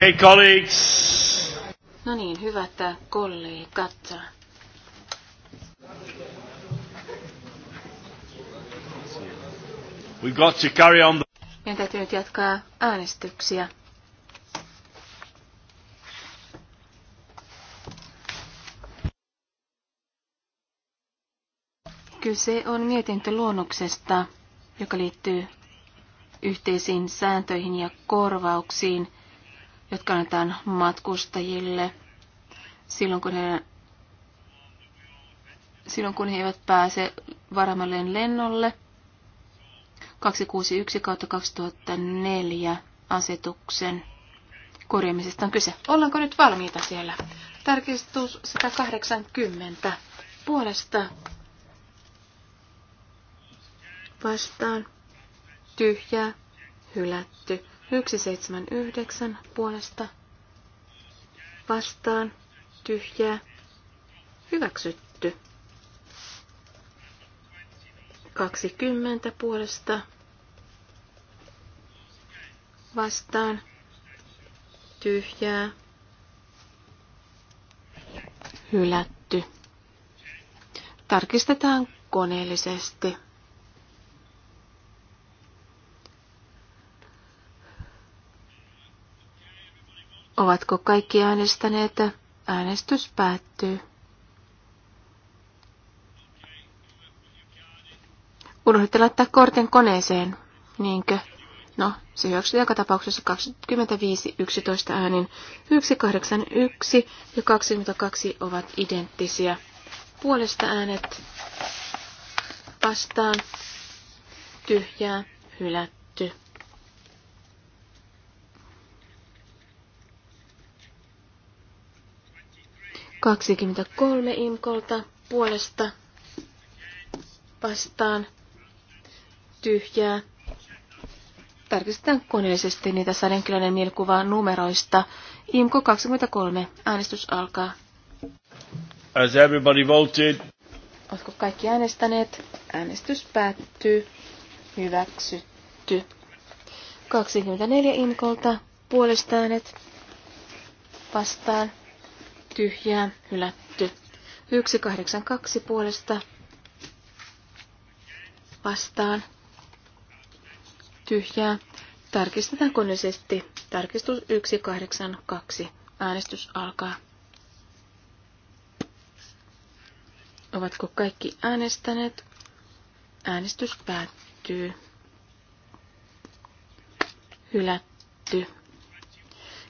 Hey colleagues. No niin, hyvät kollegat. We got to carry on. The... Meidän täytyy nyt jatkaa äänestyksiä. Kyse on mietintöluonnoksesta, joka liittyy yhteisiin sääntöihin ja korvauksiin – jotka annetaan matkustajille silloin, kun he, silloin, kun he eivät pääse varamalleen lennolle. 261 2004 asetuksen korjaamisesta on kyse. Ollaanko nyt valmiita siellä? Tarkistus 180 puolesta vastaan tyhjää hylätty. 179 puolesta vastaan tyhjää hyväksytty. 20 puolesta vastaan tyhjää hylätty. Tarkistetaan koneellisesti. Ovatko kaikki äänestäneet? Äänestys päättyy. Unohditte laittaa kortin koneeseen, niinkö? No, se hyväksytään joka tapauksessa 25-11 äänin. 181 ja 22 ovat identtisiä. Puolesta äänet vastaan tyhjää hylätty. 23 imkolta puolesta vastaan tyhjää. Tarkistetaan koneellisesti niitä sadenkilainen mielikuva numeroista. IMKO 23. Äänestys alkaa. As everybody voted. Oletko kaikki äänestäneet? Äänestys päättyy. Hyväksytty. 24 imkolta puolesta äänet vastaan tyhjää, hylätty. 182 puolesta vastaan, tyhjää. Tarkistetaan koneellisesti. Tarkistus 182. Äänestys alkaa. Ovatko kaikki äänestäneet? Äänestys päättyy. Hylätty.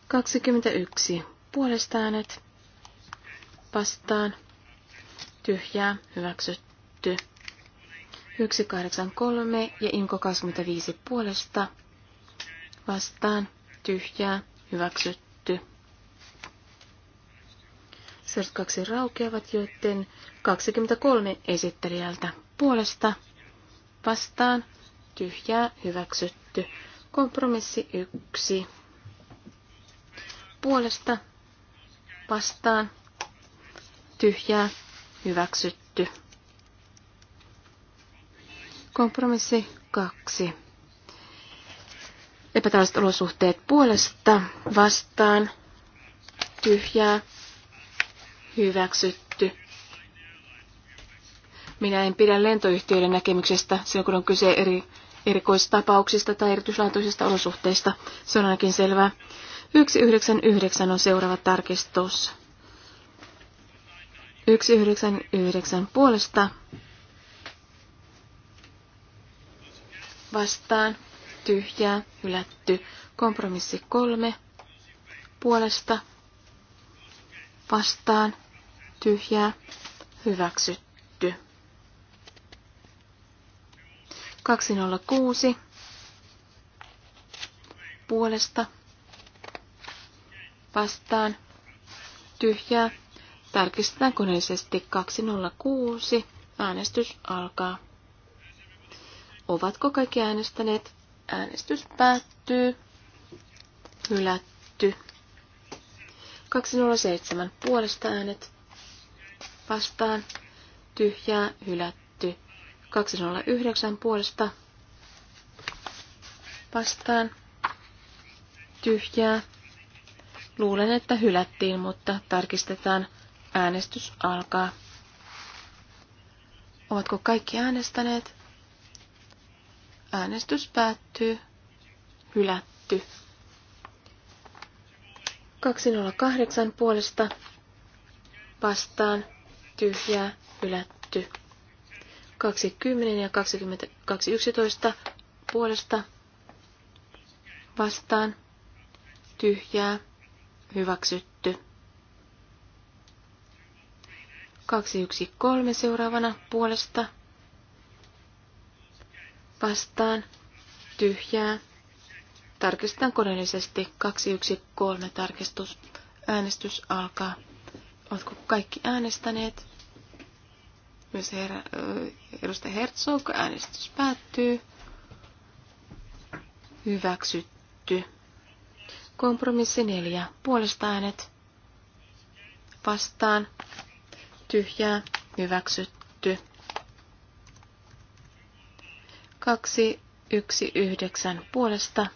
21. Puolesta äänet vastaan. Tyhjää hyväksytty. 183 ja Inko 25 puolesta vastaan. Tyhjää hyväksytty. Sert kaksi raukeavat, joiden 23 esittelijältä puolesta vastaan. Tyhjää hyväksytty. Kompromissi 1. Puolesta vastaan tyhjää, hyväksytty. Kompromissi kaksi. Epätavalliset olosuhteet puolesta, vastaan, tyhjää, hyväksytty. Minä en pidä lentoyhtiöiden näkemyksestä silloin, kun on kyse eri, erikoistapauksista tai erityislaatuisista olosuhteista. Se on ainakin selvää. 199 on seuraava tarkistus. 199 puolesta vastaan tyhjää hylätty. Kompromissi 3 puolesta vastaan tyhjää hyväksytty. 206 puolesta vastaan tyhjää Tarkistetaan koneellisesti 206. Äänestys alkaa. Ovatko kaikki äänestäneet? Äänestys päättyy. Hylätty. 207 puolesta äänet. Vastaan. Tyhjää. Hylätty. 209 puolesta. Vastaan. Tyhjää. Luulen, että hylättiin, mutta tarkistetaan Äänestys alkaa. Ovatko kaikki äänestäneet? Äänestys päättyy. Hylätty. 208 puolesta vastaan tyhjää hylätty. 20 ja 2011 puolesta vastaan tyhjää hyväksytty. 213 seuraavana puolesta vastaan tyhjää. Tarkistetaan koneellisesti 213 tarkistus. Äänestys alkaa. Oletko kaikki äänestäneet? Myös herra, edustaja Herzog äänestys päättyy. Hyväksytty. Kompromissi 4. Puolesta äänet. Vastaan tyhjää, hyväksytty. 219 puolesta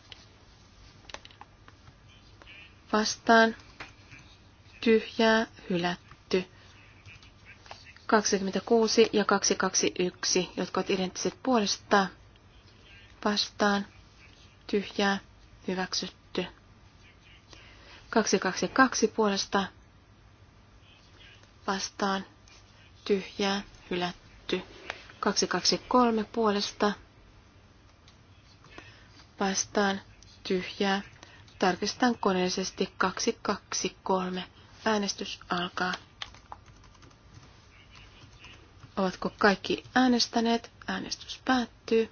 vastaan tyhjää, hylätty. 26 ja 221, jotka ovat identtiset puolesta vastaan tyhjää, hyväksytty. 222 puolesta vastaan tyhjää hylätty. 223 puolesta vastaan tyhjää. Tarkistan koneellisesti 223. Äänestys alkaa. Ovatko kaikki äänestäneet? Äänestys päättyy.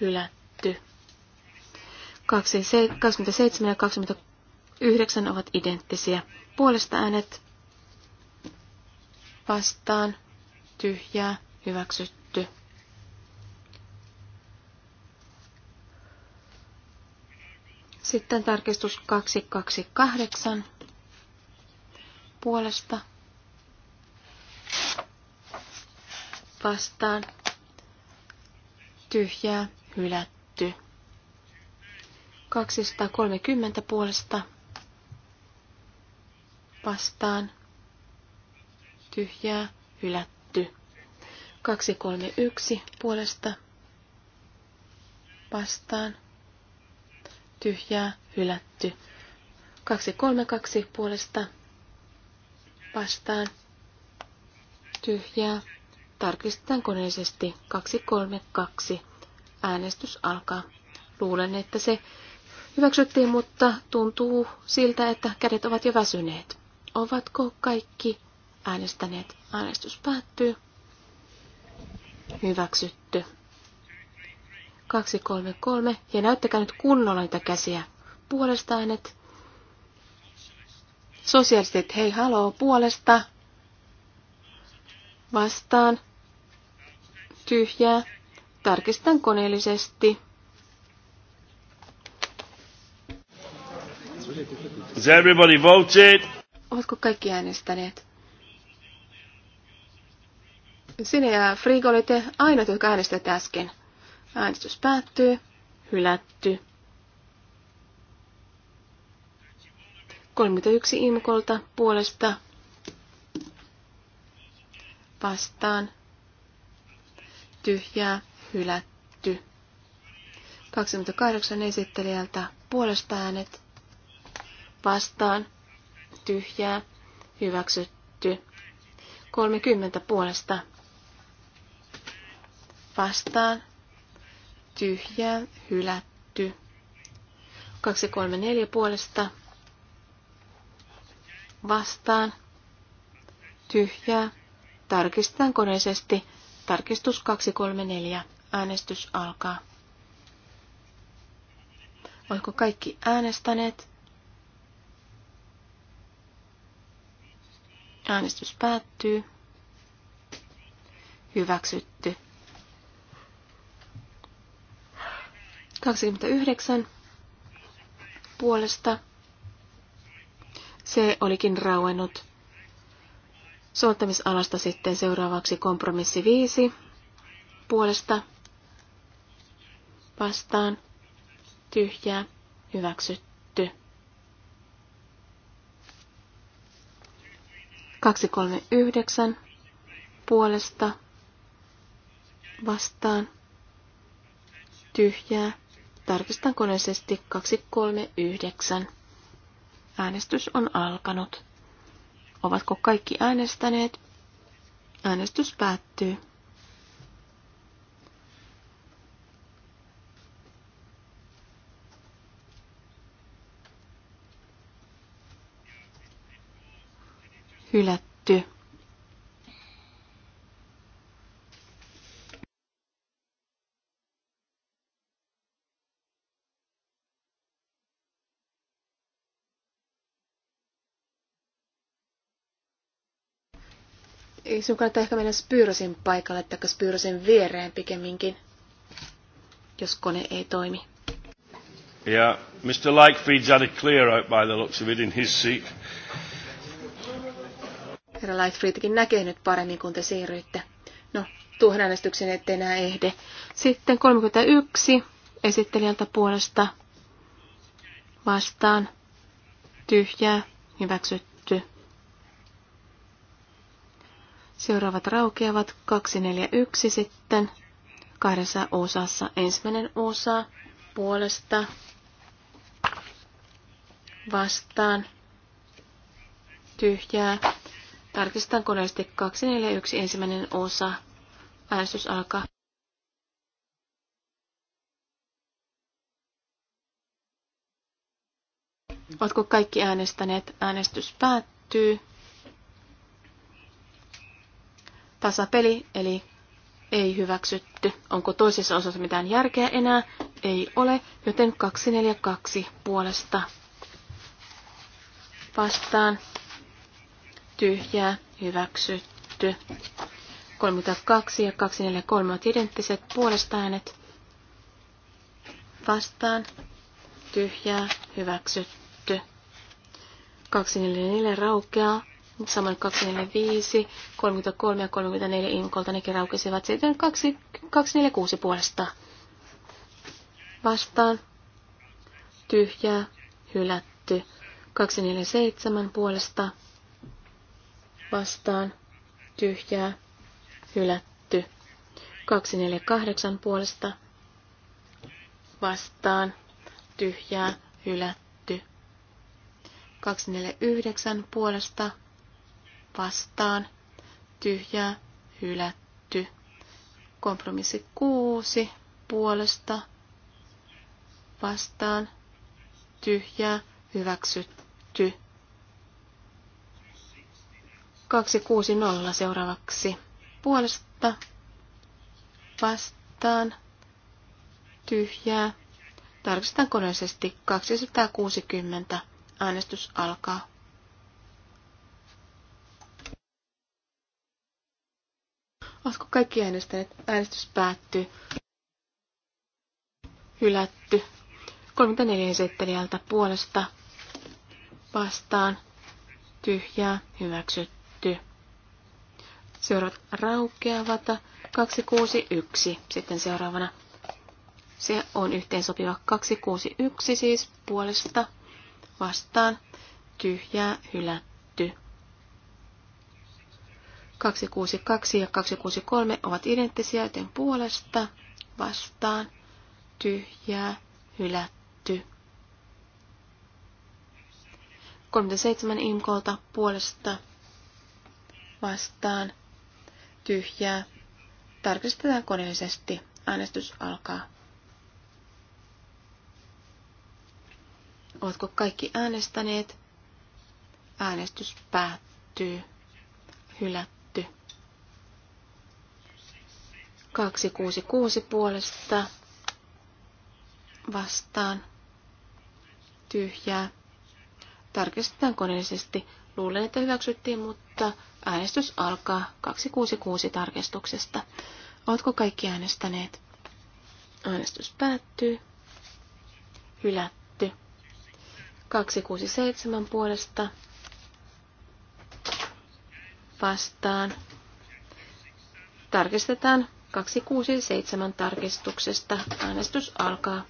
Hylätty. 27 ja 29 ovat identtisiä. Puolesta äänet vastaan tyhjää hyväksytty. Sitten tarkistus 228 puolesta vastaan tyhjää hylätty. 230 puolesta vastaan tyhjää, hylätty. 231 puolesta vastaan, tyhjää, hylätty. 232 puolesta vastaan, tyhjää. Tarkistetaan koneellisesti 232. Äänestys alkaa. Luulen, että se hyväksyttiin, mutta tuntuu siltä, että kädet ovat jo väsyneet. Ovatko kaikki äänestäneet. Äänestys päättyy. Hyväksytty. 233. Ja näyttäkää nyt kunnolla niitä käsiä. Puolesta äänet. Sosialistit, hei haloo, puolesta. Vastaan. Tyhjää. Tarkistan koneellisesti. Has everybody voted? Ovatko kaikki äänestäneet? Sinä ja Frigo olitte ainoat, jotka äänestivät äsken. Äänestys päättyy. Hylätty. 31 imkolta puolesta vastaan. Tyhjää hylätty. 28 esittelijältä puolesta äänet vastaan. Tyhjää hyväksytty. 30 puolesta vastaan, tyhjää, hylätty. 234 puolesta vastaan, tyhjää, tarkistetaan koneisesti, tarkistus 234, äänestys alkaa. Oliko kaikki äänestäneet? Äänestys päättyy. Hyväksytty. 29 puolesta. Se olikin rauennut. Soittamisalasta sitten seuraavaksi kompromissi 5 puolesta vastaan tyhjää hyväksytty. 239 puolesta vastaan tyhjää Tarkistan koneisesti 239. Äänestys on alkanut. Ovatko kaikki äänestäneet? Äänestys päättyy. ei sun kannata ehkä mennä Spyrosin paikalle tai Spyrosin viereen pikemminkin, jos kone ei toimi. Yeah, Mr. Lightfeed's had a clear out by the looks of it in his seat. Herra Lightfriedkin näkee nyt paremmin, kun te siirryitte. No, tuohon äänestyksen ettei enää ehde. Sitten 31 esittelijältä puolesta vastaan tyhjää hyväksytty. Seuraavat raukeavat 241 sitten kahdessa osassa. Ensimmäinen osa puolesta vastaan tyhjää. Tarkistetaan koneellisesti 241 ensimmäinen osa. Äänestys alkaa. Oletko kaikki äänestäneet? Äänestys päättyy tasapeli, eli ei hyväksytty. Onko toisessa osassa mitään järkeä enää? Ei ole, joten 242 puolesta vastaan tyhjää hyväksytty. 32 ja 243 ovat identtiset puolesta äänet vastaan tyhjää hyväksytty. 244 raukeaa Samoin 245, 33 ja 34 inkolta nekin raukesivat. Sitten 2, 246 puolesta vastaan. Tyhjää, hylätty. 247 puolesta vastaan. Tyhjää, hylätty. 248 puolesta vastaan. Tyhjää, hylätty. 249 puolesta vastaan vastaan, tyhjä hylätty. Kompromissi kuusi puolesta vastaan, tyhjä hyväksytty. 260 seuraavaksi. Puolesta vastaan, tyhjää. Tarkistetaan koneellisesti 260. Äänestys alkaa. Oletko kaikki äänestäneet? Äänestys päättyy. Hylätty. 34 esittelijältä puolesta vastaan. Tyhjää. Hyväksytty. Seuraavat raukeavat. 261. Sitten seuraavana. Se on yhteensopiva 261 siis puolesta vastaan. Tyhjää. Hylätty. 262 ja 263 ovat identtisiä, joten puolesta, vastaan, tyhjää, hylätty. 37 imkolta puolesta, vastaan, tyhjää. Tarkistetaan koneellisesti. Äänestys alkaa. Oletko kaikki äänestäneet? Äänestys päättyy. Hylätty. 266 puolesta vastaan tyhjää. Tarkistetaan koneellisesti. Luulen, että hyväksyttiin, mutta äänestys alkaa 266 tarkistuksesta. Oletko kaikki äänestäneet? Äänestys päättyy. Hylätty. 267 puolesta vastaan. Tarkistetaan 267 tarkistuksesta. Äänestys alkaa.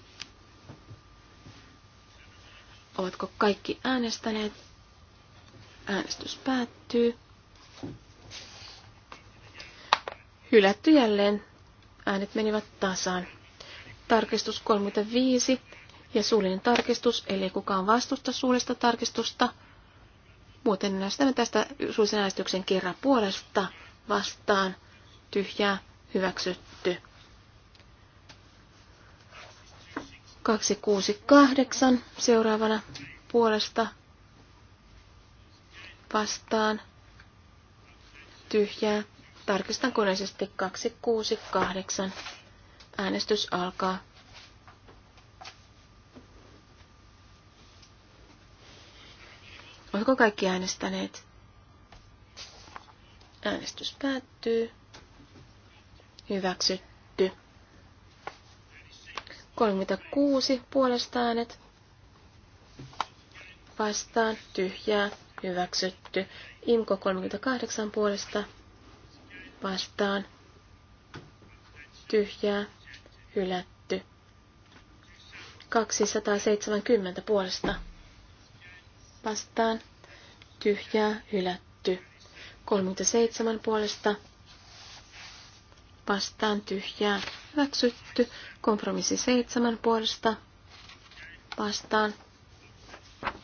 Ovatko kaikki äänestäneet? Äänestys päättyy. Hylätty jälleen. Äänet menivät tasaan. Tarkistus 35 ja suullinen tarkistus, eli kukaan vastusta suullista tarkistusta. Muuten näistä tästä suullisen äänestyksen kerran puolesta vastaan tyhjää hyväksytty. 268 seuraavana puolesta vastaan tyhjää. Tarkistan koneisesti 268. Äänestys alkaa. Oletko kaikki äänestäneet? Äänestys päättyy. Hyväksytty. 36 puolesta äänet. Vastaan tyhjää. Hyväksytty. Imko 38 puolesta. Vastaan tyhjää. Hylätty. 270 puolesta. Vastaan tyhjää. Hylätty. 37 puolesta vastaan tyhjää hyväksytty. Kompromissi seitsemän puolesta vastaan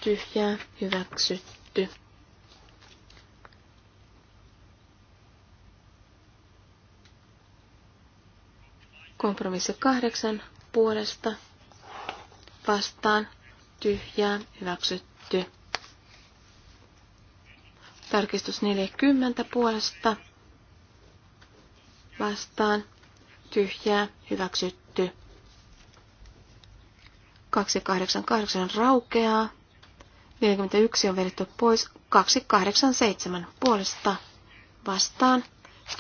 tyhjää hyväksytty. Kompromissi kahdeksan puolesta vastaan tyhjää hyväksytty. Tarkistus 40 puolesta vastaan tyhjää hyväksytty. 288 raukeaa. 41 on vedetty pois. 287 puolesta vastaan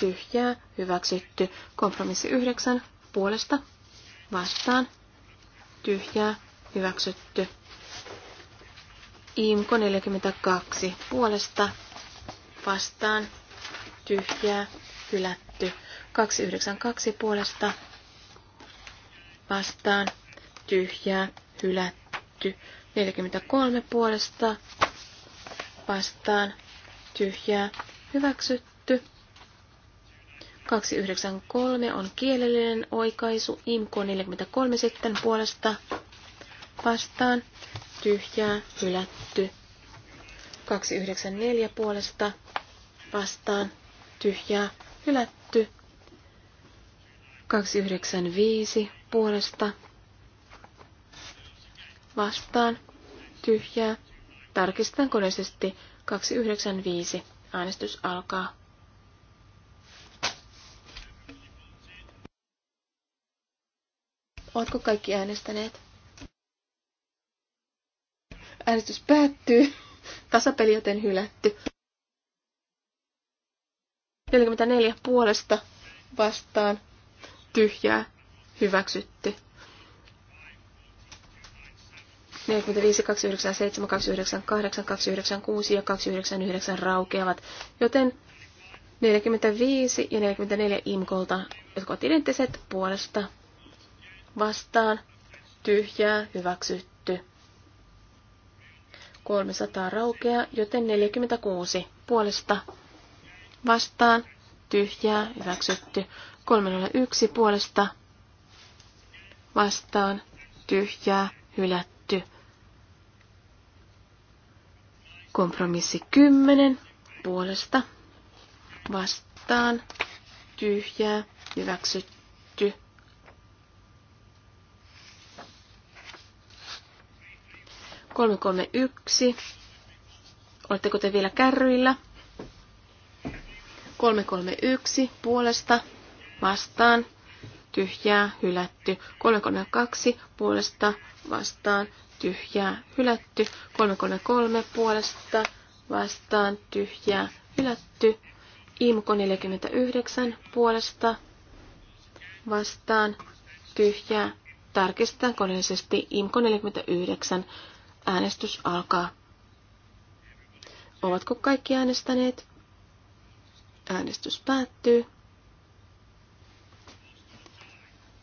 tyhjää hyväksytty. Kompromissi 9 puolesta vastaan tyhjää hyväksytty. Imko 42 puolesta vastaan tyhjää hylätty. 292 puolesta vastaan tyhjää hylätty. 43 puolesta vastaan tyhjää hyväksytty. 293 on kielellinen oikaisu. IMKO 43 sitten puolesta vastaan tyhjää hylätty. 294 puolesta vastaan tyhjää hylätty. 295 puolesta vastaan tyhjää. Tarkistetaan koneisesti 295. Äänestys alkaa. Ootko kaikki äänestäneet? Äänestys päättyy. Tasapeli joten hylätty. 44 puolesta vastaan tyhjää, hyväksytty. 45, 297, 298, 296 ja 299 raukeavat, joten 45 ja 44 imkolta, jotka ovat identtiset puolesta vastaan, tyhjää, hyväksytty. 300 raukea, joten 46 puolesta vastaan, tyhjää, hyväksytty. 301 puolesta vastaan tyhjää hylätty. Kompromissi 10 puolesta vastaan tyhjää hyväksytty. Kolme kolme yksi. Oletteko te vielä kärryillä? yksi puolesta vastaan, tyhjää, hylätty. 332 puolesta vastaan, tyhjää, hylätty. 333 puolesta vastaan, tyhjää, hylätty. Imko 49 puolesta vastaan, tyhjää. Tarkistetaan koneellisesti Imko 49. Äänestys alkaa. Ovatko kaikki äänestäneet? Äänestys päättyy.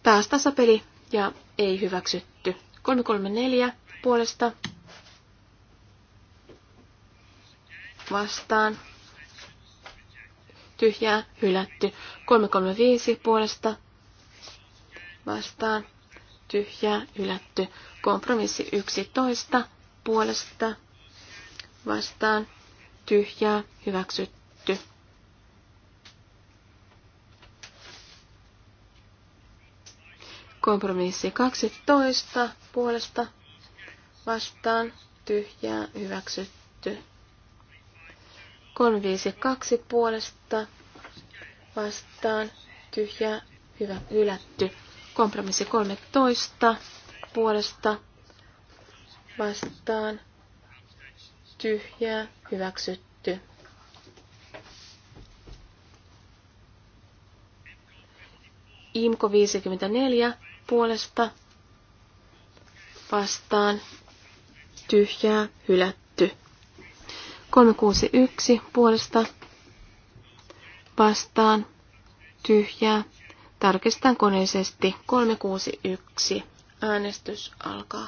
Taas tasapeli ja ei hyväksytty. 334 puolesta vastaan. Tyhjää hylätty. 335 puolesta vastaan. Tyhjää hylätty. Kompromissi 11 puolesta vastaan. Tyhjää hyväksytty. Kompromissi 12 puolesta vastaan tyhjää hyväksytty. 352 puolesta vastaan tyhjää hyvä, hylätty. Kompromissi 13 puolesta vastaan tyhjää hyväksytty. Imko 54 puolesta vastaan tyhjää hylätty. 361 puolesta vastaan tyhjää. Tarkistan koneisesti 361. Äänestys alkaa.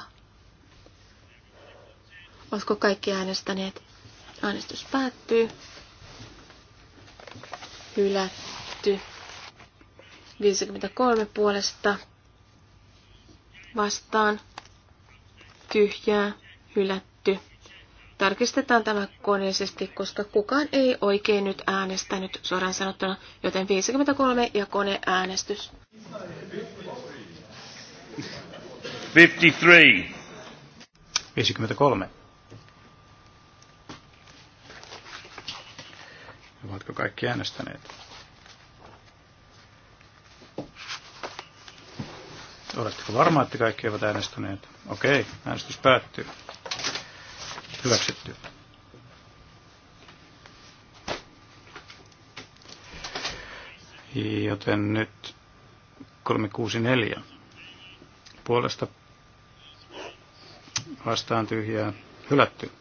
Oletko kaikki äänestäneet? Äänestys päättyy. Hylätty. 53 puolesta vastaan tyhjää hylätty. Tarkistetaan tämä koneellisesti, koska kukaan ei oikein nyt äänestänyt suoraan sanottuna, joten 53 ja koneäänestys. 53. 53. Ovatko kaikki äänestäneet? Oletteko varma, että kaikki ovat äänestäneet? Okei, äänestys päättyy. Hyväksytty. Joten nyt 364 puolesta vastaan tyhjää hylätty.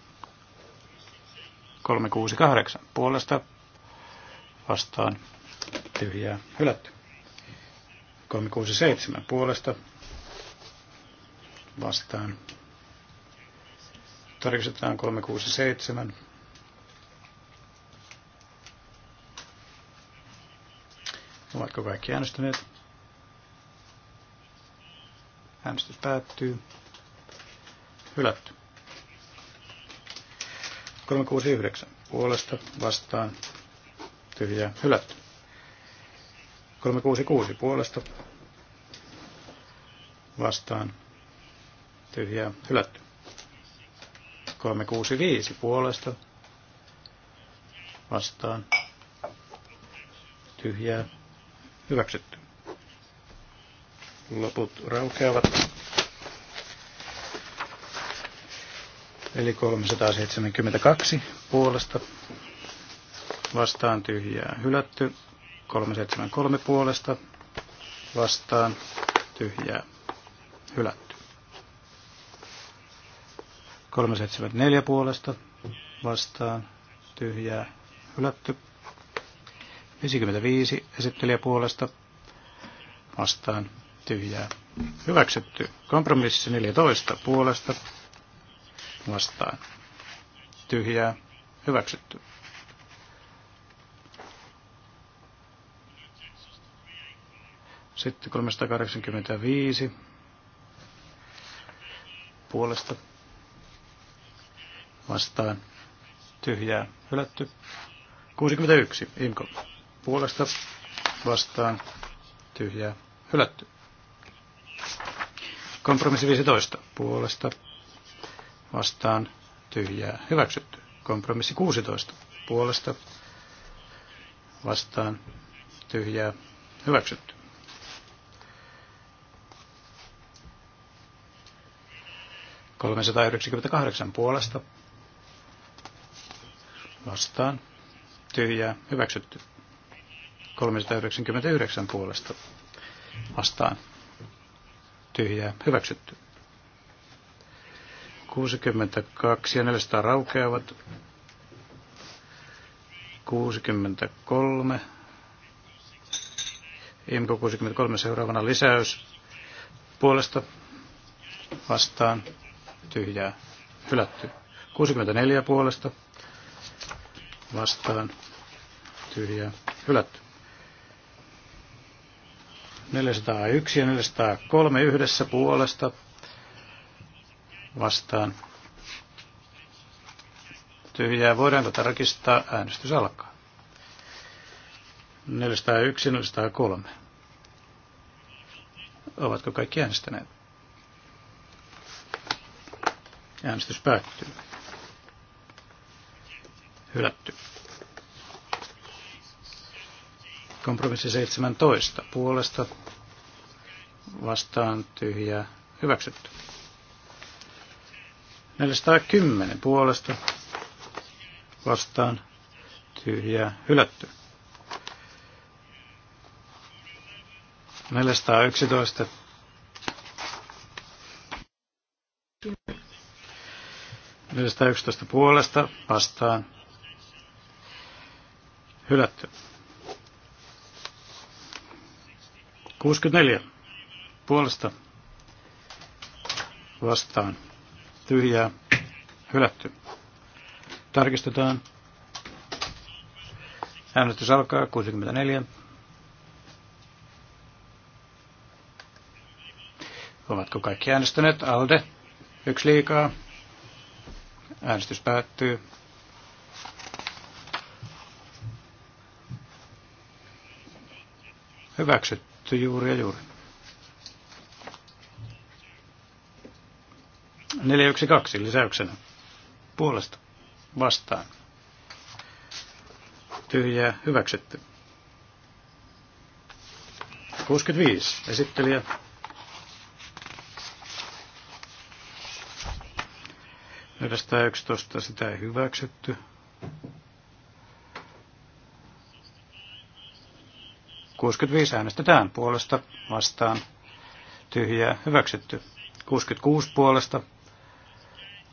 368 puolesta vastaan tyhjää hylätty. 367 puolesta vastaan. Tarkistetaan 367. Ovatko kaikki äänestäneet? Äänestys päättyy. Hylätty. 369 puolesta vastaan. Tyhjää. Hylätty. 366 puolesta vastaan tyhjää hylätty. 365 puolesta vastaan tyhjää hyväksytty. Loput raukeavat. Eli 372 puolesta vastaan tyhjää hylätty. 373 puolesta vastaan tyhjää hylätty. 374 puolesta vastaan tyhjää hylätty. 55 esittelijä puolesta vastaan tyhjää hyväksytty. Kompromissi 14 puolesta vastaan tyhjää hyväksytty. Sitten 385 puolesta vastaan tyhjää hylätty. 61 Imko puolesta vastaan tyhjää hylätty. Kompromissi 15 puolesta vastaan tyhjää hyväksytty. Kompromissi 16 puolesta vastaan tyhjää hyväksytty. 398 puolesta vastaan tyhjää hyväksytty. 399 puolesta vastaan tyhjää hyväksytty. 62 ja 400 raukeavat. 63. IMKO 63 seuraavana lisäys puolesta vastaan tyhjää hylätty. 64 puolesta vastaan tyhjää hylätty. 401 ja 403 yhdessä puolesta vastaan tyhjää. Voidaanko tarkistaa? Äänestys alkaa. 401 ja 403. Ovatko kaikki äänestäneet? Äänestys päättyy. Hylätty. Kompromissi 17. Puolesta vastaan tyhjä. Hyväksytty. 410 puolesta vastaan tyhjä. hylätty. 411 411 puolesta vastaan hylätty. 64 puolesta vastaan tyhjää hylätty. Tarkistetaan. Äänestys alkaa 64. Ovatko kaikki äänestäneet? Alde. Yksi liikaa. Äänestys päättyy. Hyväksytty juuri ja juuri. 412 lisäyksenä. Puolesta. Vastaan. Tyhjää. Hyväksytty. 65. Esittelijä 411 sitä ei hyväksytty. 65 äänestetään puolesta vastaan. Tyhjää hyväksytty. 66 puolesta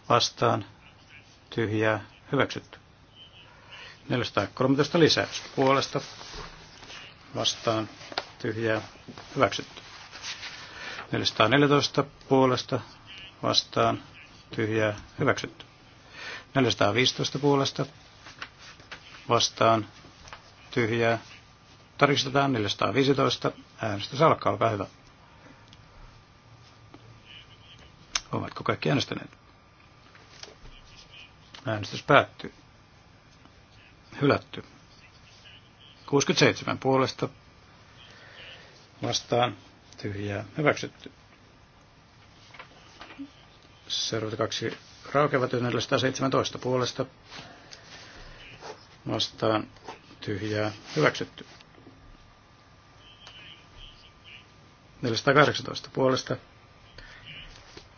vastaan. Tyhjää hyväksytty. 413 lisäys puolesta vastaan. Tyhjää hyväksytty. 414 puolesta vastaan tyhjää hyväksytty. 415 puolesta vastaan tyhjää. Tarkistetaan 415. Äänestys alkaa, olkaa hyvä. Ovatko kaikki äänestäneet? Äänestys päättyy. Hylätty. 67 puolesta vastaan tyhjää hyväksytty. Seuraavat kaksi raukeavat 417 puolesta vastaan tyhjää hyväksytty. 418 puolesta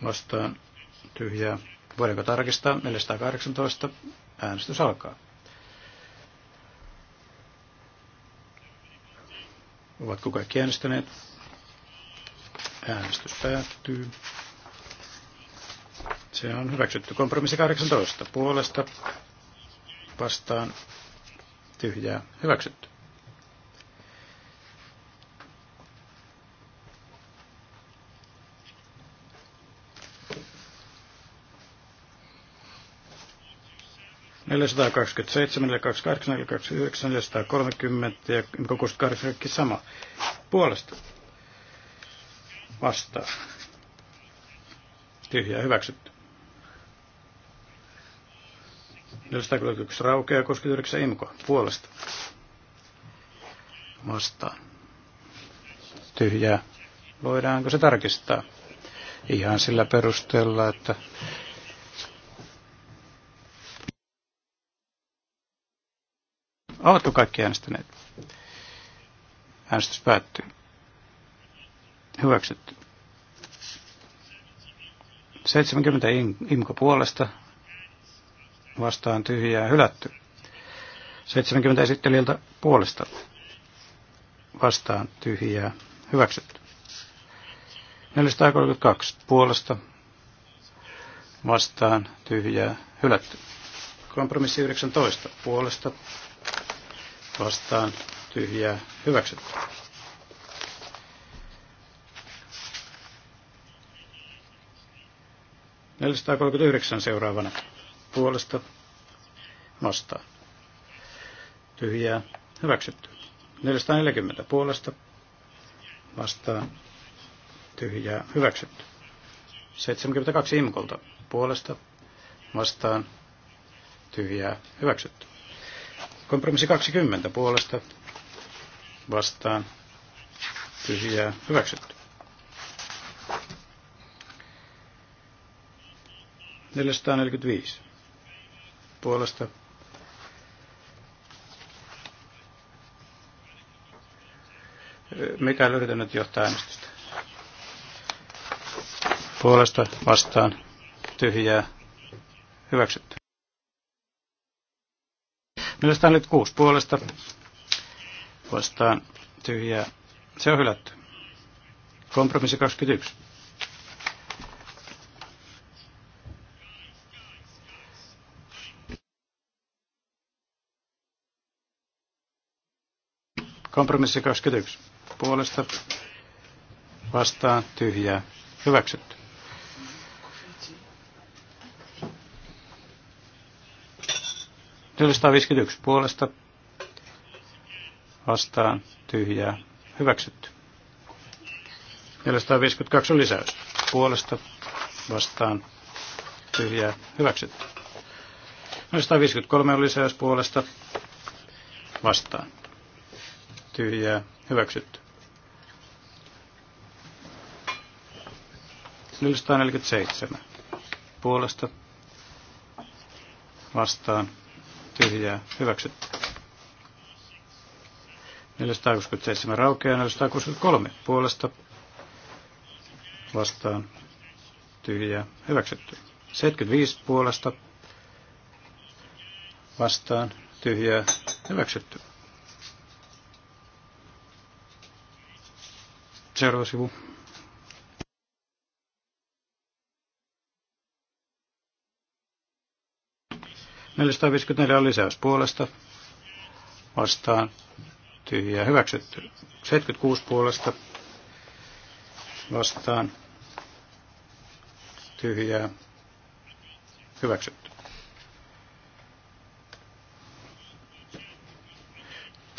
vastaan tyhjää. Voidaanko tarkistaa? 418. Äänestys alkaa. Ovatko kaikki äänestäneet? Äänestys päättyy. Se on hyväksytty. Kompromissi 18. Puolesta vastaan tyhjää hyväksytty. kolmekymmentä ja 68 kaikki sama. Puolesta. Vastaan. Tyhjää hyväksytty. 431 raukeaa, 39 imko puolesta. Vastaan. Tyhjää. Voidaanko se tarkistaa? Ihan sillä perusteella, että Ovatko kaikki äänestäneet? Äänestys päättyy. Hyväksytty. 70 imko puolesta vastaan tyhjää hylätty. 70 esittelijältä puolesta vastaan tyhjää hyväksytty. 432 puolesta vastaan tyhjää hylätty. Kompromissi 19 puolesta vastaan tyhjää hyväksytty. Neljäsataakolmekymmentäyhdeksän seuraavana puolesta vastaan. Tyhjää hyväksytty. 440 puolesta vastaan. Tyhjää hyväksytty. 72 imkolta puolesta vastaan. Tyhjää hyväksytty. Kompromissi 20 puolesta vastaan. Tyhjää hyväksytty. 445 puolesta. Mikä yritän nyt johtaa äänestystä? Puolesta vastaan tyhjää hyväksytty. kuusi puolesta vastaan tyhjää. Se on hylätty. Kompromissi 21 Kompromissi 21. Puolesta vastaan tyhjää. Hyväksytty. Työlistää 51 puolesta vastaan tyhjää. Hyväksytty. 452 on lisäys. Puolesta vastaan tyhjää. Hyväksytty. 453 on lisäys puolesta vastaan ja hyväksytty. 447 puolesta vastaan tyhjää hyväksytty. 467 raukeaa 463 puolesta vastaan tyhjää hyväksytty. 75 puolesta vastaan tyhjää hyväksytty. Seuraava sivu. lisäys puolesta vastaan tyhjää hyväksytty. 76 puolesta vastaan tyhjää hyväksytty.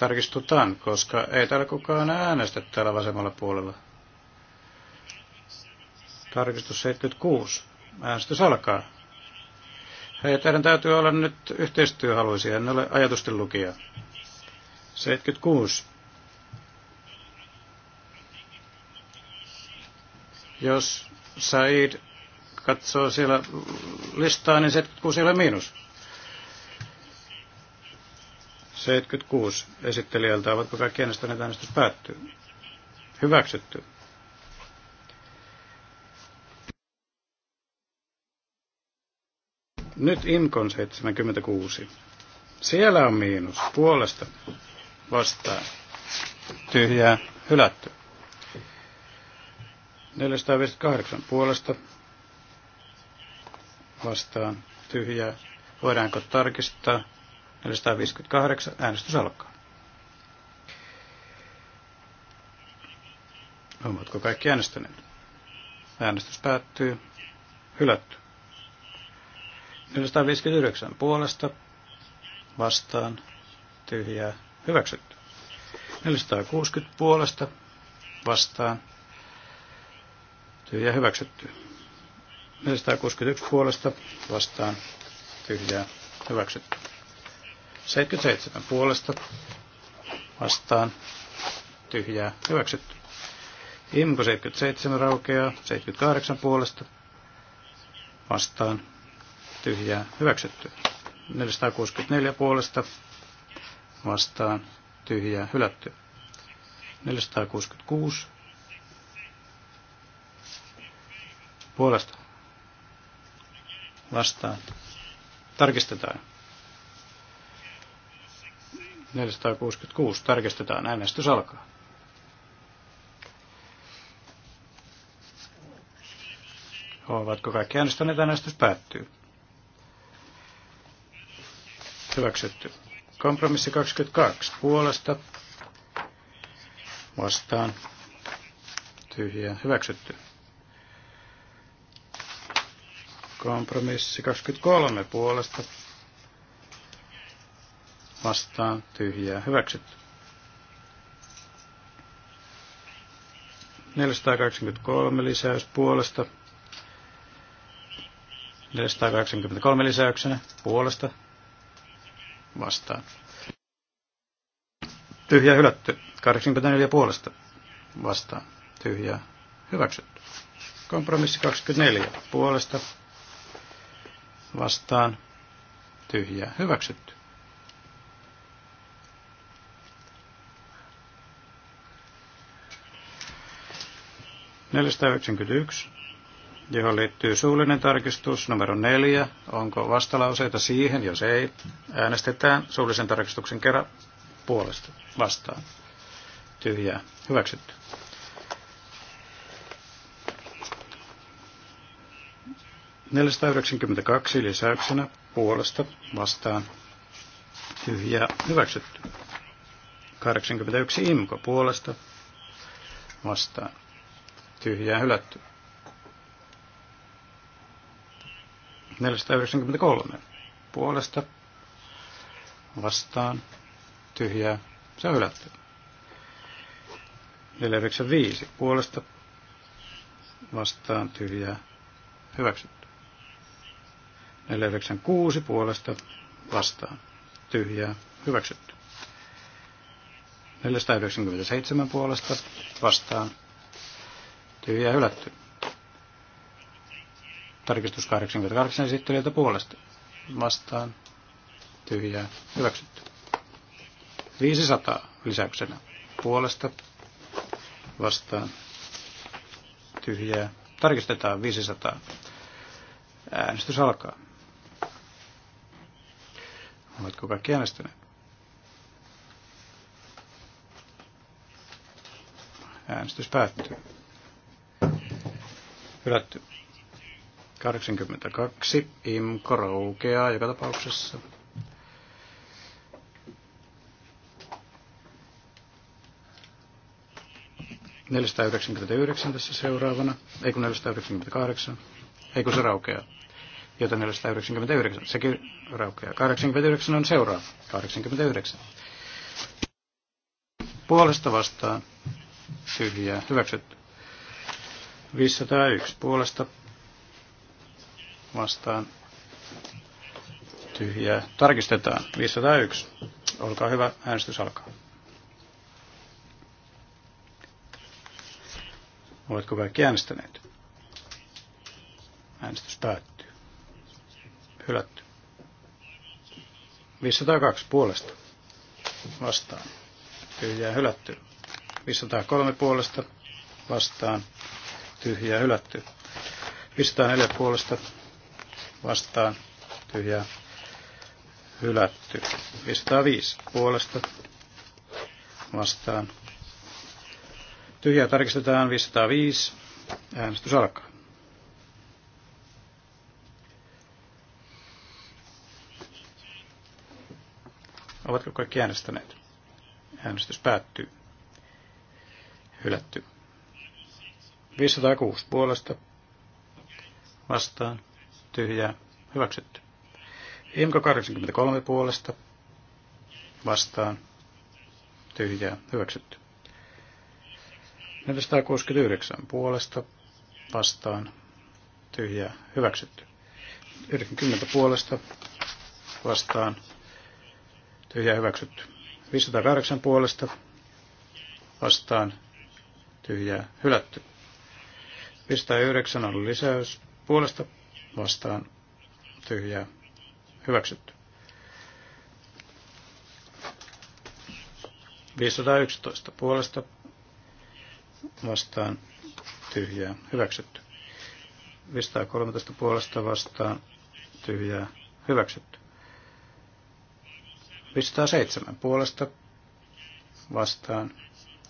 tarkistutaan, koska ei täällä kukaan äänestä täällä vasemmalla puolella. Tarkistus 76. Äänestys alkaa. Hei, teidän täytyy olla nyt yhteistyöhaluisia, en ole ajatusten lukija. 76. Jos Said katsoo siellä listaa, niin 76 ei ole miinus. 76 esittelijältä. Ovatko kaikki äänestäneet? Äänestys päättyy. Hyväksytty. Nyt Imkon 76. Siellä on miinus. Puolesta vastaan. Tyhjää. Hylätty. 458 puolesta vastaan. Tyhjää. Voidaanko tarkistaa? 458. Äänestys alkaa. Ovatko kaikki äänestäneet? Äänestys päättyy. Hylätty. 459 puolesta. Vastaan. Tyhjää. Hyväksytty. 460 puolesta. Vastaan. Tyhjää hyväksytty. 461 puolesta. Vastaan. Tyhjää hyväksytty. 77 puolesta vastaan tyhjää hyväksytty. Imko 77 raukeaa 78 puolesta vastaan tyhjää hyväksytty. 464 puolesta vastaan tyhjää hylätty. 466 puolesta vastaan. Tarkistetaan. 466. Tarkistetaan. Äänestys alkaa. Ovatko kaikki äänestäneet? Äänestys päättyy. Hyväksytty. Kompromissi 22. Puolesta. Vastaan. Tyhjä. Hyväksytty. Kompromissi 23. Puolesta vastaan tyhjää hyväksytty. 483 lisäys puolesta. 483 lisäyksenä puolesta vastaan. Tyhjä hylätty. 84 puolesta vastaan. Tyhjä hyväksytty. Kompromissi 24 puolesta vastaan. Tyhjä hyväksytty. 491, johon liittyy suullinen tarkistus numero 4. Onko vastalauseita siihen? Jos ei, äänestetään suullisen tarkistuksen kerran puolesta vastaan. Tyhjää. Hyväksytty. Neljäsataayhdeksänkymmentäkaksi lisäyksenä puolesta vastaan tyhjää hyväksytty. 81 imko puolesta vastaan tyhjää hylätty. 493 puolesta vastaan tyhjää se on hylätty. 495 puolesta vastaan tyhjää hyväksytty. 496 puolesta vastaan tyhjää hyväksytty. 497 puolesta vastaan tyhjää hylätty. Tarkistus 88 esittelijöitä puolesta vastaan tyhjää hyväksytty. 500 lisäyksenä puolesta vastaan tyhjää. Tarkistetaan 500. Äänestys alkaa. Oletko kaikki äänestäneet? Äänestys päättyy. Hylätty. 82. Imko raukeaa joka tapauksessa. Neljästä tässä seuraavana, ei kun 498, ei kun se raukeaa, joten 499, sekin raukeaa. 89 on seuraava, 89. Puolesta vastaan, tyhjää, hyväksytty. 501 puolesta vastaan tyhjää. Tarkistetaan. 501. Olkaa hyvä. Äänestys alkaa. Oletko kaikki äänestäneet? Äänestys päättyy. Hylätty. 502 puolesta. Vastaan. Tyhjää hylätty. 503 puolesta. Vastaan tyhjää hylätty. 504 puolesta vastaan tyhjää hylätty. 505 puolesta vastaan. Tyhjää tarkistetaan 505. Äänestys alkaa. Ovatko kaikki äänestäneet? Äänestys päättyy. Hylätty. 506 puolesta vastaan tyhjää hyväksytty. Imko 83 puolesta vastaan tyhjää hyväksytty. 469 puolesta vastaan tyhjää hyväksytty. 90 puolesta vastaan tyhjää hyväksytty. 508 puolesta vastaan tyhjää hylätty yhdeksän on lisäys puolesta vastaan tyhjää hyväksytty. 511 puolesta vastaan tyhjää hyväksytty. 513 puolesta vastaan tyhjää hyväksytty. 507 puolesta vastaan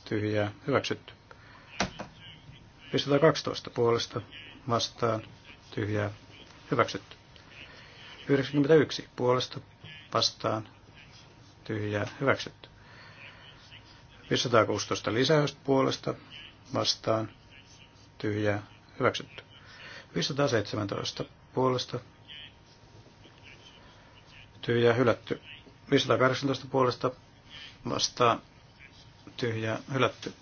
tyhjää hyväksytty. 512 puolesta vastaan tyhjää hyväksytty. 91 puolesta vastaan tyhjää hyväksytty. 516 lisäystä puolesta vastaan tyhjää hyväksytty. 517 puolesta tyhjää hylätty. 518 puolesta vastaan tyhjää hylätty.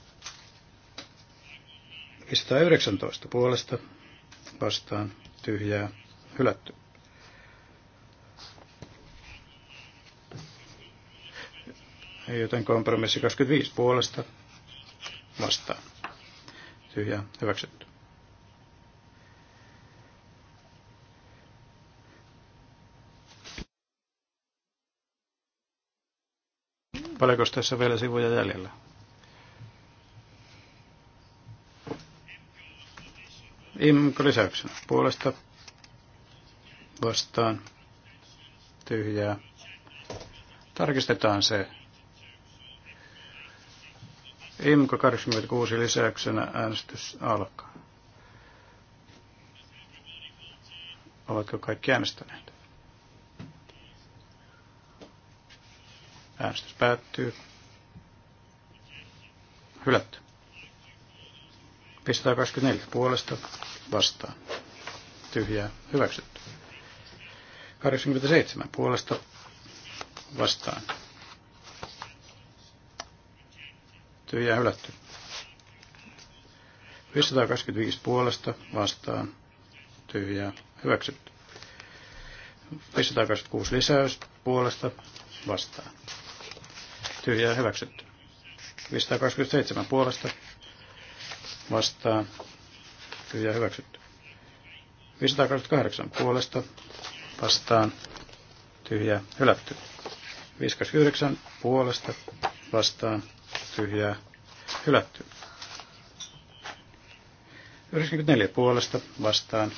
519 puolesta vastaan tyhjää hylätty. Joten kompromissi 25 puolesta vastaan. Tyhjää hyväksytty. Paljonko tässä vielä sivuja jäljellä? Imko lisäyksen puolesta vastaan tyhjää. Tarkistetaan se. Imko 86 lisäyksenä äänestys alkaa. Ovatko kaikki äänestäneet? Äänestys päättyy. Hylätty. 24 puolesta vastaan. Tyhjää hyväksytty. 87 puolesta vastaan. Tyhjää hylätty. 525 puolesta vastaan. Tyhjää hyväksytty. 526 lisäys puolesta vastaan. Tyhjää hyväksytty. 527 puolesta vastaan ja hyväksytty. 528 puolesta vastaan tyhjää hylätty. 59 puolesta vastaan tyhjää hylätty. 94 puolesta vastaan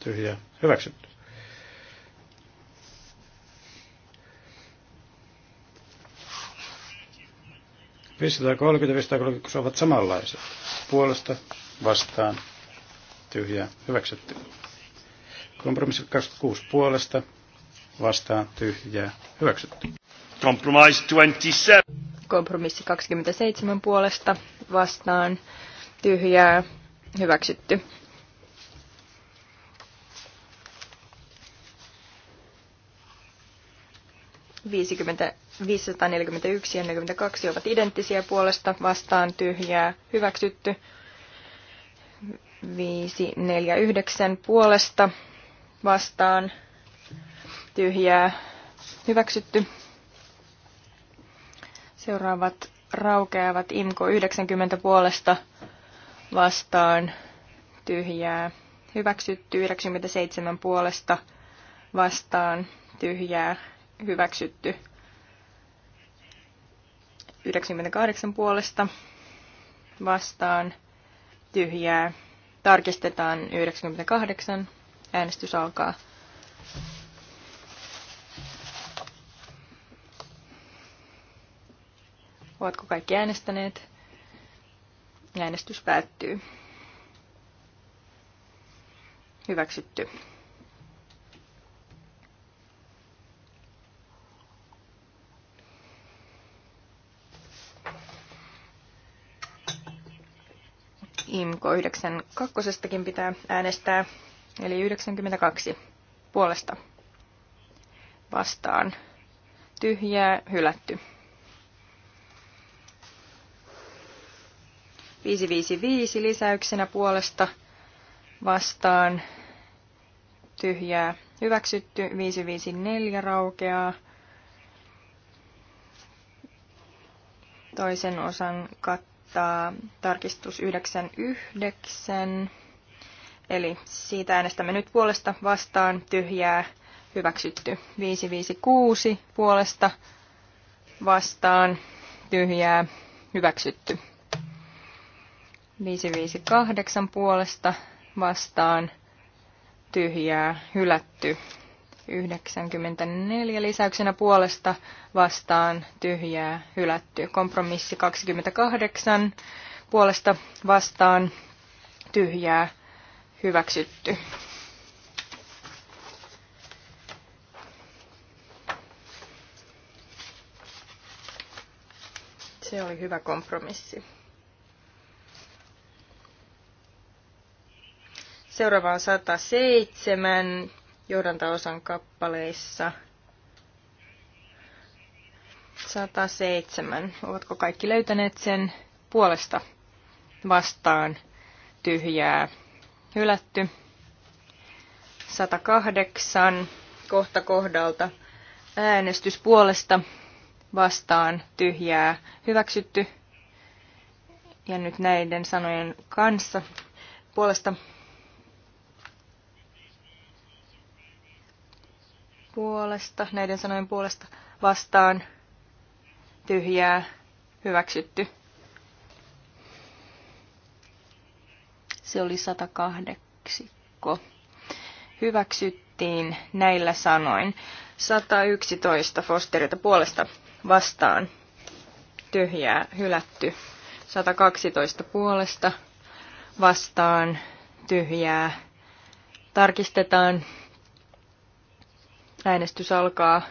tyhjää hyväksytty. 530 ja 30, ovat samanlaiset. Puolesta vastaan tyhjää hyväksytty. Kompromissi 26 puolesta vastaan tyhjää hyväksytty. Compromise 27. Kompromissi 27 puolesta vastaan tyhjää hyväksytty. Viisikymmentä 541 ja 42 ovat identtisiä puolesta vastaan tyhjää hyväksytty. 549 puolesta vastaan tyhjää hyväksytty. Seuraavat raukeavat IMKO 90 puolesta vastaan tyhjää hyväksytty 97 puolesta vastaan tyhjää hyväksytty 98 puolesta vastaan tyhjää Tarkistetaan 98. Äänestys alkaa. Ovatko kaikki äänestäneet? Äänestys päättyy. Hyväksytty. IMKO 92 pitää äänestää, eli 92 puolesta vastaan. Tyhjää, hylätty. 555 lisäyksenä puolesta vastaan. Tyhjää, hyväksytty. 554 raukeaa. Toisen osan katto kattaa tarkistus 99. Eli siitä äänestämme nyt puolesta vastaan tyhjää hyväksytty. 556 puolesta vastaan tyhjää hyväksytty. 558 puolesta vastaan tyhjää hylätty. 94 lisäyksenä puolesta vastaan tyhjää hylätty. Kompromissi 28 puolesta vastaan tyhjää hyväksytty. Se oli hyvä kompromissi. Seuraava on 107 johdantaosan kappaleissa. 107. Ovatko kaikki löytäneet sen puolesta vastaan tyhjää hylätty? 108. Kohta kohdalta äänestys puolesta vastaan tyhjää hyväksytty. Ja nyt näiden sanojen kanssa puolesta puolesta, näiden sanojen puolesta vastaan tyhjää hyväksytty. Se oli 108. Hyväksyttiin näillä sanoin. 111 Fosterilta puolesta vastaan tyhjää hylätty. 112 puolesta vastaan tyhjää. Tarkistetaan Äänestys alkaa.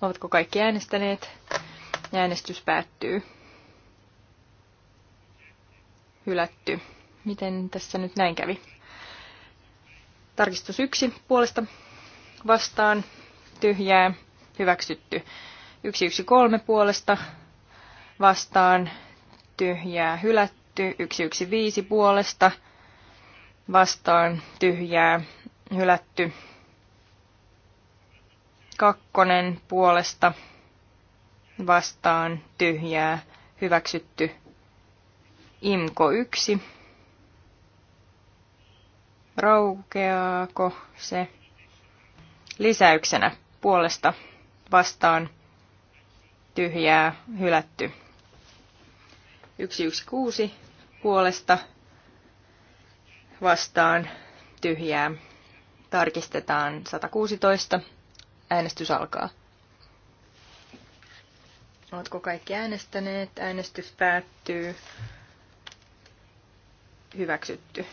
Ovatko kaikki äänestäneet? Äänestys päättyy. Hylätty. Miten tässä nyt näin kävi? Tarkistus yksi puolesta vastaan tyhjää hyväksytty. 113 puolesta vastaan tyhjää hylätty. 115 puolesta vastaan tyhjää hylätty. Kakkonen puolesta vastaan tyhjää hyväksytty. Imko 1. Raukeaako se? Lisäyksenä puolesta vastaan tyhjää hylätty. 116 puolesta vastaan tyhjää Tarkistetaan 116. Äänestys alkaa. Oletko kaikki äänestäneet? Äänestys päättyy. Hyväksytty.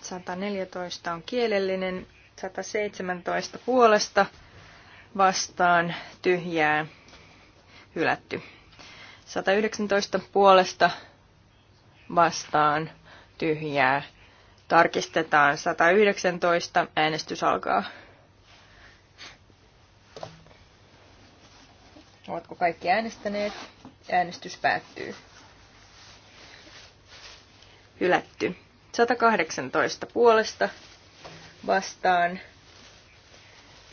114 on kielellinen, 117 puolesta vastaan tyhjää hylätty. 119 puolesta vastaan tyhjää Tarkistetaan 119. Äänestys alkaa. Ovatko kaikki äänestäneet? Äänestys päättyy. Hylätty. 118 puolesta vastaan.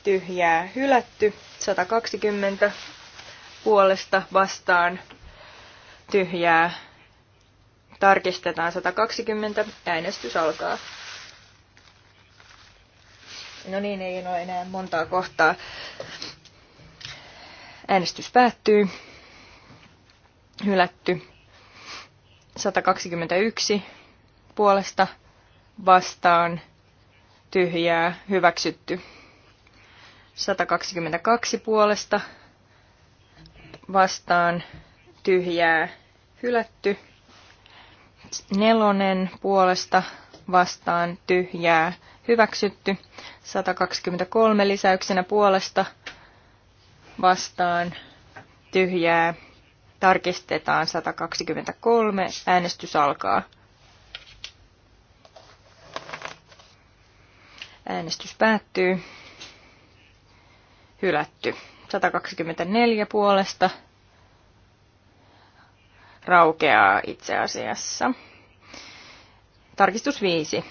Tyhjää hylätty. 120 puolesta vastaan. Tyhjää Tarkistetaan 120. Äänestys alkaa. No niin, ei ole enää montaa kohtaa. Äänestys päättyy. Hylätty. 121 puolesta vastaan tyhjää hyväksytty. 122 puolesta vastaan tyhjää hylätty nelonen puolesta vastaan tyhjää hyväksytty. 123 lisäyksenä puolesta vastaan tyhjää tarkistetaan 123. Äänestys alkaa. Äänestys päättyy. Hylätty. 124 puolesta raukeaa itse asiassa. Tarkistus viisi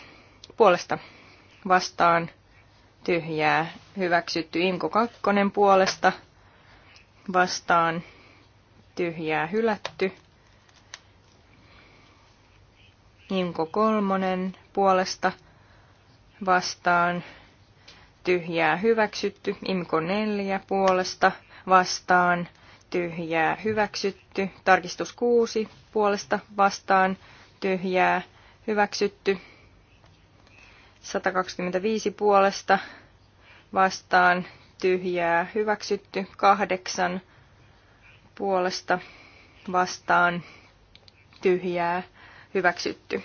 Puolesta vastaan tyhjää hyväksytty Imko kakkonen puolesta vastaan tyhjää hylätty. Imko kolmonen puolesta vastaan tyhjää hyväksytty. Imko neljä puolesta vastaan tyhjää hyväksytty. Tarkistus 6 puolesta vastaan tyhjää hyväksytty. 125 puolesta vastaan tyhjää hyväksytty. 8 puolesta vastaan tyhjää hyväksytty.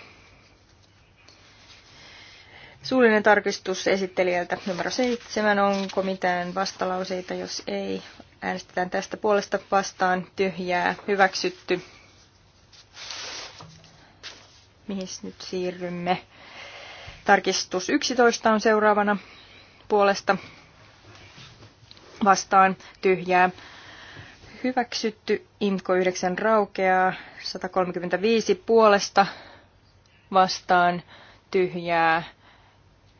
Suullinen tarkistus esittelijältä numero 7. Onko mitään vastalauseita? Jos ei Äänestetään tästä puolesta vastaan tyhjää hyväksytty. Mihin nyt siirrymme? Tarkistus 11 on seuraavana puolesta vastaan tyhjää hyväksytty. Imko 9 raukeaa 135 puolesta vastaan tyhjää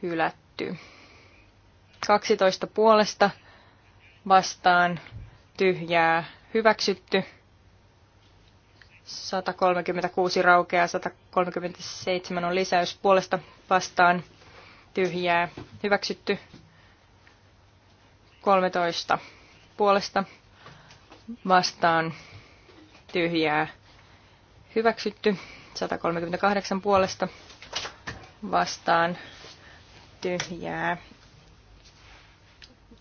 hylätty. 12 puolesta vastaan tyhjää hyväksytty. 136 raukeaa, 137 on lisäys puolesta vastaan tyhjää hyväksytty. 13 puolesta vastaan tyhjää hyväksytty. 138 puolesta vastaan tyhjää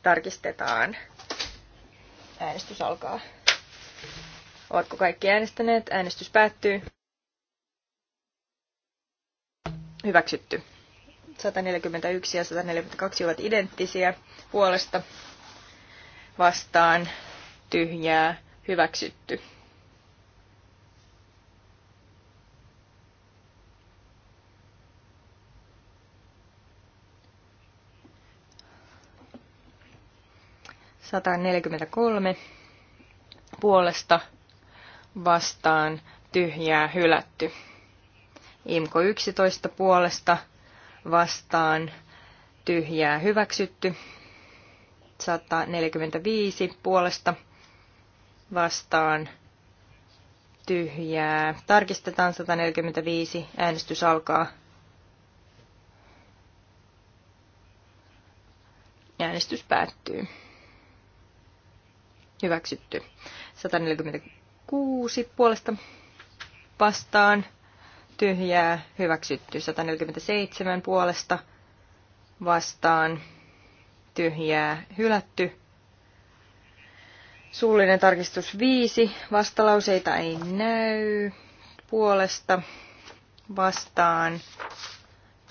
tarkistetaan. Äänestys alkaa. Ovatko kaikki äänestäneet? Äänestys päättyy. Hyväksytty. 141 ja 142 ovat identtisiä puolesta vastaan tyhjää hyväksytty. 143 puolesta vastaan tyhjää hylätty. Imko 11 puolesta vastaan tyhjää hyväksytty. 145 puolesta vastaan tyhjää. Tarkistetaan 145. Äänestys alkaa. Äänestys päättyy. Hyväksytty. 146 puolesta vastaan. Tyhjää. Hyväksytty. 147 puolesta vastaan. Tyhjää. Hylätty. Suullinen tarkistus 5. Vastalauseita ei näy. Puolesta vastaan.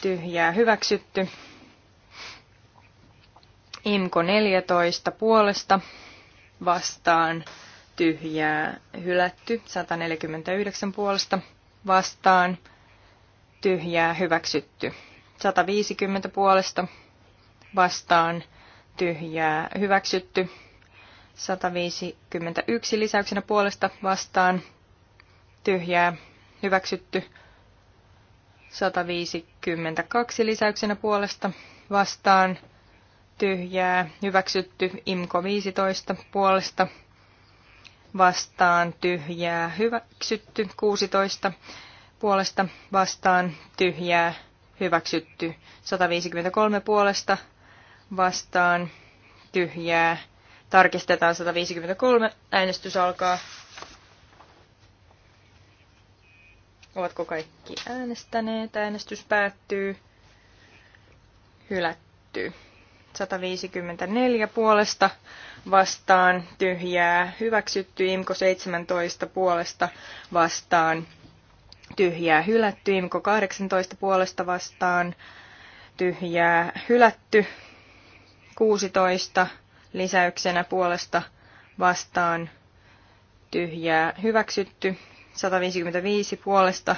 Tyhjää. Hyväksytty. Imko 14 puolesta vastaan tyhjää hylätty, 149 puolesta vastaan tyhjää hyväksytty, 150 puolesta vastaan tyhjää hyväksytty, 151 lisäyksenä puolesta vastaan tyhjää hyväksytty, 152 lisäyksenä puolesta vastaan tyhjää, hyväksytty IMKO 15 puolesta, vastaan tyhjää, hyväksytty 16 puolesta, vastaan tyhjää, hyväksytty 153 puolesta, vastaan tyhjää, tarkistetaan 153, äänestys alkaa. Ovatko kaikki äänestäneet? Äänestys päättyy. Hylätty. 154 puolesta vastaan tyhjää hyväksytty, Imko 17 puolesta vastaan tyhjää hylätty, Imko 18 puolesta vastaan tyhjää hylätty, 16 lisäyksenä puolesta vastaan tyhjää hyväksytty, 155 puolesta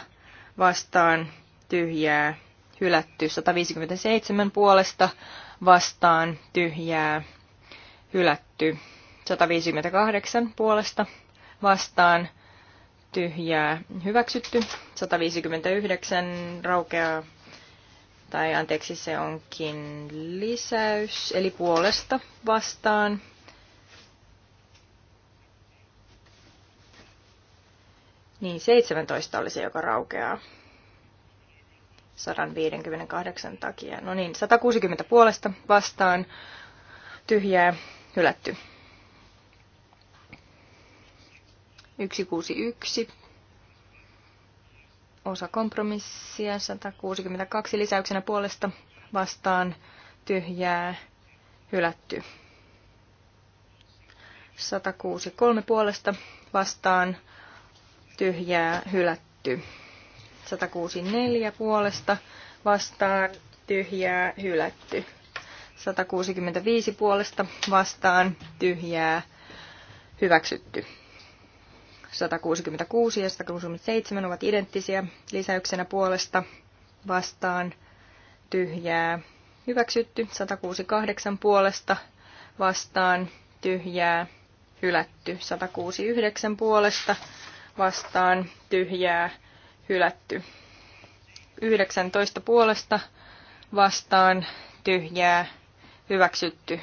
vastaan tyhjää hylätty, 157 puolesta vastaan tyhjää hylätty. 158 puolesta vastaan tyhjää hyväksytty. 159 raukeaa, tai anteeksi se onkin lisäys, eli puolesta vastaan. Niin 17 oli se, joka raukeaa. 158 takia. No niin, 160 puolesta vastaan, tyhjää, hylätty. 161, osa kompromissia, 162 lisäyksenä puolesta vastaan, tyhjää, hylätty. 163 puolesta vastaan, tyhjää, hylätty. 164 puolesta vastaan tyhjää hylätty. 165 puolesta vastaan tyhjää hyväksytty. 166 ja 167 ovat identtisiä lisäyksenä puolesta vastaan tyhjää hyväksytty. 168 puolesta vastaan tyhjää hylätty. 169 puolesta vastaan tyhjää hylätty. 19 puolesta vastaan tyhjää hyväksytty.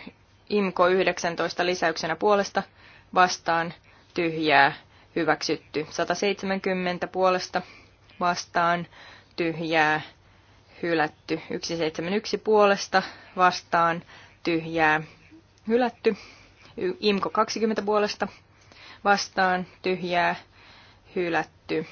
Imko 19 lisäyksenä puolesta vastaan tyhjää hyväksytty. 170 puolesta vastaan tyhjää hylätty. 171 puolesta vastaan tyhjää hylätty. Imko 20 puolesta vastaan tyhjää hylätty.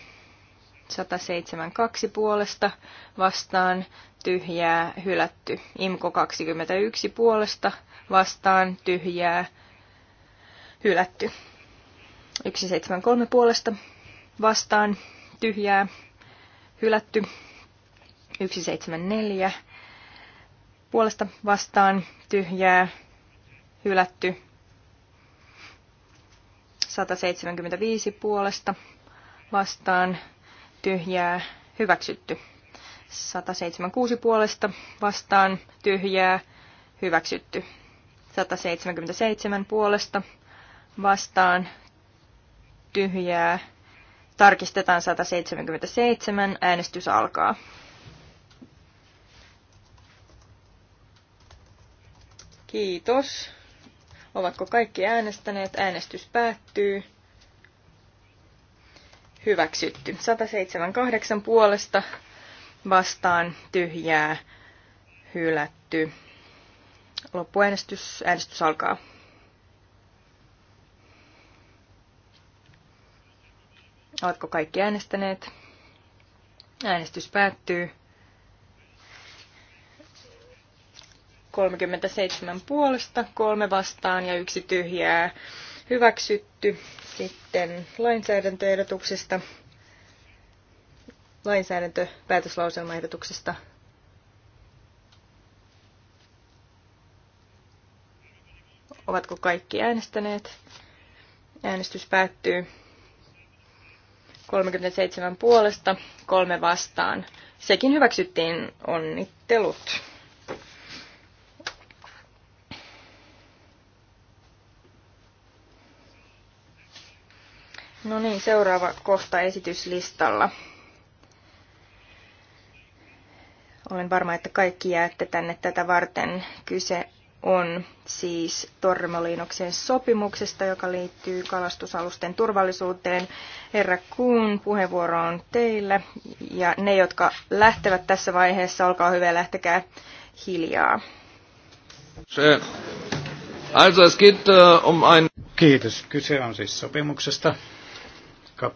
172 puolesta vastaan tyhjää hylätty. Imko 21 puolesta vastaan tyhjää hylätty. 173 puolesta vastaan tyhjää hylätty. 174 puolesta vastaan tyhjää hylätty. 175 puolesta vastaan tyhjää, hyväksytty. 176 puolesta vastaan, tyhjää, hyväksytty. 177 puolesta vastaan, tyhjää. Tarkistetaan 177, äänestys alkaa. Kiitos. Ovatko kaikki äänestäneet? Äänestys päättyy hyväksytty. 178 puolesta vastaan tyhjää hylätty. Loppuäänestys äänestys alkaa. Oletko kaikki äänestäneet? Äänestys päättyy. 37 puolesta, kolme vastaan ja yksi tyhjää hyväksytty. Sitten lainsäädäntöehdotuksesta, lainsäädäntöpäätöslauselmaehdotuksesta. Ovatko kaikki äänestäneet? Äänestys päättyy 37 puolesta, kolme vastaan. Sekin hyväksyttiin. Onnittelut. No niin, seuraava kohta esityslistalla. Olen varma, että kaikki jäätte tänne tätä varten. Kyse on siis Tormoliinoksen sopimuksesta, joka liittyy kalastusalusten turvallisuuteen. Herra Kuun, puheenvuoro on teillä. Ja ne, jotka lähtevät tässä vaiheessa, olkaa hyvä, lähtekää hiljaa. Se. Also es geht, uh, um ein... Kiitos. Kyse on siis sopimuksesta,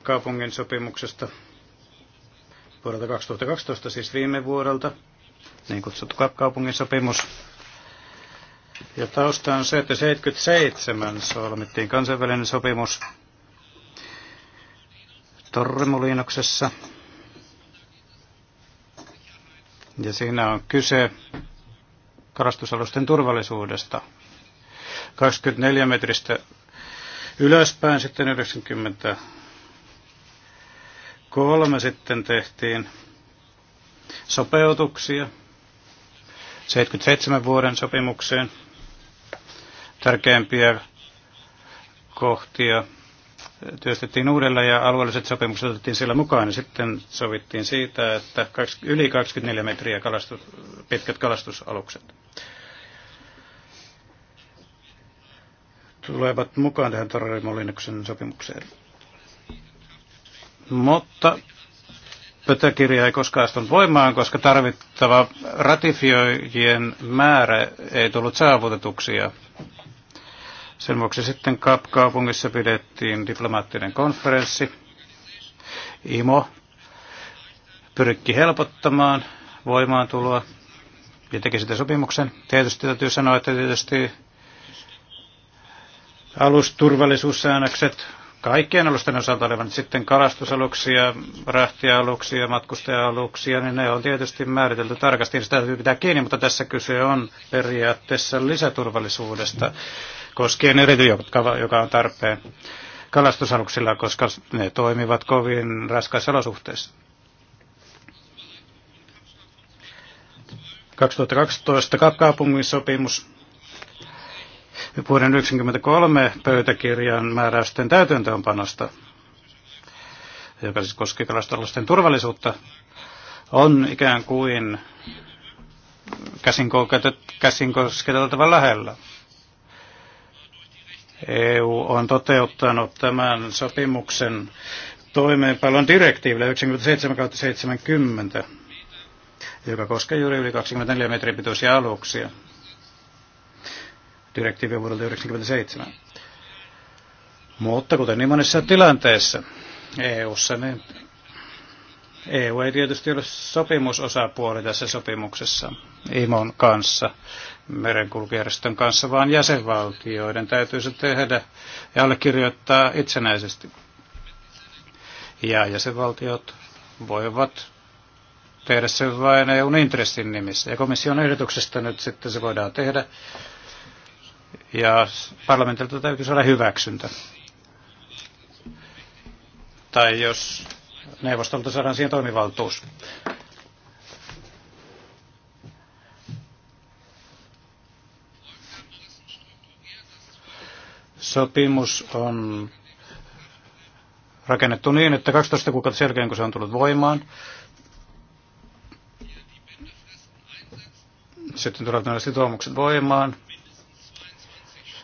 kaupungin sopimuksesta vuodelta 2012, siis viime vuodelta, niin kutsuttu kaupungin sopimus. Ja tausta on se, että 77 solmittiin kansainvälinen sopimus Torremoliinoksessa. Ja siinä on kyse kalastusalusten turvallisuudesta. 24 metristä ylöspäin sitten 90 Kolme sitten tehtiin sopeutuksia 77 vuoden sopimukseen. Tärkeimpiä kohtia työstettiin uudella ja alueelliset sopimukset otettiin sillä mukaan. Ja sitten sovittiin siitä, että yli 24 metriä kalastus, pitkät kalastusalukset tulevat mukaan tähän Torremolinnoksen sopimukseen. Mutta pöytäkirja ei koskaan astunut voimaan, koska tarvittava ratifioijien määrä ei tullut saavutetuksi. Ja sen vuoksi sitten Kapkaupungissa pidettiin diplomaattinen konferenssi. IMO pyrkki helpottamaan voimaantuloa ja teki sitä sopimuksen. Tietysti täytyy sanoa, että tietysti alusturvallisuussäännökset kaikkien alusten osalta olevan sitten kalastusaluksia, rahtialuksia, matkustaja-aluksia, niin ne on tietysti määritelty tarkasti. Niin sitä täytyy pitää kiinni, mutta tässä kyse on periaatteessa lisäturvallisuudesta koskien erityisesti, joka on tarpeen kalastusaluksilla, koska ne toimivat kovin raskaissa olosuhteissa. 2012 kaupungin sopimus vuoden 1993 pöytäkirjan määräysten täytäntöönpanosta, joka siis koskee kalastolasten turvallisuutta, on ikään kuin käsin kosketeltava lähellä. EU on toteuttanut tämän sopimuksen toimeenpalon direktiivillä 97-70, joka koskee juuri yli 24 metrin pituisia aluksia direktiivi vuodelta 1997. Mutta kuten niin monessa tilanteessa EU-ssa, niin EU ei tietysti ole sopimusosapuoli tässä sopimuksessa IMON kanssa, merenkulkujärjestön kanssa, vaan jäsenvaltioiden täytyy se tehdä ja allekirjoittaa itsenäisesti. Ja jäsenvaltiot voivat tehdä sen vain EUn intressin nimissä. Ja komission ehdotuksesta nyt sitten se voidaan tehdä ja parlamentilta täytyy saada hyväksyntä. Tai jos neuvostolta saadaan siihen toimivaltuus. Sopimus on rakennettu niin, että 12 kuukautta selkeän, kun se on tullut voimaan, sitten tulevat nämä sitoumukset voimaan,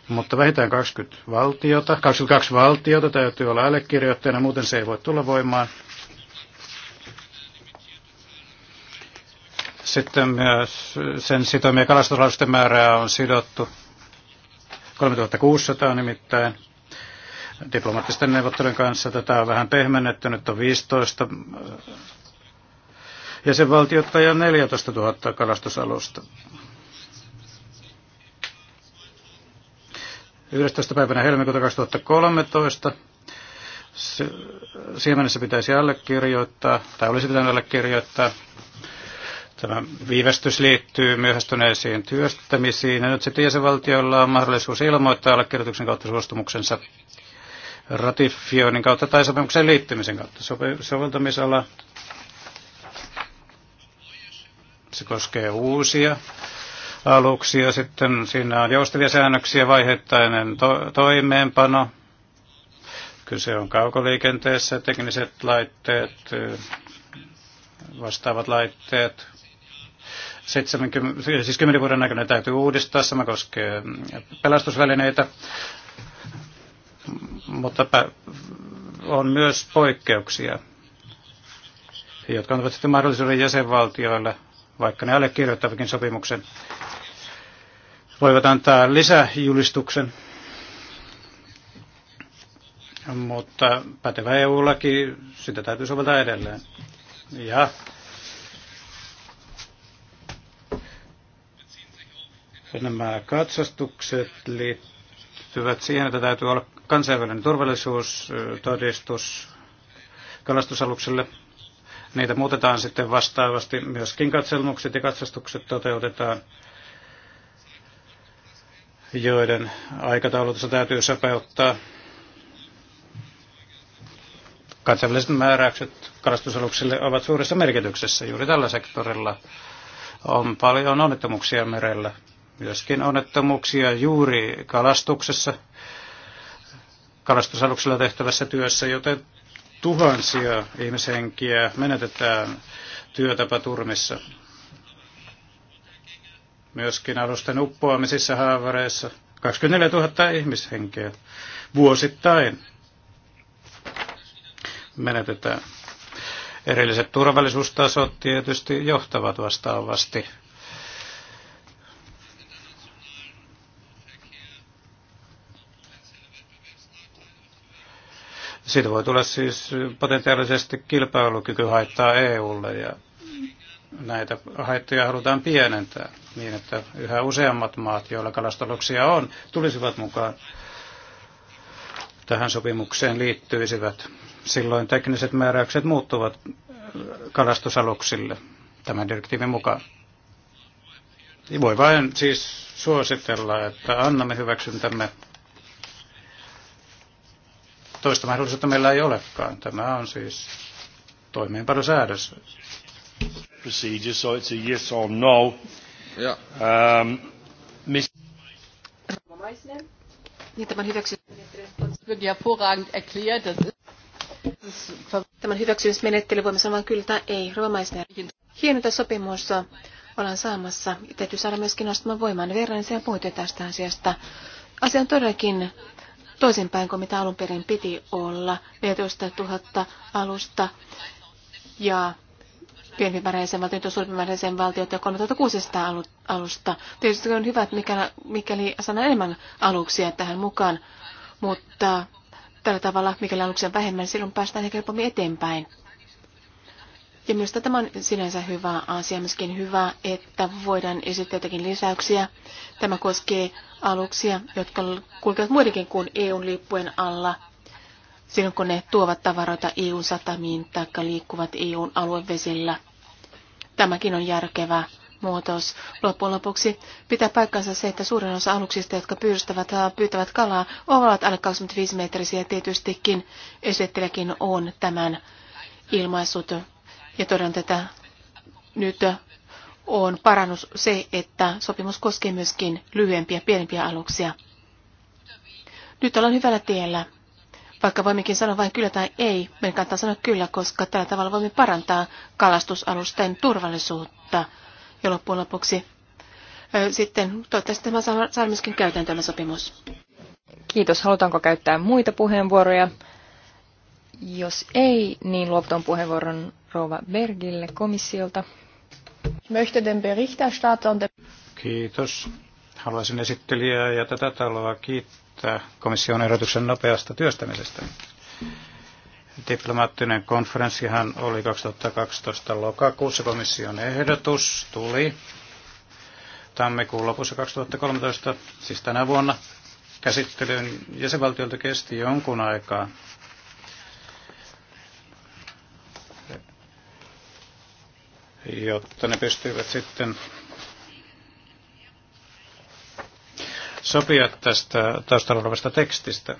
mutta vähintään 20 valtiota, 22 valtiota täytyy olla allekirjoittajana, muuten se ei voi tulla voimaan. Sitten myös sen sitomia kalastuslausten määrää on sidottu. 3600 nimittäin. Diplomaattisten neuvottelujen kanssa tätä on vähän pehmennetty. Nyt on 15 jäsenvaltiota ja 14 000 kalastusalusta. 11. päivänä helmikuuta 2013 Siemenessä pitäisi allekirjoittaa, tai olisi pitänyt allekirjoittaa. Tämä viivästys liittyy myöhästyneisiin työstämisiin, ja nyt sitten jäsenvaltioilla on mahdollisuus ilmoittaa allekirjoituksen kautta suostumuksensa ratifioinnin kautta tai sopimuksen liittymisen kautta. Soveltamisala, se koskee uusia aluksi ja sitten siinä on joustavia säännöksiä vaiheittainen to- toimeenpano. Kyse on kaukoliikenteessä, tekniset laitteet, vastaavat laitteet. 70, siis 10 vuoden aikana täytyy uudistaa, sama koskee pelastusvälineitä, mutta on myös poikkeuksia, jotka antavat sitten mahdollisuuden jäsenvaltioille – vaikka ne allekirjoittavakin sopimuksen, voivat antaa lisäjulistuksen. Mutta pätevä EU-laki, sitä täytyy soveltaa edelleen. Ja nämä katsastukset liittyvät siihen, että täytyy olla kansainvälinen turvallisuustodistus kalastusalukselle Niitä muutetaan sitten vastaavasti. Myöskin katselmukset ja katsastukset toteutetaan, joiden aikataulutusta täytyy sopeuttaa. Kansainväliset määräykset kalastusaluksille ovat suuressa merkityksessä juuri tällä sektorilla. On paljon onnettomuuksia merellä, myöskin onnettomuuksia juuri kalastuksessa, kalastusaluksella tehtävässä työssä, joten tuhansia ihmishenkiä menetetään työtapaturmissa. Myöskin alusten uppoamisissa haavareissa 24 000 ihmishenkeä vuosittain menetetään. Erilliset turvallisuustasot tietysti johtavat vastaavasti Siitä voi tulla siis potentiaalisesti kilpailukykyhaittaa EUlle ja näitä haittoja halutaan pienentää niin, että yhä useammat maat, joilla kalastaluksia on, tulisivat mukaan tähän sopimukseen liittyisivät. Silloin tekniset määräykset muuttuvat kalastusaluksille tämän direktiivin mukaan. Voi vain siis suositella, että annamme hyväksyntämme Toista mahdollisuutta meillä ei olekaan. Tämä on siis toimeenpanosäädös. Procedure, so it's a yes or no. Yeah. Um, miss... Tämän hyväksymismenettely voimme sanoa kyllä tai ei. Romaisner. Hienota sopimusta ollaan saamassa. Täytyy saada myöskin nostamaan voimaan verran, niin sen tästä asiasta. Asia on todellakin toisinpäin kuin mitä alun perin piti olla, 14 000 alusta ja pienemmäräisen valtion, nyt on suurimmäräisen valtiot ja 3600 alusta. Tietysti on hyvä, että mikäli, sana enemmän aluksia tähän mukaan, mutta tällä tavalla, mikäli aluksia on vähemmän, silloin päästään ehkä helpommin eteenpäin. Ja minusta tämä on sinänsä hyvä asia, myöskin hyvä, että voidaan esittää jotakin lisäyksiä. Tämä koskee aluksia, jotka kulkevat muidenkin kuin eu lippujen alla silloin, kun ne tuovat tavaroita EU-satamiin tai liikkuvat eu aluevesillä. Tämäkin on järkevä muutos. Loppujen lopuksi pitää paikkansa se, että suurin osa aluksista, jotka pyydystävät, pyytävät kalaa, ovat alle 25 metrisiä. Tietystikin esittelijäkin on tämän ilmaissut ja todella tätä nyt on parannus se, että sopimus koskee myöskin lyhyempiä, pienempiä aluksia. Nyt ollaan hyvällä tiellä. Vaikka voimmekin sanoa vain kyllä tai ei, meidän kannattaa sanoa kyllä, koska tällä tavalla voimme parantaa kalastusalusten turvallisuutta. Ja loppujen lopuksi sitten toivottavasti tämä saa myöskin käytäntöön sopimus. Kiitos. Halutaanko käyttää muita puheenvuoroja? Jos ei, niin luovutan puheenvuoron Rova Bergille komissiolta. Kiitos. Haluaisin esittelijää ja tätä taloa kiittää komission ehdotuksen nopeasta työstämisestä. Diplomaattinen konferenssihan oli 2012 lokakuussa. Komission ehdotus tuli tammikuun lopussa 2013, siis tänä vuonna, käsittelyyn jäsenvaltiolta kesti jonkun aikaa jotta ne pystyivät sitten sopia tästä taustalla olevasta tekstistä.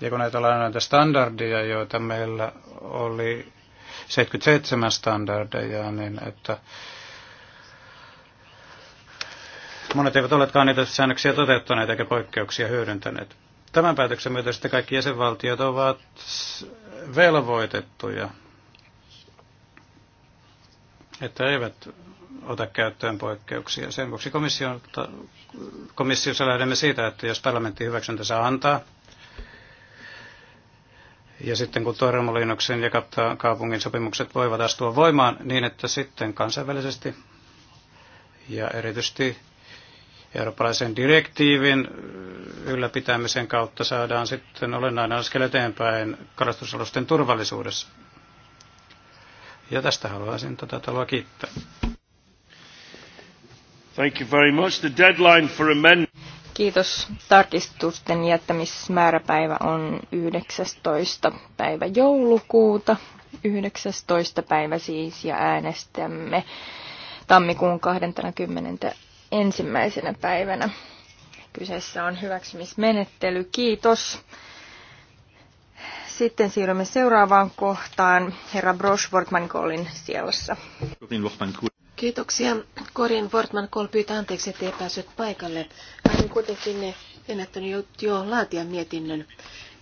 Ja kun ollaan näitä standardeja, joita meillä oli 77 standardeja, niin että monet eivät olekaan niitä säännöksiä toteuttaneet eikä poikkeuksia hyödyntäneet. Tämän päätöksen myötä sitten kaikki jäsenvaltiot ovat velvoitettuja, että eivät ota käyttöön poikkeuksia. Sen vuoksi komissiossa lähdemme siitä, että jos parlamentti hyväksyntä saa antaa, ja sitten kun Torremoliinoksen ja kaupungin sopimukset voivat astua voimaan niin, että sitten kansainvälisesti ja erityisesti eurooppalaisen direktiivin ylläpitämisen kautta saadaan sitten olennainen askel eteenpäin kalastusalusten turvallisuudessa. Ja tästä haluaisin tätä tuota taloa kiittää. Thank you very much. The deadline for amendment... Kiitos. Tarkistusten jättämismääräpäivä on 19. päivä joulukuuta. 19. päivä siis ja äänestämme tammikuun 20 ensimmäisenä päivänä. Kyseessä on hyväksymismenettely. Kiitos. Sitten siirrymme seuraavaan kohtaan herra Brosch wortmann kollin sielossa. Kiitoksia. Korin wortmann Kol pyytää anteeksi, ettei päässyt paikalle. Hän on kuitenkin ennättänyt jo laatia mietinnön.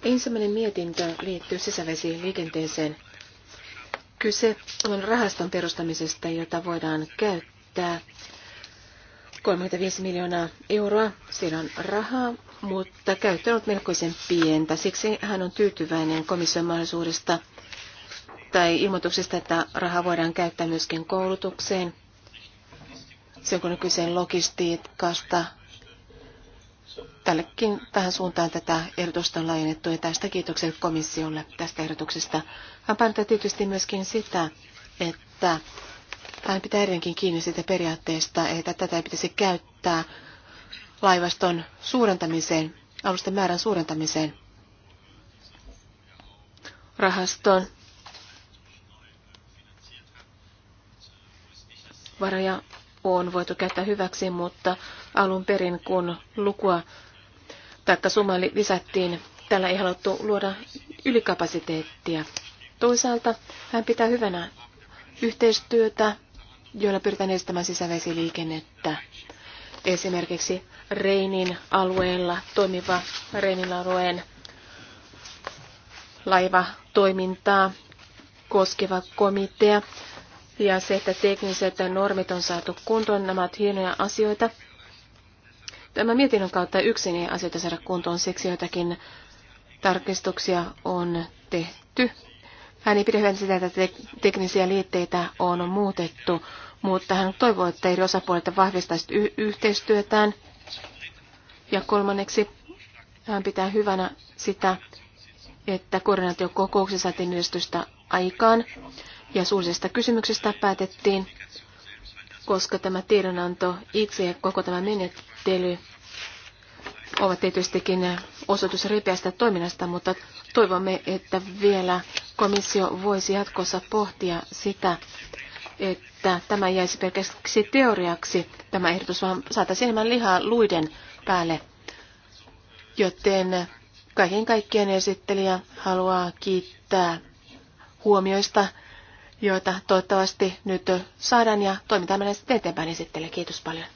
Ensimmäinen mietintö liittyy sisävesiin liikenteeseen. Kyse on rahaston perustamisesta, jota voidaan käyttää 35 miljoonaa euroa. Siellä on rahaa, mutta käyttö on ollut melkoisen pientä. Siksi hän on tyytyväinen komission mahdollisuudesta tai ilmoituksesta, että rahaa voidaan käyttää myöskin koulutukseen. Se on kyse logistiikasta. Tällekin tähän suuntaan tätä ehdotusta on laajennettu ja tästä kiitokset komissiolle tästä ehdotuksesta. Hän painottaa tietysti myöskin sitä, että hän pitää edelleenkin kiinni siitä periaatteesta, että tätä ei pitäisi käyttää laivaston suurentamiseen, alusten määrän suurentamiseen. Rahaston varoja on voitu käyttää hyväksi, mutta alun perin kun lukua taikka summa lisättiin, tällä ei haluttu luoda ylikapasiteettia. Toisaalta hän pitää hyvänä yhteistyötä, joilla pyritään estämään sisävesiliikennettä. Esimerkiksi Reinin alueella toimiva Reinin alueen laivatoimintaa koskeva komitea ja se, että tekniset normit on saatu kuntoon, nämä ovat hienoja asioita. Tämän mietinnön kautta yksin ei asioita saada kuntoon, siksi joitakin tarkistuksia on tehty. Hän ei pidä hyvänä sitä, että teknisiä liitteitä on muutettu, mutta hän toivoo, että eri osapuolet vahvistaisivat y- yhteistyötään. Ja kolmanneksi hän pitää hyvänä sitä, että koordinaatiokokouksessa saatiin yhdistystä aikaan ja suullisesta kysymyksestä päätettiin, koska tämä tiedonanto itse ja koko tämä menettely ovat tietystikin osoitus ripeästä toiminnasta, mutta toivomme, että vielä komissio voisi jatkossa pohtia sitä, että tämä jäisi pelkästään teoriaksi, tämä ehdotus, vaan saataisiin enemmän lihaa luiden päälle. Joten kaiken kaikkien esittelijä haluaa kiittää huomioista, joita toivottavasti nyt saadaan ja toimitaan mennä sitten eteenpäin esittelijä. Kiitos paljon.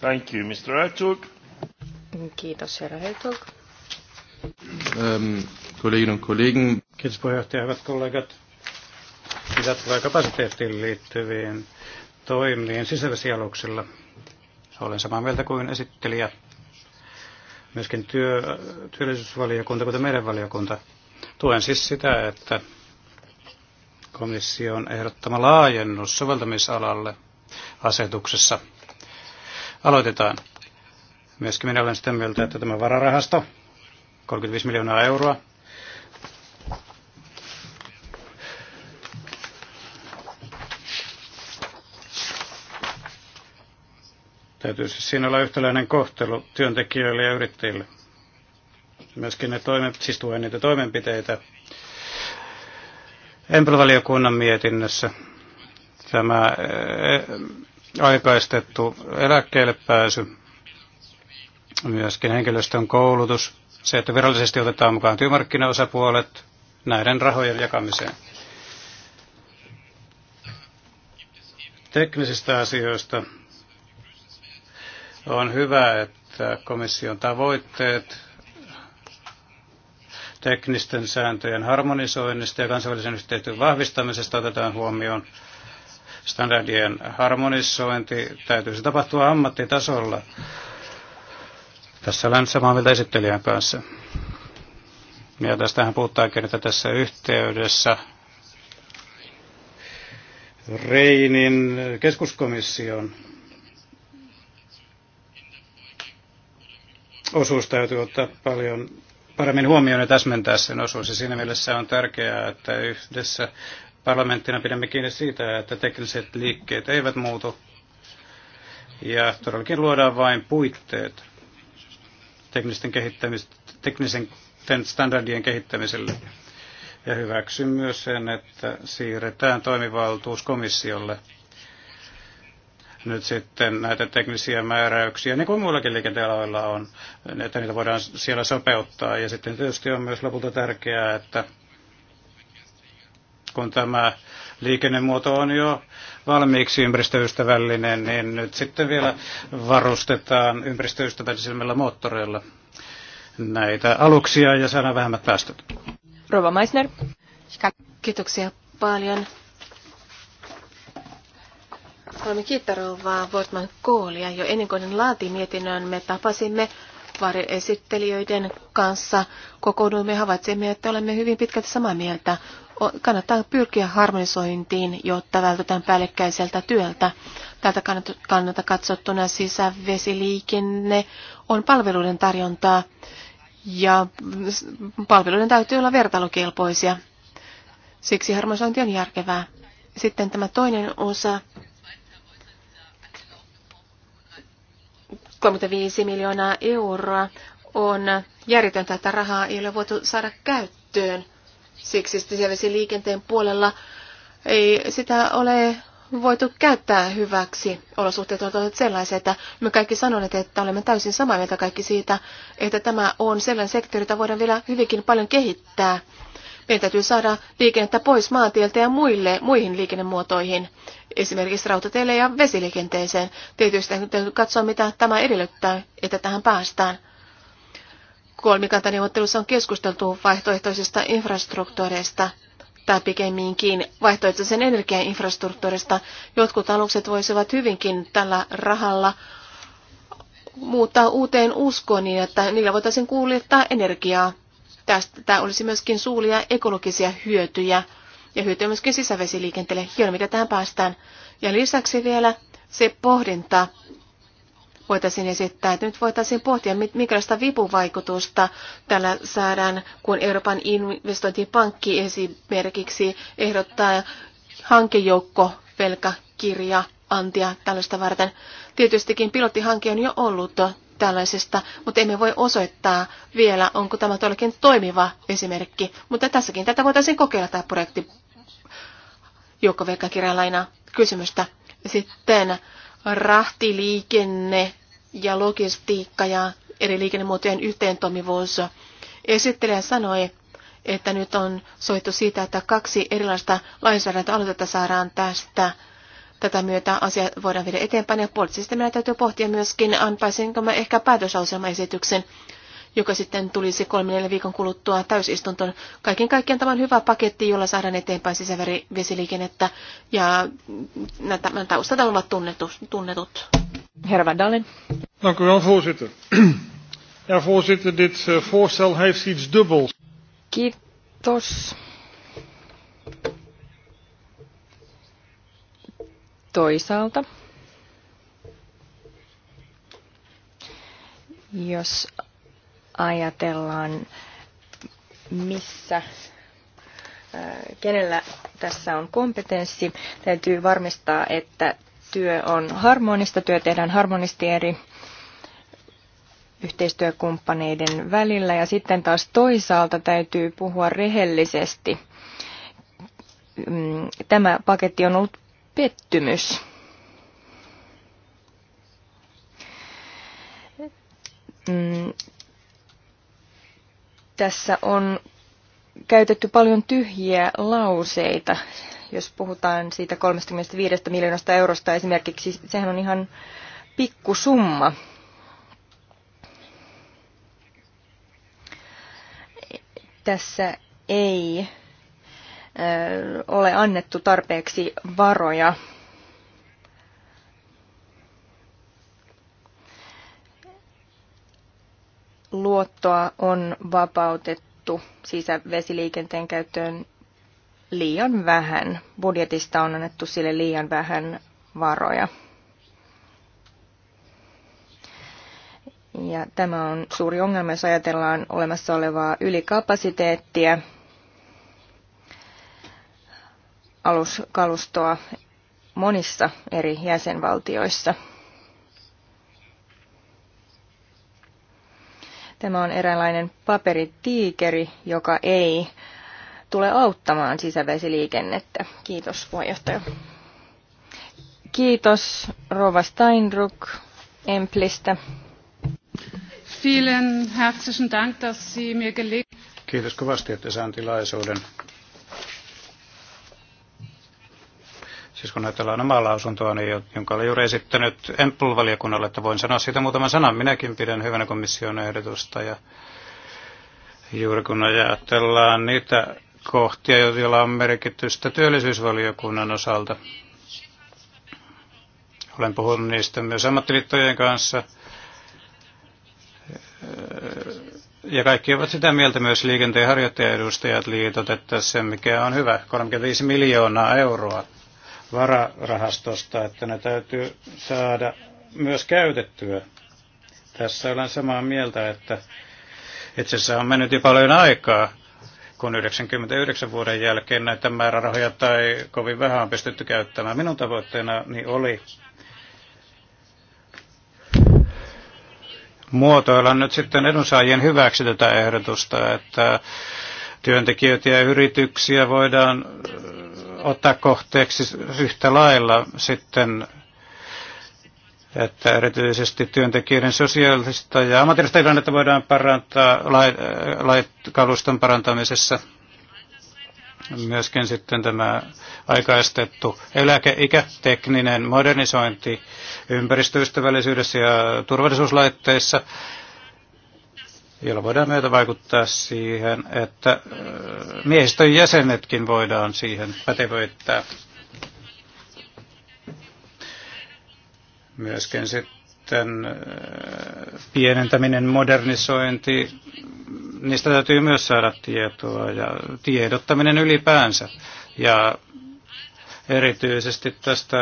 Thank you, Mr. Hertog. Kiitos, herra Hertog. Ähm, Kolleginnen kollegen. Kiitos puheenjohtaja, hyvät kollegat. Mitä tulee kapasiteettiin liittyviin toimiin sisävesialuksilla, olen samaa mieltä kuin esittelijä. Myöskin työ, työllisyysvaliokunta, kuten meidän valiokunta. Tuen siis sitä, että komission ehdottama laajennus soveltamisalalle asetuksessa aloitetaan. Myöskin minä olen sitä mieltä, että tämä vararahasto 35 miljoonaa euroa. Täytyy siis siinä olla yhtäläinen kohtelu työntekijöille ja yrittäjille. Myöskin ne toimen, siis tuen niitä toimenpiteitä. Emplovaliokunnan mietinnössä tämä eh, aikaistettu eläkkeelle pääsy, myöskin henkilöstön koulutus, se, että virallisesti otetaan mukaan työmarkkinaosapuolet näiden rahojen jakamiseen. Teknisistä asioista on hyvä, että komission tavoitteet teknisten sääntöjen harmonisoinnista ja kansainvälisen yhteistyön vahvistamisesta otetaan huomioon. Standardien harmonisointi täytyisi tapahtua ammattitasolla tässä olen samaa mieltä esittelijän kanssa. Ja tästähän puhutaan kertaa tässä yhteydessä Reinin keskuskomission osuus täytyy ottaa paljon paremmin huomioon ja täsmentää sen osuus. Ja siinä mielessä on tärkeää, että yhdessä parlamenttina pidämme kiinni siitä, että tekniset liikkeet eivät muutu. Ja todellakin luodaan vain puitteet teknisten, teknisen standardien kehittämiselle. Ja hyväksyn myös sen, että siirretään toimivaltuus komissiolle nyt sitten näitä teknisiä määräyksiä, niin kuin muillakin liikentealoilla on, että niitä voidaan siellä sopeuttaa. Ja sitten tietysti on myös lopulta tärkeää, että kun tämä liikennemuoto on jo valmiiksi ympäristöystävällinen, niin nyt sitten vielä varustetaan ympäristöystävällisemmillä moottoreilla näitä aluksia ja saadaan vähemmät päästöt. Rova Meissner. Kiitoksia paljon. Haluamme kiittää rouvaa Wortman Koolia. Jo ennen kuin hän laati mietinnön, me tapasimme varjoesittelijöiden kanssa. Kokouduimme ja havaitsimme, että olemme hyvin pitkälti samaa mieltä kannattaa pyrkiä harmonisointiin, jotta vältetään päällekkäiseltä työltä. Tältä kannalta katsottuna sisävesiliikenne on palveluiden tarjontaa ja palveluiden täytyy olla vertailukelpoisia. Siksi harmonisointi on järkevää. Sitten tämä toinen osa, 35 miljoonaa euroa, on järjetöntä, että rahaa ei ole voitu saada käyttöön Siksi liikenteen puolella ei sitä ole voitu käyttää hyväksi. Olosuhteet ovat olleet sellaisia, että me kaikki sanoneet, että olemme täysin samaa mieltä kaikki siitä, että tämä on sellainen sektori, jota voidaan vielä hyvinkin paljon kehittää. Meidän täytyy saada liikennettä pois maantieltä ja muille, muihin liikennemuotoihin, esimerkiksi rautateille ja vesiliikenteeseen. Tietysti täytyy katsoa, mitä tämä edellyttää, että tähän päästään. Kolmikantaneuvottelussa on keskusteltu vaihtoehtoisista infrastruktuureista tai pikemminkin vaihtoehtoisen energiainfrastruktuurista. Jotkut alukset voisivat hyvinkin tällä rahalla muuttaa uuteen uskoon niin, että niillä voitaisiin kuljettaa energiaa. Tästä olisi myöskin suulia ekologisia hyötyjä ja hyötyä myöskin sisävesiliikenteelle, hieno mitä tähän päästään. Ja lisäksi vielä se pohdinta, voitaisiin esittää. että Nyt voitaisiin pohtia, minkälaista vipuvaikutusta tällä saadaan, kun Euroopan investointipankki esimerkiksi ehdottaa hankejoukko velkakirja antia tällaista varten. Tietystikin pilottihanke on jo ollut tällaisesta, mutta emme voi osoittaa vielä, onko tämä todellakin toimiva esimerkki. Mutta tässäkin tätä voitaisiin kokeilla tämä projekti joukkovelkakirjalaina kysymystä. Sitten rahtiliikenne ja logistiikka ja eri liikennemuotojen yhteentoimivuus. Esittelijä sanoi, että nyt on soittu siitä, että kaksi erilaista lainsäädäntöaloitetta saadaan tästä. Tätä myötä asia voidaan viedä eteenpäin ja poliittisesti meidän täytyy pohtia myöskin, antaisinko mä ehkä esityksen, joka sitten tulisi kolmen neljän viikon kuluttua täysistuntoon. Kaiken kaikkiaan tämä on hyvä paketti, jolla saadaan eteenpäin sisävesiliikennettä ja nämä taustat ovat tunnetut. Herra Van Dank u wel, voorzitter. Ja, voorzitter, dit eh, voorstel heeft iets dubbels. Kitos. Toisaalta, jos ajatellaan, missä, eh, kenellä tässä on kompetenssi, täytyy varmistaa, että työ on harmonista. Työ tehdään harmonisti eri yhteistyökumppaneiden välillä ja sitten taas toisaalta täytyy puhua rehellisesti. Mm, tämä paketti on ollut pettymys. Mm, tässä on käytetty paljon tyhjiä lauseita, jos puhutaan siitä 35 miljoonasta eurosta esimerkiksi. Sehän on ihan pikkusumma. Tässä ei ole annettu tarpeeksi varoja luottoa on vapautettu varattu sisävesiliikenteen käyttöön liian vähän. Budjetista on annettu sille liian vähän varoja. Ja tämä on suuri ongelma, jos ajatellaan olemassa olevaa ylikapasiteettia, aluskalustoa monissa eri jäsenvaltioissa – Tämä on eräänlainen paperitiikeri, joka ei tule auttamaan sisävesiliikennettä. Kiitos puheenjohtaja. Kiitos Rova Steinruck Emplistä. Vielen herzlichen Dank, dass Sie mir gelegt Kiitos kovasti, että saan tilaisuuden Siis kun ajatellaan omaa lausuntoa, niin, jonka olen juuri esittänyt Empul-valiokunnalle, että voin sanoa siitä muutaman sanan. Minäkin pidän hyvänä komission ehdotusta ja juuri kun ajatellaan niitä kohtia, joilla on merkitystä työllisyysvaliokunnan osalta. Olen puhunut niistä myös ammattiliittojen kanssa. Ja kaikki ovat sitä mieltä, myös liikenteen edustajat liitot, että se mikä on hyvä, 35 miljoonaa euroa vararahastosta, että ne täytyy saada myös käytettyä. Tässä olen samaa mieltä, että itse asiassa on mennyt jo paljon aikaa, kun 99 vuoden jälkeen näitä määrärahoja tai kovin vähän on pystytty käyttämään. Minun tavoitteena niin oli muotoilla nyt sitten edunsaajien hyväksi tätä ehdotusta, että työntekijöitä ja yrityksiä voidaan ottaa kohteeksi yhtä lailla sitten että erityisesti työntekijöiden sosiaalista ja ammatillista tilannetta voidaan parantaa kaluston parantamisessa. Myöskin sitten tämä aikaistettu eläkeikä, tekninen modernisointi ympäristöystävällisyydessä ja turvallisuuslaitteissa jolla voidaan myötä vaikuttaa siihen, että miehistön jäsenetkin voidaan siihen pätevöittää. Myöskin sitten pienentäminen, modernisointi, niistä täytyy myös saada tietoa ja tiedottaminen ylipäänsä. Ja erityisesti tästä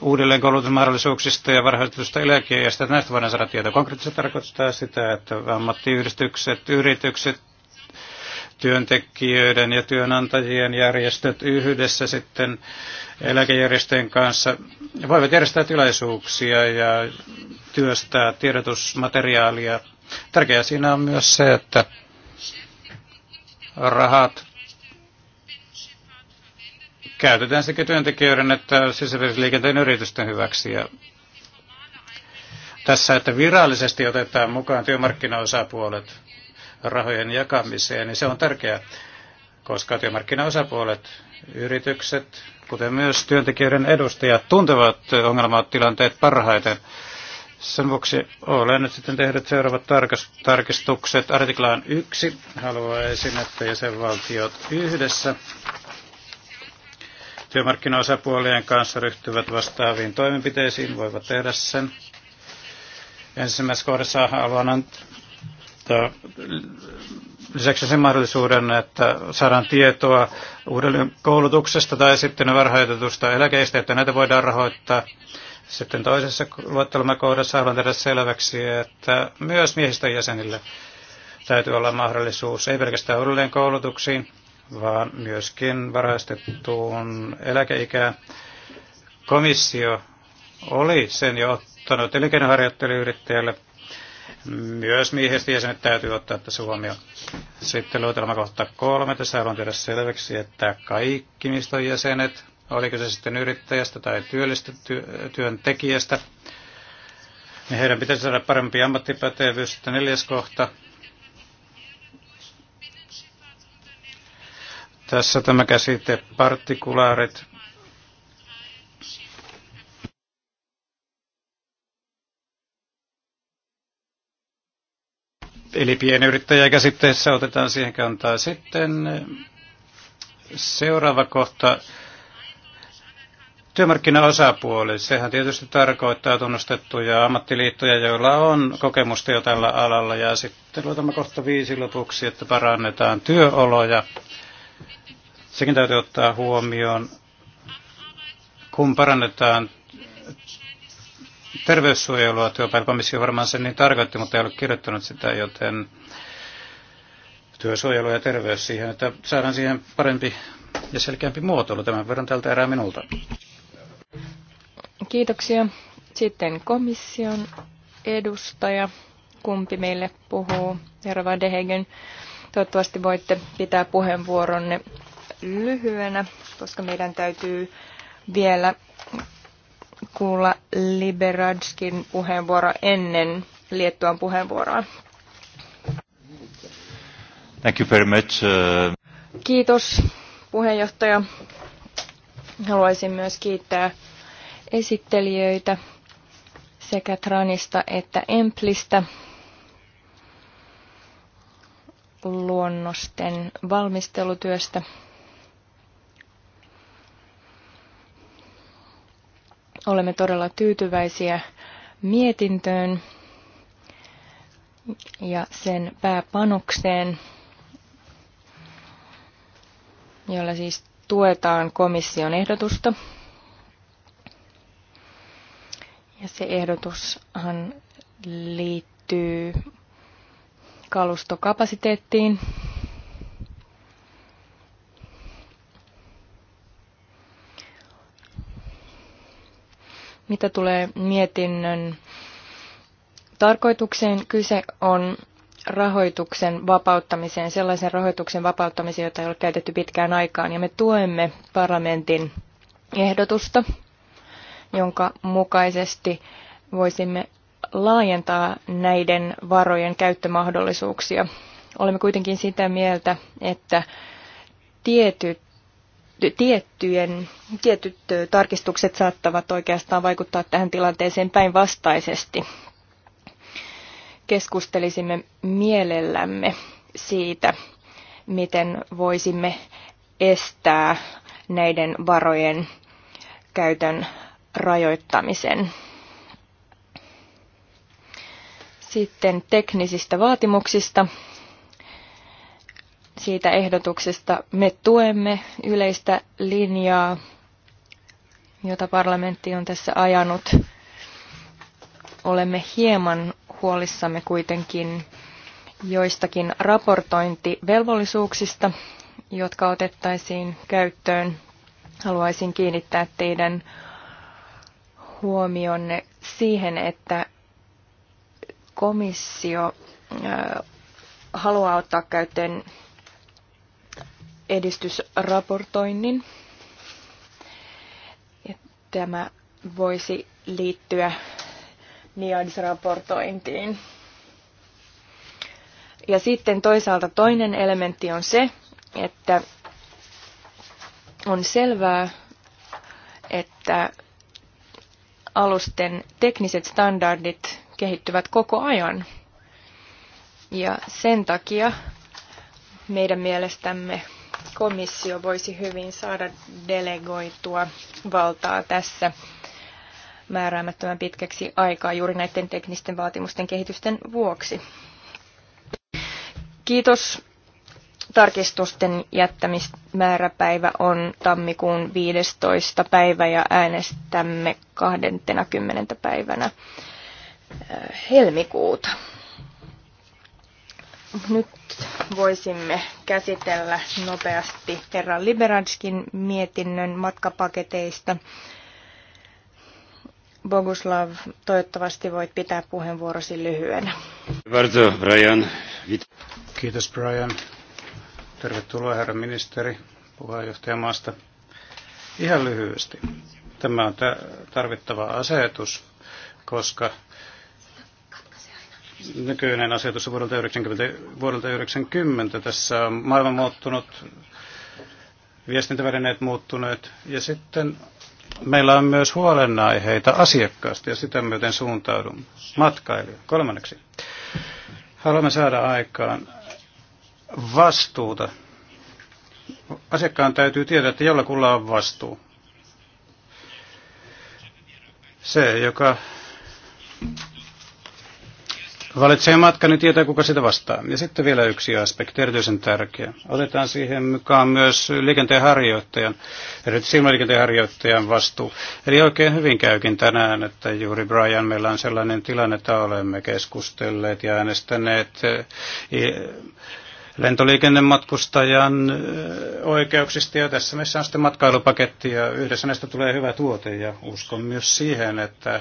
uudelleenkoulutusmahdollisuuksista ja varhaistetusta eläkeiästä. Näistä voidaan saada tietoa. Konkreettisesti tarkoittaa sitä, että ammattiyhdistykset, yritykset, työntekijöiden ja työnantajien järjestöt yhdessä sitten eläkejärjestöjen kanssa voivat järjestää tilaisuuksia ja työstää tiedotusmateriaalia. Tärkeää siinä on myös se, että rahat käytetään sekä työntekijöiden että sisävesiliikenteen yritysten hyväksi. Ja tässä, että virallisesti otetaan mukaan työmarkkinaosapuolet rahojen jakamiseen, niin se on tärkeää, koska työmarkkinaosapuolet, yritykset, kuten myös työntekijöiden edustajat, tuntevat ongelmatilanteet parhaiten. Sen vuoksi olen nyt sitten tehnyt seuraavat tarkistukset. Artiklaan yksi haluaisin, että jäsenvaltiot yhdessä työmarkkinaosapuolien kanssa ryhtyvät vastaaviin toimenpiteisiin, voivat tehdä sen. Ensimmäisessä kohdassa haluan antaa lisäksi sen mahdollisuuden, että saadaan tietoa uudelleen koulutuksesta tai sitten varhaitetusta eläkeistä, että näitä voidaan rahoittaa. Sitten toisessa luettelmakohdassa haluan tehdä selväksi, että myös miehistä jäsenille täytyy olla mahdollisuus, ei pelkästään uudelleen koulutuksiin, vaan myöskin varhaistettuun eläkeikään. Komissio oli sen jo ottanut elinkeinoharjoittelijayrittäjälle. Myös miehestä jäsenet täytyy ottaa tässä huomioon. Sitten luetelma kohta kolme. Tässä haluan tehdä selväksi, että kaikki mistä jäsenet, oliko se sitten yrittäjästä tai työllistä työntekijästä, niin heidän pitäisi saada parempi ammattipätevyys. Sitten neljäs kohta, Tässä tämä käsite partikulaarit Eli käsitteessä otetaan siihen kantaa. Sitten seuraava kohta, työmarkkinaosapuoli. Sehän tietysti tarkoittaa tunnustettuja ammattiliittoja, joilla on kokemusta jo tällä alalla. Ja sitten tämä kohta viisi lopuksi, että parannetaan työoloja Sekin täytyy ottaa huomioon, kun parannetaan terveyssuojelua, työpäiväkomissio varmaan sen niin tarkoitti, mutta ei ole kirjoittanut sitä, joten työsuojelu ja terveys siihen, että saadaan siihen parempi ja selkeämpi muotoilu. Tämän verran tältä erää minulta. Kiitoksia. Sitten komission edustaja, kumpi meille puhuu, Herra Dehegen. Toivottavasti voitte pitää puheenvuoronne lyhyenä, koska meidän täytyy vielä kuulla Liberadskin puheenvuoro ennen Liettuan puheenvuoroa. Thank you very much. Uh, Kiitos puheenjohtaja. Haluaisin myös kiittää esittelijöitä sekä Tranista että Emplistä luonnosten valmistelutyöstä. Olemme todella tyytyväisiä mietintöön ja sen pääpanokseen, jolla siis tuetaan komission ehdotusta. Ja se ehdotushan liittyy kalustokapasiteettiin Mitä tulee mietinnön tarkoitukseen, kyse on rahoituksen vapauttamiseen, sellaisen rahoituksen vapauttamiseen, jota ei ole käytetty pitkään aikaan. Ja me tuemme parlamentin ehdotusta, jonka mukaisesti voisimme laajentaa näiden varojen käyttömahdollisuuksia. Olemme kuitenkin sitä mieltä, että tietyt tiettyjen, tietyt tarkistukset saattavat oikeastaan vaikuttaa tähän tilanteeseen päinvastaisesti. Keskustelisimme mielellämme siitä, miten voisimme estää näiden varojen käytön rajoittamisen. Sitten teknisistä vaatimuksista siitä ehdotuksesta. Me tuemme yleistä linjaa, jota parlamentti on tässä ajanut. Olemme hieman huolissamme kuitenkin joistakin raportointivelvollisuuksista, jotka otettaisiin käyttöön. Haluaisin kiinnittää teidän huomionne siihen, että komissio haluaa ottaa käyttöön edistysraportoinnin. Ja tämä voisi liittyä NIADS-raportointiin. Ja sitten toisaalta toinen elementti on se, että on selvää, että alusten tekniset standardit kehittyvät koko ajan. Ja sen takia meidän mielestämme komissio voisi hyvin saada delegoitua valtaa tässä määräämättömän pitkäksi aikaa juuri näiden teknisten vaatimusten kehitysten vuoksi. Kiitos. Tarkistusten jättämismääräpäivä on tammikuun 15. päivä ja äänestämme 20. päivänä äh, helmikuuta. Nyt voisimme käsitellä nopeasti herra Liberanskin mietinnön matkapaketeista. Boguslav, toivottavasti voit pitää puheenvuorosi lyhyenä. Kiitos Brian. Tervetuloa herra ministeri puheenjohtajamaasta. Ihan lyhyesti. Tämä on tarvittava asetus, koska nykyinen asetus vuodelta 90, vuodelta 90. Tässä on maailma muuttunut, viestintävälineet muuttuneet ja sitten meillä on myös huolenaiheita asiakkaasta ja sitä myöten suuntaudun matkailija. Kolmanneksi, haluamme saada aikaan vastuuta. Asiakkaan täytyy tietää, että jollakulla on vastuu. Se, joka valitsee matkan, niin tietää kuka sitä vastaa. Ja sitten vielä yksi aspekti, erityisen tärkeä. Otetaan siihen mukaan myös liikenteen harjoittajan, erityisesti silmäliikenteen harjoittajan vastuu. Eli oikein hyvin käykin tänään, että juuri Brian, meillä on sellainen tilanne, että olemme keskustelleet ja äänestäneet eh, lentoliikennematkustajan eh, oikeuksista ja tässä missä on sitten matkailupaketti ja yhdessä näistä tulee hyvä tuote ja uskon myös siihen, että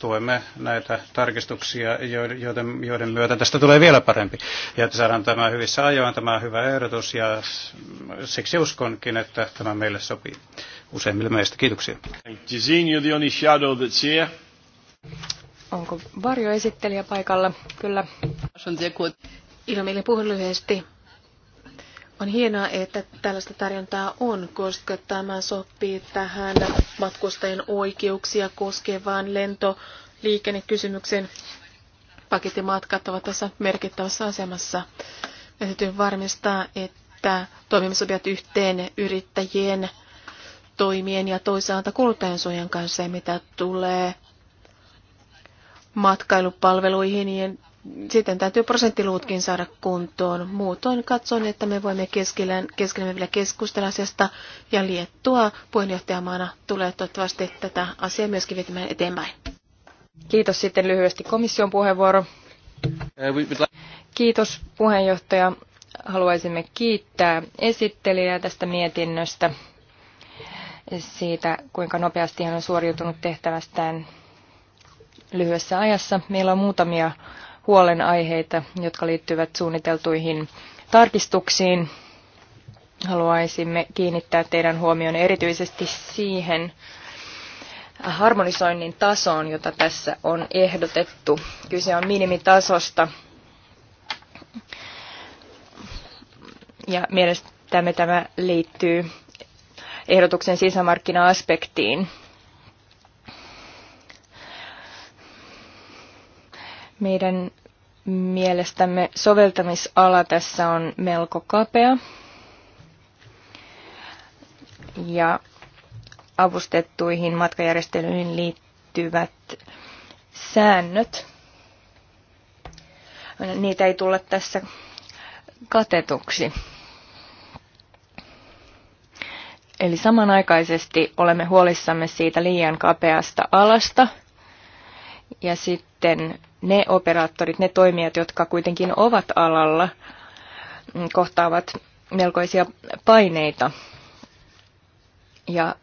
tuemme näitä tarkistuksia, joiden, joiden myötä tästä tulee vielä parempi. Ja että saadaan tämä hyvissä ajoin, tämä hyvä ehdotus ja siksi uskonkin, että tämä meille sopii useimmille meistä. Kiitoksia. Onko varjoesittelijä paikalla? Kyllä. Ilmiille puhun lyhyesti. On hienoa, että tällaista tarjontaa on, koska tämä sopii tähän matkustajien oikeuksia koskevaan lentoliikennekysymykseen. Pakettimatkat ovat tässä merkittävässä asemassa. Me täytyy varmistaa, että toimimme sopivat yhteen yrittäjien toimien ja toisaalta kuluttajansuojan kanssa, mitä tulee matkailupalveluihin sitten täytyy prosenttiluutkin saada kuntoon. Muutoin katson, että me voimme keskellä, vielä keskustella asiasta ja Liettua puheenjohtajamaana tulee toivottavasti tätä asiaa myöskin vetämään eteenpäin. Kiitos sitten lyhyesti komission puheenvuoro. Uh, Kiitos puheenjohtaja. Haluaisimme kiittää esittelijää tästä mietinnöstä siitä, kuinka nopeasti hän on suoriutunut tehtävästään lyhyessä ajassa. Meillä on muutamia huolenaiheita, jotka liittyvät suunniteltuihin tarkistuksiin. Haluaisimme kiinnittää teidän huomioon erityisesti siihen harmonisoinnin tasoon, jota tässä on ehdotettu. Kyse on minimitasosta. Ja mielestämme tämä liittyy ehdotuksen sisämarkkina-aspektiin. Meidän mielestämme soveltamisala tässä on melko kapea. Ja avustettuihin matkajärjestelyihin liittyvät säännöt, niitä ei tule tässä katetuksi. Eli samanaikaisesti olemme huolissamme siitä liian kapeasta alasta ja sitten ne operaattorit, ne toimijat, jotka kuitenkin ovat alalla, mm, kohtaavat melkoisia paineita. Ja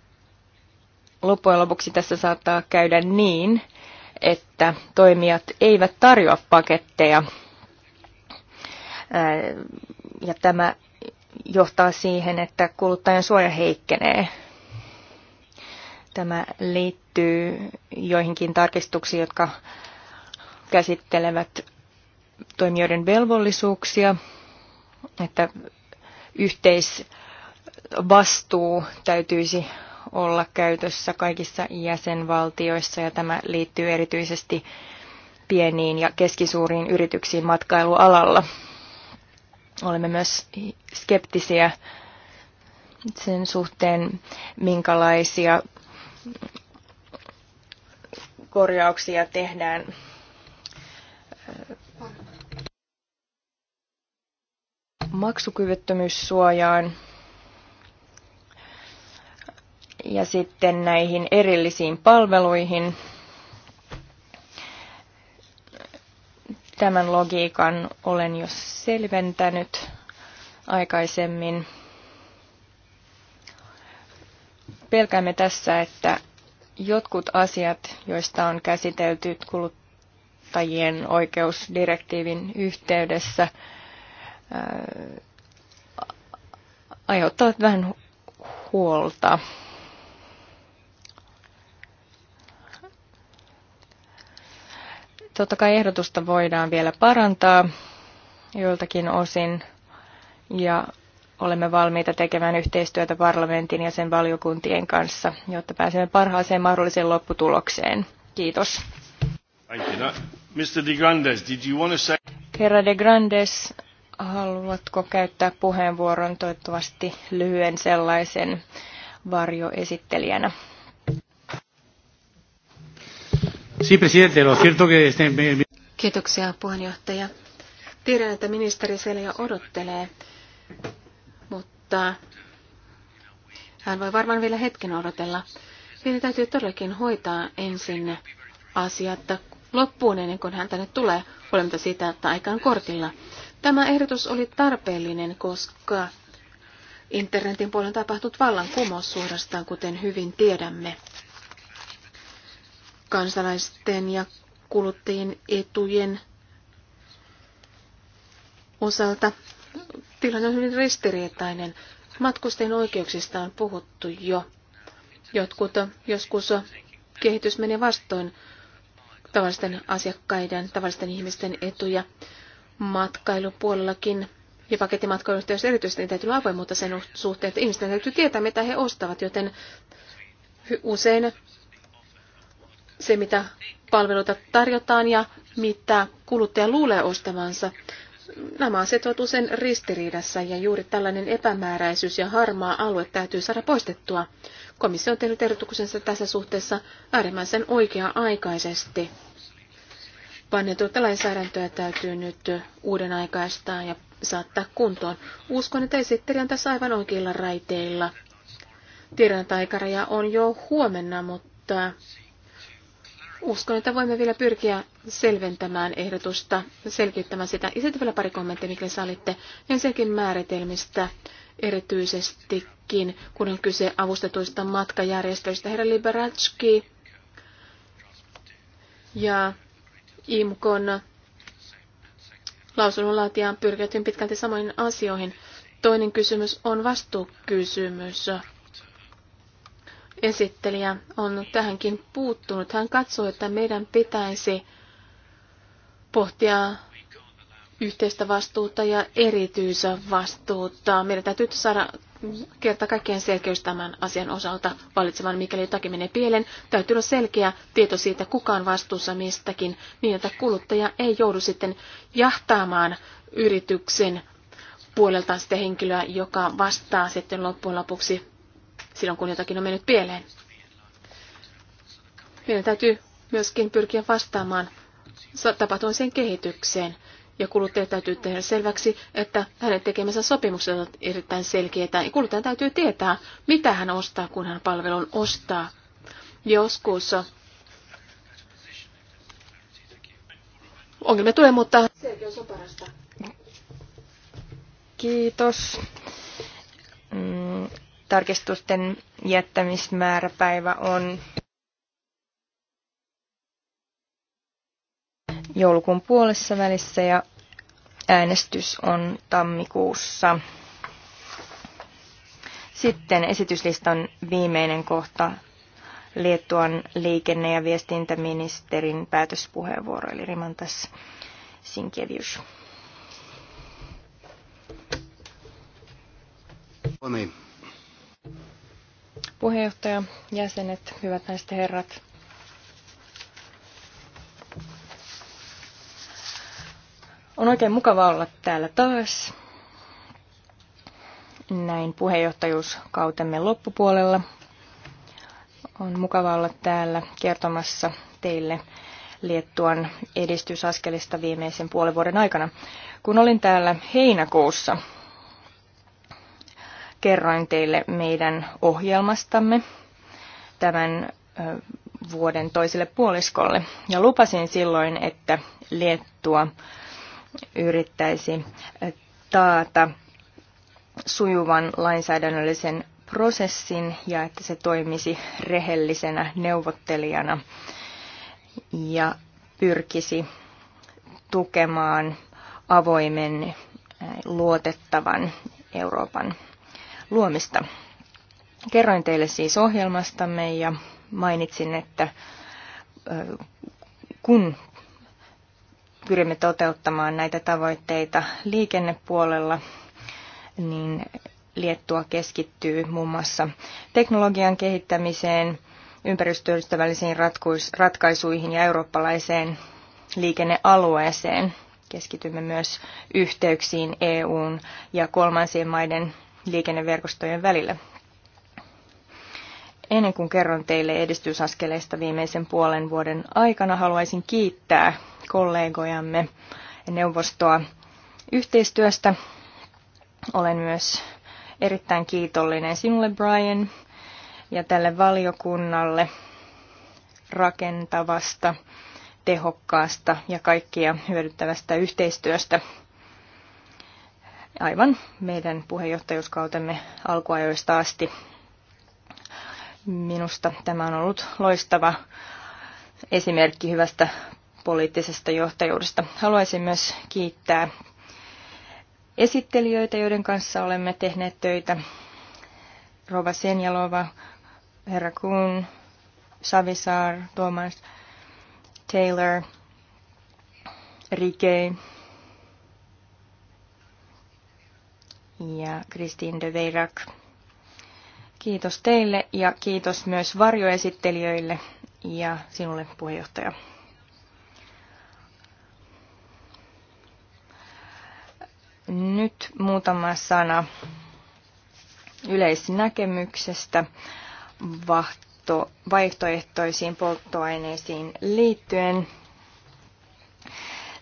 loppujen lopuksi tässä saattaa käydä niin, että toimijat eivät tarjoa paketteja. Ja tämä johtaa siihen, että kuluttajan suoja heikkenee. Tämä liittyy joihinkin tarkistuksiin, jotka käsittelevät toimijoiden velvollisuuksia, että yhteisvastuu täytyisi olla käytössä kaikissa jäsenvaltioissa ja tämä liittyy erityisesti pieniin ja keskisuuriin yrityksiin matkailualalla. Olemme myös skeptisiä sen suhteen, minkälaisia korjauksia tehdään maksukyvyttömyyssuojaan ja sitten näihin erillisiin palveluihin. Tämän logiikan olen jo selventänyt aikaisemmin. Pelkäämme tässä, että jotkut asiat, joista on käsitelty kulut kuluttajien oikeusdirektiivin yhteydessä äh, aiheuttavat vähän huolta. Totta kai ehdotusta voidaan vielä parantaa joiltakin osin ja olemme valmiita tekemään yhteistyötä parlamentin ja sen valiokuntien kanssa, jotta pääsemme parhaaseen mahdolliseen lopputulokseen. Kiitos. Mr. De Grandes, did you want to say... Herra De Grandes, haluatko käyttää puheenvuoron toivottavasti lyhyen sellaisen varjoesittelijänä? Sí, presidente, lo cierto que este... Kiitoksia puheenjohtaja. Tiedän, että ministeri siellä jo odottelee, mutta hän voi varmaan vielä hetken odotella. Meidän täytyy todellakin hoitaa ensin asiat loppuun ennen kuin hän tänne tulee, huolimatta siitä, että aika on kortilla. Tämä ehdotus oli tarpeellinen, koska internetin puolella on tapahtunut vallankumous suorastaan, kuten hyvin tiedämme. Kansalaisten ja kuluttajien etujen osalta tilanne on hyvin ristiriitainen. Matkustajien oikeuksista on puhuttu jo. Jotkut joskus kehitys menee vastoin tavallisten asiakkaiden, tavallisten ihmisten etuja matkailupuolellakin ja pakettimatkailuyhteydessä erityisesti niin täytyy olla avoimuutta sen suhteen, että ihmisten täytyy tietää, mitä he ostavat, joten usein se, mitä palveluita tarjotaan ja mitä kuluttaja luulee ostavansa, nämä asiat ovat usein ristiriidassa ja juuri tällainen epämääräisyys ja harmaa alue täytyy saada poistettua. Komissio on tehnyt ehdotuksensa tässä suhteessa äärimmäisen oikea-aikaisesti. Panetuutta lainsäädäntöä täytyy nyt uuden aikaistaan ja saattaa kuntoon. Uskon, että esittelijä on tässä aivan oikeilla raiteilla. Tiedän, että aikaraja on jo huomenna, mutta uskon, että voimme vielä pyrkiä selventämään ehdotusta, selkiyttämään sitä. Ja sitten vielä pari kommenttia, mikä sallitte. Ensinnäkin määritelmistä erityisestikin, kun on kyse avustetuista matkajärjestöistä. Herra Liberatski ja lausunnon lausunnonlaatijaan pyrkivät pitkälti samoihin asioihin. Toinen kysymys on vastuukysymys. Esittelijä on tähänkin puuttunut. Hän katsoo, että meidän pitäisi pohtia yhteistä vastuuta ja erityisvastuutta. Meidän täytyy saada kerta kaikkien selkeys tämän asian osalta valitsevan mikäli jotakin menee pieleen. Täytyy olla selkeä tieto siitä, kuka on vastuussa mistäkin, niin että kuluttaja ei joudu sitten jahtaamaan yrityksen puolelta sitä henkilöä, joka vastaa sitten loppujen lopuksi silloin, kun jotakin on mennyt pieleen. Meidän täytyy myöskin pyrkiä vastaamaan tapahtumiseen kehitykseen ja kuluttajan täytyy tehdä selväksi, että hänen tekemänsä sopimukset ovat erittäin selkeitä. Ja kuluttajan täytyy tietää, mitä hän ostaa, kun hän palvelun ostaa. Joskus ongelmia tulee, mutta selkeys on parasta. Kiitos. Mm, tarkistusten jättämismääräpäivä on joulukuun puolessa välissä ja äänestys on tammikuussa. Sitten esityslistan viimeinen kohta Liettuan liikenne- ja viestintäministerin päätöspuheenvuoro, eli Rimantas Sinkevius. No niin. Puheenjohtaja, jäsenet, hyvät naiset herrat. On oikein mukava olla täällä taas näin puheenjohtajuuskautemme loppupuolella. On mukava olla täällä kertomassa teille Liettuan edistysaskelista viimeisen puolen vuoden aikana. Kun olin täällä heinäkuussa, kerroin teille meidän ohjelmastamme tämän vuoden toiselle puoliskolle. Ja lupasin silloin, että Liettua yrittäisi eh, taata sujuvan lainsäädännöllisen prosessin ja että se toimisi rehellisenä neuvottelijana ja pyrkisi tukemaan avoimen, eh, luotettavan Euroopan luomista. Kerroin teille siis ohjelmastamme ja mainitsin, että eh, kun pyrimme toteuttamaan näitä tavoitteita liikennepuolella, niin Liettua keskittyy muun muassa teknologian kehittämiseen, ympäristöystävällisiin ratkaisuihin ja eurooppalaiseen liikennealueeseen. Keskitymme myös yhteyksiin EUn ja kolmansien maiden liikenneverkostojen välillä. Ennen kuin kerron teille edistysaskeleista viimeisen puolen vuoden aikana, haluaisin kiittää kollegojamme neuvostoa yhteistyöstä. Olen myös erittäin kiitollinen sinulle, Brian, ja tälle valiokunnalle rakentavasta, tehokkaasta ja kaikkia hyödyttävästä yhteistyöstä aivan meidän puheenjohtajuuskautemme alkuajoista asti Minusta tämä on ollut loistava esimerkki hyvästä poliittisesta johtajuudesta. Haluaisin myös kiittää esittelijöitä, joiden kanssa olemme tehneet töitä. Rova Senjalova, Herra Kuhn, Savisaar, Thomas, Taylor, Rike ja Christine de Veirak. Kiitos teille ja kiitos myös varjoesittelijöille ja sinulle puheenjohtaja. Nyt muutama sana yleisnäkemyksestä vaihtoehtoisiin polttoaineisiin liittyen.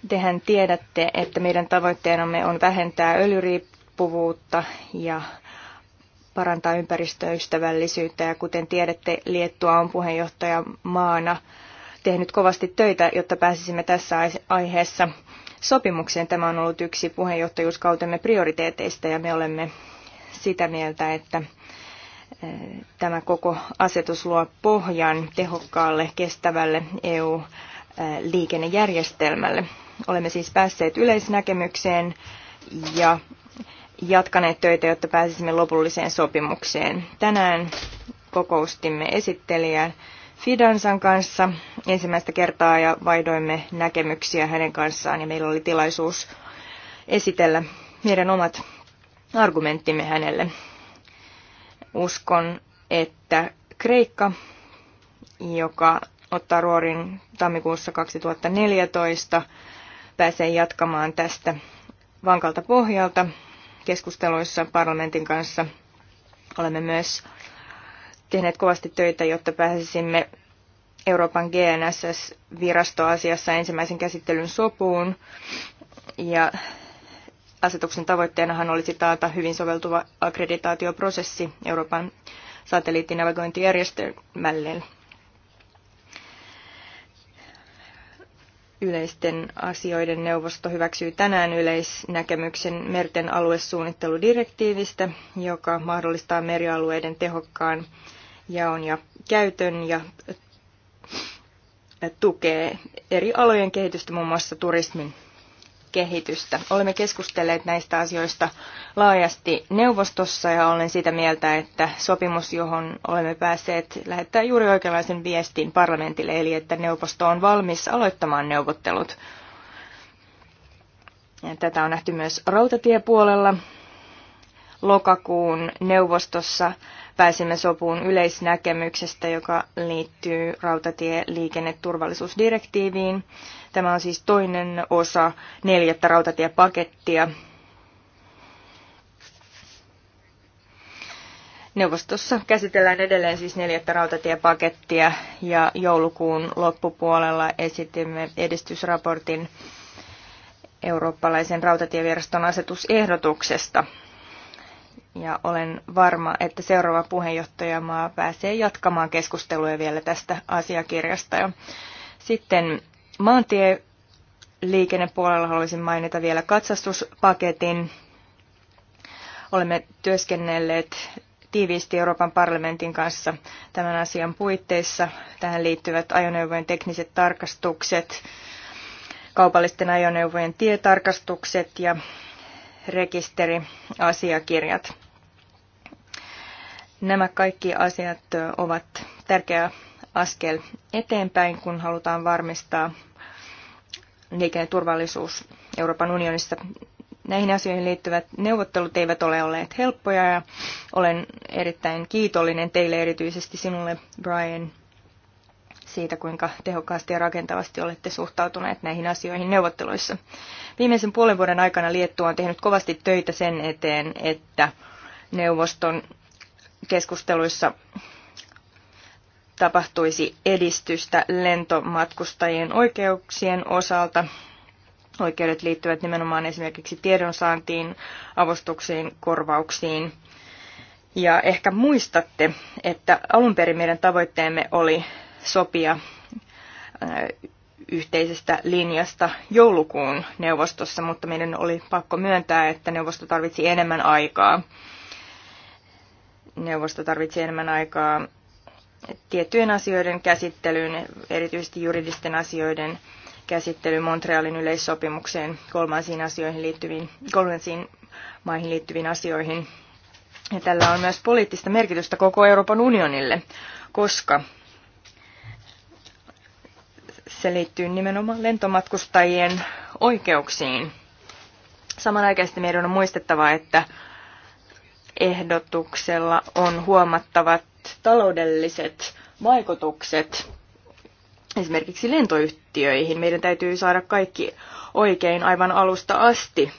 Tehän tiedätte, että meidän tavoitteenamme on vähentää öljyriippuvuutta ja parantaa ympäristöystävällisyyttä ja kuten tiedätte, Liettua on maana tehnyt kovasti töitä, jotta pääsisimme tässä aiheessa sopimukseen. Tämä on ollut yksi puheenjohtajuuskautemme prioriteeteista ja me olemme sitä mieltä, että eh, tämä koko asetus luo pohjan tehokkaalle, kestävälle EU-liikennejärjestelmälle. Eh, olemme siis päässeet yleisnäkemykseen ja jatkaneet töitä, jotta pääsisimme lopulliseen sopimukseen. Tänään kokoustimme esittelijän Fidansan kanssa ensimmäistä kertaa ja vaihdoimme näkemyksiä hänen kanssaan ja meillä oli tilaisuus esitellä meidän omat argumenttimme hänelle. Uskon, että Kreikka, joka ottaa ruorin tammikuussa 2014, pääsee jatkamaan tästä vankalta pohjalta keskusteluissa parlamentin kanssa. Olemme myös tehneet kovasti töitä, jotta pääsisimme Euroopan GNSS-virastoasiassa ensimmäisen käsittelyn sopuun. Ja asetuksen tavoitteenahan olisi taata hyvin soveltuva akkreditaatioprosessi Euroopan satelliittinavigointijärjestelmälle. yleisten asioiden neuvosto hyväksyy tänään yleisnäkemyksen merten aluesuunnitteludirektiivistä, joka mahdollistaa merialueiden tehokkaan jaon ja käytön ja äh, tukee eri alojen kehitystä muun muassa turismin kehitystä. Olemme keskustelleet näistä asioista laajasti neuvostossa ja olen sitä mieltä, että sopimus, johon olemme päässeet, lähettää juuri oikeanlaisen viestin parlamentille, eli että neuvosto on valmis aloittamaan neuvottelut. Tätä on nähty myös rautatiepuolella. Lokakuun neuvostossa pääsimme sopuun yleisnäkemyksestä, joka liittyy rautatieliikenneturvallisuusdirektiiviin. Tämä on siis toinen osa neljättä rautatiepakettia. Neuvostossa käsitellään edelleen siis neljättä rautatiepakettia ja joulukuun loppupuolella esitimme edistysraportin eurooppalaisen rautatieviraston asetusehdotuksesta – ja olen varma, että seuraava puheenjohtajamaa pääsee jatkamaan keskustelua vielä tästä asiakirjasta. Ja sitten maantieliikennepuolella haluaisin mainita vielä katsastuspaketin. Olemme työskennelleet tiiviisti Euroopan parlamentin kanssa tämän asian puitteissa. Tähän liittyvät ajoneuvojen tekniset tarkastukset, kaupallisten ajoneuvojen tietarkastukset ja rekisteriasiakirjat. Nämä kaikki asiat ovat tärkeä askel eteenpäin, kun halutaan varmistaa liikenneturvallisuus Euroopan unionissa. Näihin asioihin liittyvät neuvottelut eivät ole olleet helppoja ja olen erittäin kiitollinen teille erityisesti sinulle, Brian, siitä, kuinka tehokkaasti ja rakentavasti olette suhtautuneet näihin asioihin neuvotteluissa. Viimeisen puolen vuoden aikana Liettua on tehnyt kovasti töitä sen eteen, että neuvoston keskusteluissa tapahtuisi edistystä lentomatkustajien oikeuksien osalta. Oikeudet liittyvät nimenomaan esimerkiksi tiedonsaantiin, avustuksiin, korvauksiin. Ja ehkä muistatte, että alun perin meidän tavoitteemme oli sopia äh, yhteisestä linjasta joulukuun neuvostossa, mutta meidän oli pakko myöntää, että neuvosto tarvitsi enemmän aikaa neuvosto tarvitsee enemmän aikaa tiettyjen asioiden käsittelyyn, erityisesti juridisten asioiden käsittelyyn Montrealin yleissopimukseen, kolmansiin asioihin liittyviin, kolmansiin maihin liittyviin asioihin. Ja tällä on myös poliittista merkitystä koko Euroopan unionille, koska se liittyy nimenomaan lentomatkustajien oikeuksiin. Samanaikaisesti meidän on muistettava, että ehdotuksella on huomattavat taloudelliset vaikutukset esimerkiksi lentoyhtiöihin. Meidän täytyy saada kaikki oikein aivan alusta asti.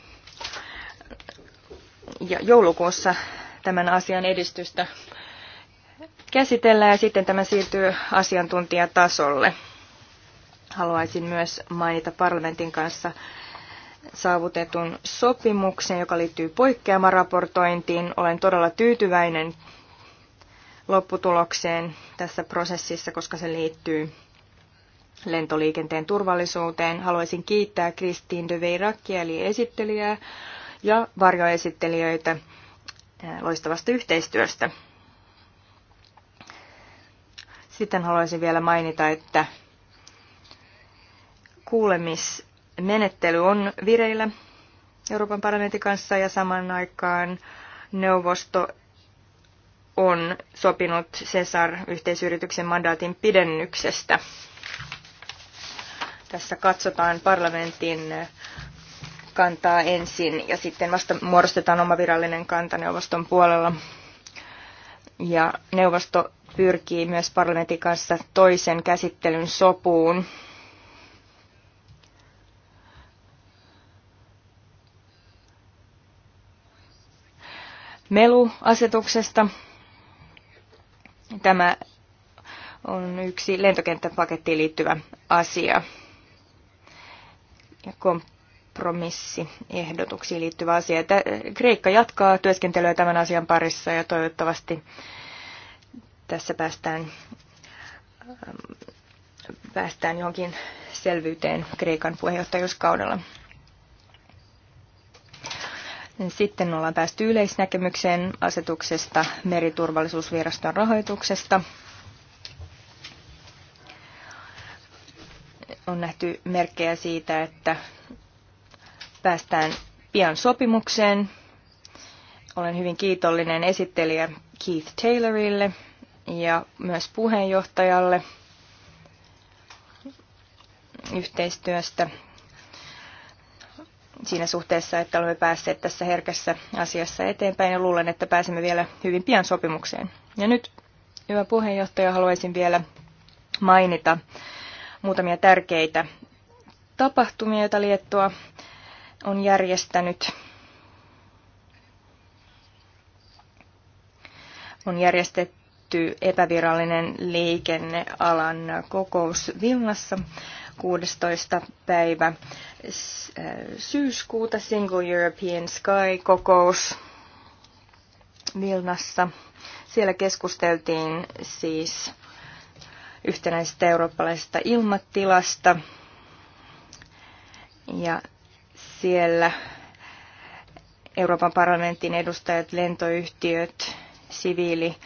Ja joulukuussa tämän asian edistystä käsitellään ja sitten tämä siirtyy asiantuntijatasolle. Haluaisin myös mainita parlamentin kanssa saavutetun sopimuksen, joka liittyy poikkeamaraportointiin. Olen todella tyytyväinen lopputulokseen tässä prosessissa, koska se liittyy lentoliikenteen turvallisuuteen. Haluaisin kiittää Kristiin de Veirakia, eli esittelijää, ja varjoesittelijöitä loistavasta yhteistyöstä. Sitten haluaisin vielä mainita, että kuulemis menettely on vireillä Euroopan parlamentin kanssa ja saman aikaan neuvosto on sopinut Cesar-yhteisyrityksen mandaatin pidennyksestä. Tässä katsotaan parlamentin kantaa ensin ja sitten vasta muodostetaan oma virallinen kanta neuvoston puolella. Ja neuvosto pyrkii myös parlamentin kanssa toisen käsittelyn sopuun meluasetuksesta. Tämä on yksi lentokenttäpakettiin liittyvä asia ja kompromissiehdotuksiin liittyvä asia. Kreikka jatkaa työskentelyä tämän asian parissa ja toivottavasti tässä päästään, ähm, päästään johonkin selvyyteen Kreikan puheenjohtajuuskaudella. Sitten ollaan päästy yleisnäkemykseen asetuksesta meriturvallisuusviraston rahoituksesta. On nähty merkkejä siitä, että päästään pian sopimukseen. Olen hyvin kiitollinen esittelijä Keith Taylorille ja myös puheenjohtajalle yhteistyöstä siinä suhteessa, että olemme päässeet tässä herkässä asiassa eteenpäin ja luulen, että pääsemme vielä hyvin pian sopimukseen. Ja nyt, hyvä puheenjohtaja, haluaisin vielä mainita muutamia tärkeitä tapahtumia, joita Liettua on järjestänyt. On järjestetty epävirallinen liikennealan kokous Vilnassa 16. päivä äh, syyskuuta Single European Sky-kokous Vilnassa. Siellä keskusteltiin siis yhtenäisestä eurooppalaisesta ilmatilasta ja siellä Euroopan parlamentin edustajat, lentoyhtiöt, siviili,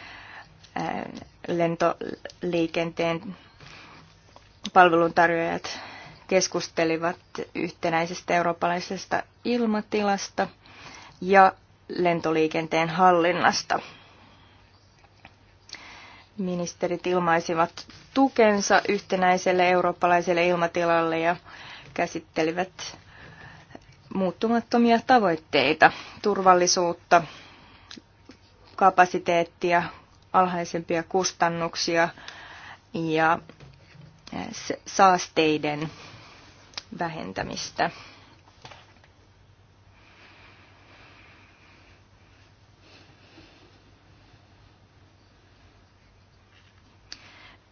äh, lentoliikenteen palveluntarjoajat keskustelivat yhtenäisestä eurooppalaisesta ilmatilasta ja lentoliikenteen hallinnasta. Ministerit ilmaisivat tukensa yhtenäiselle eurooppalaiselle ilmatilalle ja käsittelivät muuttumattomia tavoitteita, turvallisuutta, kapasiteettia, alhaisempia kustannuksia ja saasteiden vähentämistä.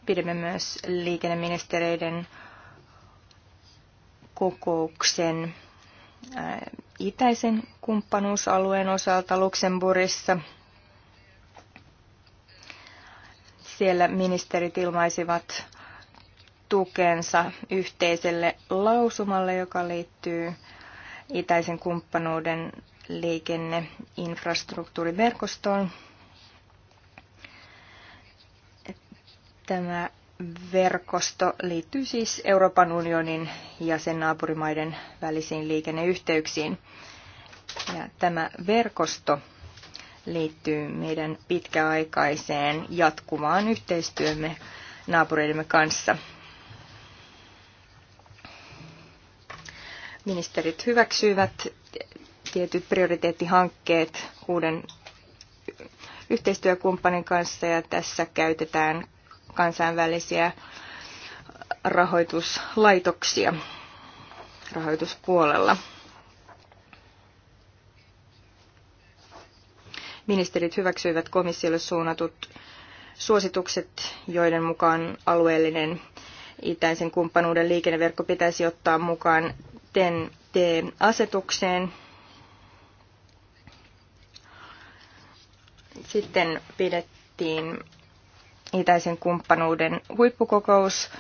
Pidämme myös liikenneministereiden kokouksen äh, itäisen kumppanuusalueen osalta Luxemburgissa. Siellä ministerit ilmaisivat tukensa yhteiselle lausumalle, joka liittyy itäisen kumppanuuden liikenneinfrastruktuuriverkostoon. Tämä verkosto liittyy siis Euroopan unionin ja sen naapurimaiden välisiin liikenneyhteyksiin. Ja tämä verkosto liittyy meidän pitkäaikaiseen jatkuvaan yhteistyömme naapureidemme kanssa Ministerit hyväksyivät tietyt prioriteettihankkeet uuden yhteistyökumppanin kanssa ja tässä käytetään kansainvälisiä rahoituslaitoksia rahoituspuolella. Ministerit hyväksyivät komissiolle suunnatut suositukset, joiden mukaan alueellinen itäisen kumppanuuden liikenneverkko pitäisi ottaa mukaan sitten asetukseen. Sitten pidettiin itäisen kumppanuuden huippukokous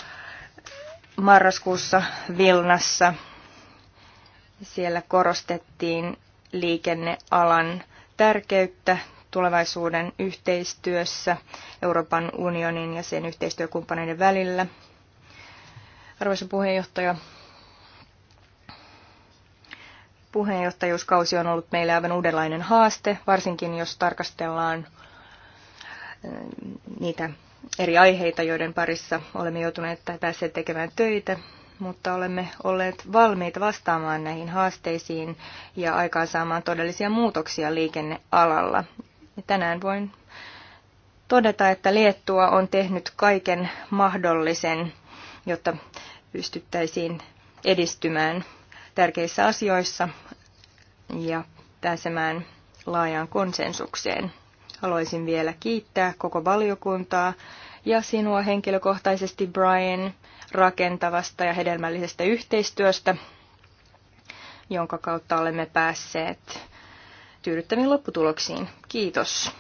marraskuussa Vilnassa. Siellä korostettiin liikennealan tärkeyttä tulevaisuuden yhteistyössä Euroopan unionin ja sen yhteistyökumppaneiden välillä. Arvoisa puheenjohtaja, puheenjohtajuuskausi on ollut meille aivan uudenlainen haaste, varsinkin jos tarkastellaan eh, niitä eri aiheita, joiden parissa olemme joutuneet tai päässeet tekemään töitä, mutta olemme olleet valmiita vastaamaan näihin haasteisiin ja aikaansaamaan todellisia muutoksia liikennealalla. Ja tänään voin todeta, että Liettua on tehnyt kaiken mahdollisen, jotta pystyttäisiin edistymään tärkeissä asioissa ja pääsemään laajaan konsensukseen. Haluaisin vielä kiittää koko valiokuntaa ja sinua henkilökohtaisesti, Brian, rakentavasta ja hedelmällisestä yhteistyöstä, jonka kautta olemme päässeet tyydyttäviin lopputuloksiin. Kiitos.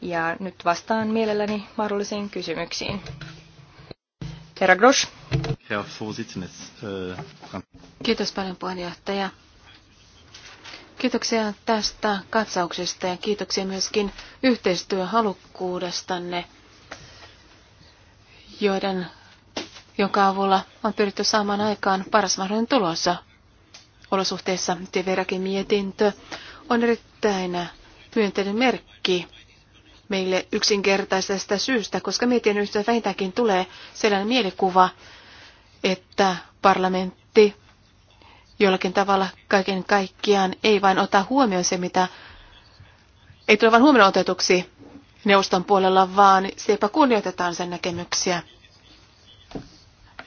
Ja nyt vastaan mielelläni mahdollisiin kysymyksiin. Herra Grosch. Herr Vorsitzender. Äh, Kiitos paljon puheenjohtaja. Kiitoksia tästä katsauksesta ja kiitoksia myöskin yhteistyöhalukkuudestanne, joiden, jonka avulla on pyritty saamaan aikaan paras mahdollinen tulossa olosuhteissa. Teverakin mietintö on erittäin myönteinen merkki meille yksinkertaisesta syystä, koska mietinnöstä vähintäänkin tulee sellainen mielikuva, että parlamentti jollakin tavalla kaiken kaikkiaan ei vain ota huomioon se, mitä ei tule vain huomioon otetuksi neuvoston puolella, vaan jopa kunnioitetaan sen näkemyksiä.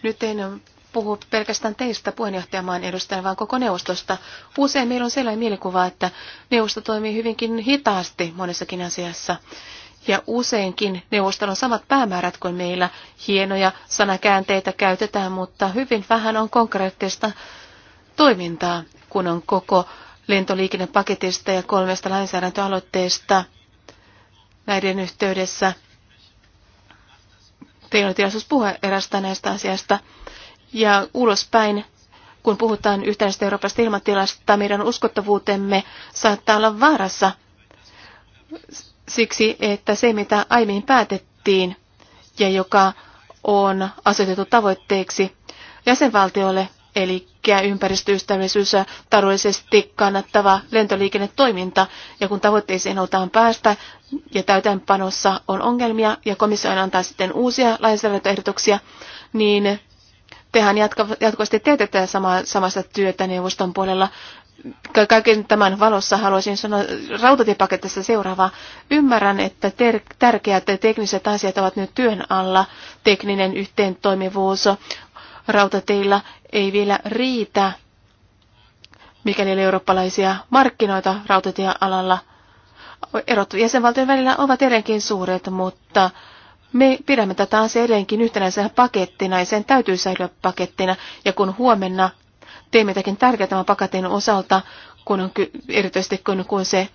Nyt en puhu pelkästään teistä puheenjohtajamaan edustajana, vaan koko neuvostosta. Usein meillä on sellainen mielikuva, että neuvosto toimii hyvinkin hitaasti monessakin asiassa ja useinkin neuvostolla on samat päämäärät kuin meillä. Hienoja sanakäänteitä käytetään, mutta hyvin vähän on konkreettista toimintaa, kun on koko lentoliikennepaketista ja kolmesta lainsäädäntöaloitteesta näiden yhteydessä. Teillä on tilaisuus puhua erästä näistä asiasta. Ja ulospäin, kun puhutaan yhtenäisestä Euroopasta ilmatilasta, meidän uskottavuutemme saattaa olla vaarassa siksi, että se mitä aiemmin päätettiin ja joka on asetettu tavoitteeksi jäsenvaltiolle, eli ympäristöystävällisyys ja taloudellisesti kannattava lentoliikennetoiminta. Ja kun tavoitteisiin halutaan päästä ja täytäntöpanossa on ongelmia ja komissio antaa sitten uusia lainsäädäntöehdotuksia, niin tehän jatkuvasti teetetään samaa, samasta työtä neuvoston puolella kaiken tämän valossa haluaisin sanoa rautatiepaketissa seuraavaa. Ymmärrän, että ter- tärkeät tekniset asiat ovat nyt työn alla. Tekninen yhteentoimivuus rautateilla ei vielä riitä, mikäli eurooppalaisia markkinoita rautatiealalla. Erot jäsenvaltion välillä ovat edelleenkin suuret, mutta me pidämme tätä asiaa edelleenkin yhtenäisenä pakettina ja sen täytyy säilyä pakettina. Ja kun huomenna teemme jotakin tärkeää tämän paketin osalta, kun on, erityisesti kun, kun se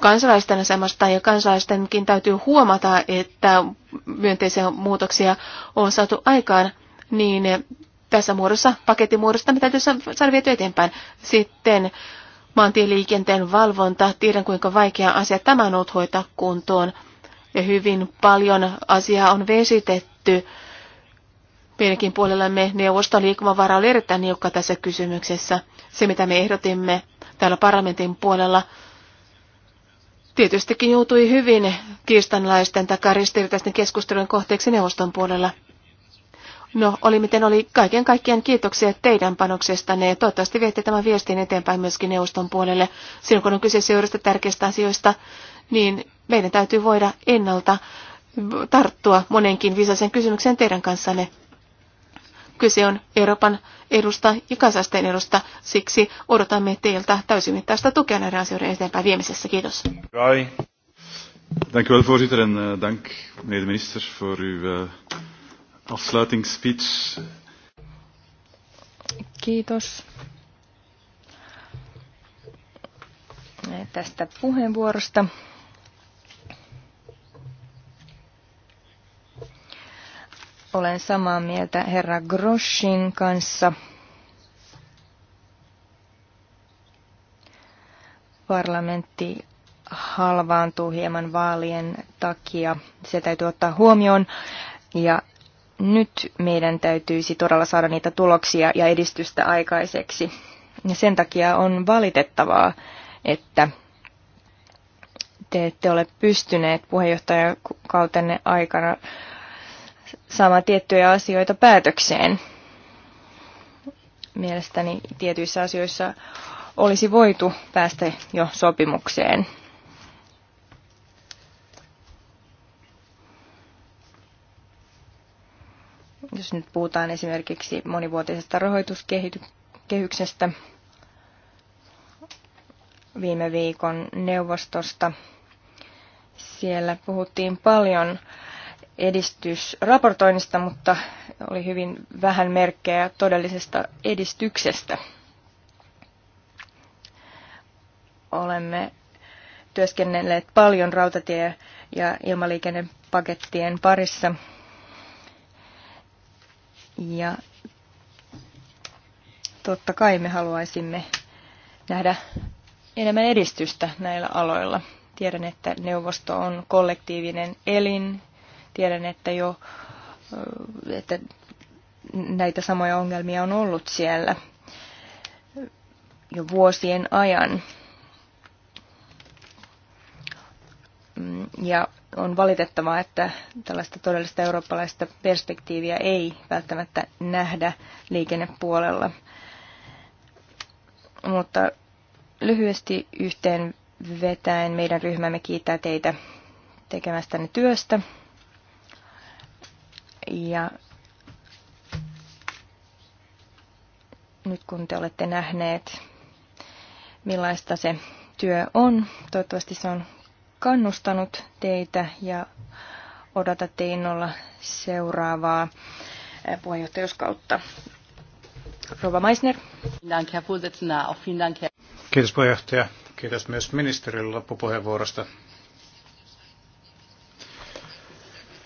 kansalaisten asemasta ja kansalaistenkin täytyy huomata, että myönteisiä muutoksia on saatu aikaan, niin tässä muodossa, pakettimuodosta, me täytyy saada viety eteenpäin. Sitten maantieliikenteen valvonta, tiedän kuinka vaikea asia tämä on ollut hoitaa kuntoon. Ja hyvin paljon asiaa on vesitetty Meidänkin puolellamme neuvoston liikkumavara oli erittäin niukka tässä kysymyksessä. Se, mitä me ehdotimme täällä parlamentin puolella, tietystikin joutui hyvin kiistanlaisten tai ristiriitaisten keskustelujen kohteeksi neuvoston puolella. No, oli miten oli. Kaiken kaikkiaan kiitoksia teidän panoksestanne ja toivottavasti viette tämän viestin eteenpäin myöskin neuvoston puolelle. Silloin kun on kyse seurasta tärkeistä asioista, niin meidän täytyy voida ennalta tarttua monenkin viisaisen kysymykseen teidän kanssanne. Kyse on Euroopan edusta ja kansallisten edusta. Siksi odotamme teiltä täysimittaista tukea näiden asioiden eteenpäin viemisessä. Kiitos. Dank u wel, voorzitter, en uh, dank, meneer de minister, voor uw uh, eh, afsluitingsspeech. Kiitos tästä puheenvuorosta. Olen samaa mieltä herra Groshin kanssa. Parlamentti halvaantuu hieman vaalien takia. Se täytyy ottaa huomioon. Ja nyt meidän täytyisi todella saada niitä tuloksia ja edistystä aikaiseksi. Ja sen takia on valitettavaa, että te ette ole pystyneet puheenjohtajakautenne aikana saamaan tiettyjä asioita päätökseen. Mielestäni tietyissä asioissa olisi voitu päästä jo sopimukseen. Jos nyt puhutaan esimerkiksi monivuotisesta rahoituskehyksestä viime viikon neuvostosta, siellä puhuttiin paljon äh, edistysraportoinnista, mutta oli hyvin vähän merkkejä todellisesta edistyksestä. Olemme työskennelleet paljon rautatie- ja ilmaliikennepakettien parissa. Ja totta kai me haluaisimme nähdä enemmän edistystä näillä aloilla. Tiedän, että neuvosto on kollektiivinen elin, Tiedän, että jo että näitä samoja ongelmia on ollut siellä jo vuosien ajan. Ja on valitettavaa, että tällaista todellista eurooppalaista perspektiiviä ei välttämättä nähdä liikennepuolella. Mutta lyhyesti yhteen vetäen meidän ryhmämme kiittää teitä tekemästänne työstä ja nyt kun te olette nähneet, millaista se työ on, toivottavasti se on kannustanut teitä ja odotatte innolla seuraavaa eh, puheenjohtajuuskautta. Rova Meisner. Kiitos puheenjohtaja. Kiitos myös ministerille loppupuheenvuorosta.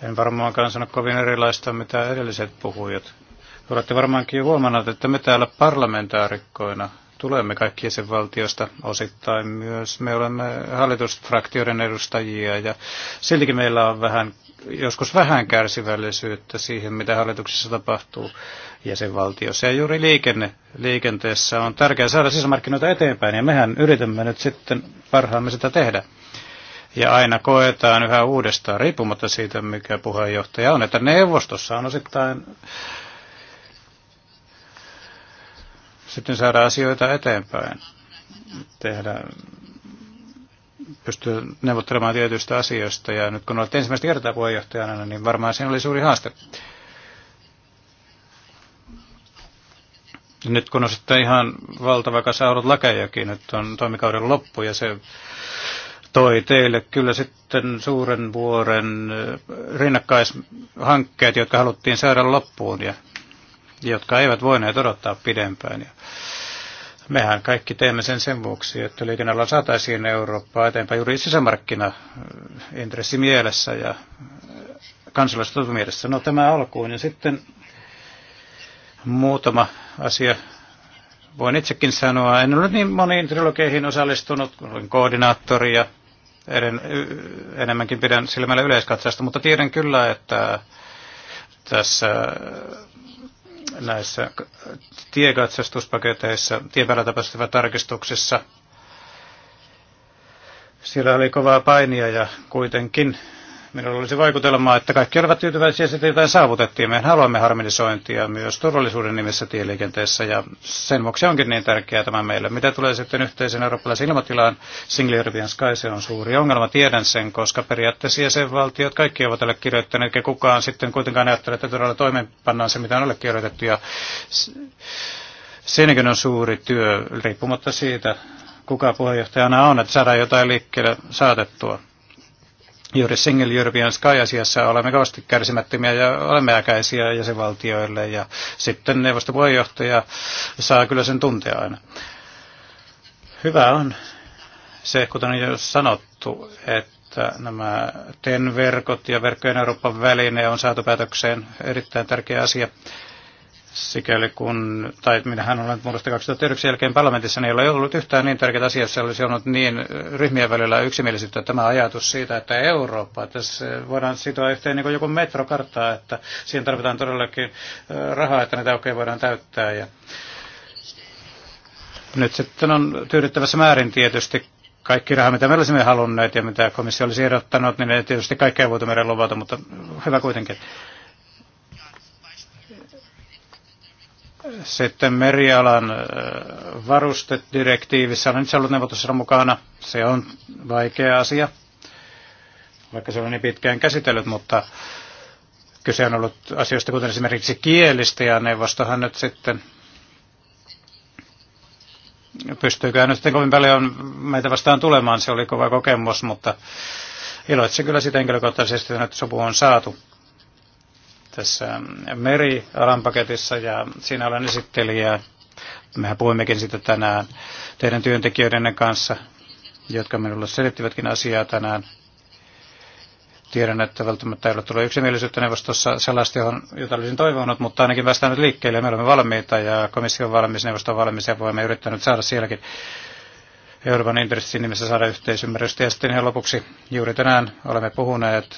En varmaankaan sano kovin erilaista, mitä edelliset puhujat. Olette varmaankin huomannut, että me täällä parlamentaarikkoina tulemme kaikki jäsenvaltiosta osittain myös. Me olemme hallitusfraktioiden edustajia ja siltikin meillä on vähän, joskus vähän kärsivällisyyttä siihen, mitä hallituksessa tapahtuu jäsenvaltiossa. Ja juuri liikenne, liikenteessä on tärkeää saada sisämarkkinoita eteenpäin ja mehän yritämme nyt sitten parhaamme sitä tehdä ja aina koetaan yhä uudestaan, riippumatta siitä, mikä puheenjohtaja on, että neuvostossa on osittain sitten saada asioita eteenpäin, tehdä, pystyä neuvottelemaan tietyistä asioista. Ja nyt kun olet ensimmäistä kertaa puheenjohtajana, niin varmaan siinä oli suuri haaste. Nyt kun on sitten ihan valtava kasa ollut lakejakin, nyt on toimikauden loppu ja se toi teille kyllä sitten suuren vuoren rinnakkaishankkeet, jotka haluttiin saada loppuun ja jotka eivät voineet odottaa pidempään. Ja mehän kaikki teemme sen sen vuoksi, että liikennellä saataisiin Eurooppaa eteenpäin juuri sisämarkkina-intressi mielessä ja kansalaiset mielessä. No tämä alkuun ja sitten muutama asia voin itsekin sanoa. En ole niin moniin trilogeihin osallistunut, olin koordinaattori ja eden, enemmänkin pidän silmällä yleiskatsausta, mutta tiedän kyllä, että tässä näissä tiekatsastuspaketeissa, tiepäällä tapahtuvissa tarkistuksissa, siellä oli kovaa painia ja kuitenkin Minulla olisi vaikutelma, että kaikki olivat tyytyväisiä että jotain saavutettiin. Me haluamme harmonisointia myös turvallisuuden nimessä tieliikenteessä ja sen vuoksi onkin niin tärkeää tämä meille. Mitä tulee sitten yhteisen eurooppalaisen ilmatilaan, Single European Sky, se on suuri ongelma, tiedän sen, koska periaatteessa jäsenvaltiot kaikki ovat allekirjoittaneet ja kukaan sitten kuitenkaan ajattelee, että todella toimeenpannaan se, mitä on allekirjoitettu ja siinäkin on suuri työ, riippumatta siitä, kuka puheenjohtajana on, että saadaan jotain liikkeelle saatettua. Juuri Single European Sky-asiassa olemme kovasti kärsimättömiä ja olemme äkäisiä jäsenvaltioille ja sitten neuvostopuheenjohtaja saa kyllä sen tuntea aina. Hyvä on se, kuten on jo sanottu, että nämä TEN-verkot ja verkkojen Euroopan väline on saatu päätökseen erittäin tärkeä asia sikäli kun, tai minähän olen vuodesta 2009 jälkeen parlamentissa, niin ei ole ollut yhtään niin tärkeää asiaa, se olisi ollut niin ryhmien välillä yksimielisyyttä tämä ajatus siitä, että Eurooppa, että se voidaan sitoa yhteen niin kuin joku metrokarttaa, että siihen tarvitaan todellakin rahaa, että näitä aukeja voidaan täyttää. Ja nyt sitten on tyydyttävässä määrin tietysti kaikki raha, mitä me olisimme halunneet ja mitä komissio olisi ehdottanut, niin ei tietysti kaikkea voitu meidän luvata, mutta hyvä kuitenkin. Sitten merialan varustedirektiivissä on itse ollut neuvotussa mukana. Se on vaikea asia, vaikka se on niin pitkään käsitellyt, mutta kyse on ollut asioista kuten esimerkiksi kielistä ja neuvostohan nyt sitten pystyykään nyt sitten kovin paljon meitä vastaan tulemaan. Se oli kova kokemus, mutta iloitsen kyllä sitä henkilökohtaisesti, että sopu on saatu tässä merialan paketissa ja siinä olen esittelijä. Mehän puhuimmekin sitä tänään teidän työntekijöidenne kanssa, jotka minulle selittivätkin asiaa tänään. Tiedän, että välttämättä ei ole tullut yksimielisyyttä neuvostossa sellaista, johon, jota olisin toivonut, mutta ainakin päästään nyt liikkeelle. Me olemme valmiita ja komissio on valmis, neuvosto on valmis ja voimme yrittää nyt saada sielläkin Euroopan intressin nimessä saada yhteisymmärrystä. Ja sitten ihan lopuksi juuri tänään olemme puhuneet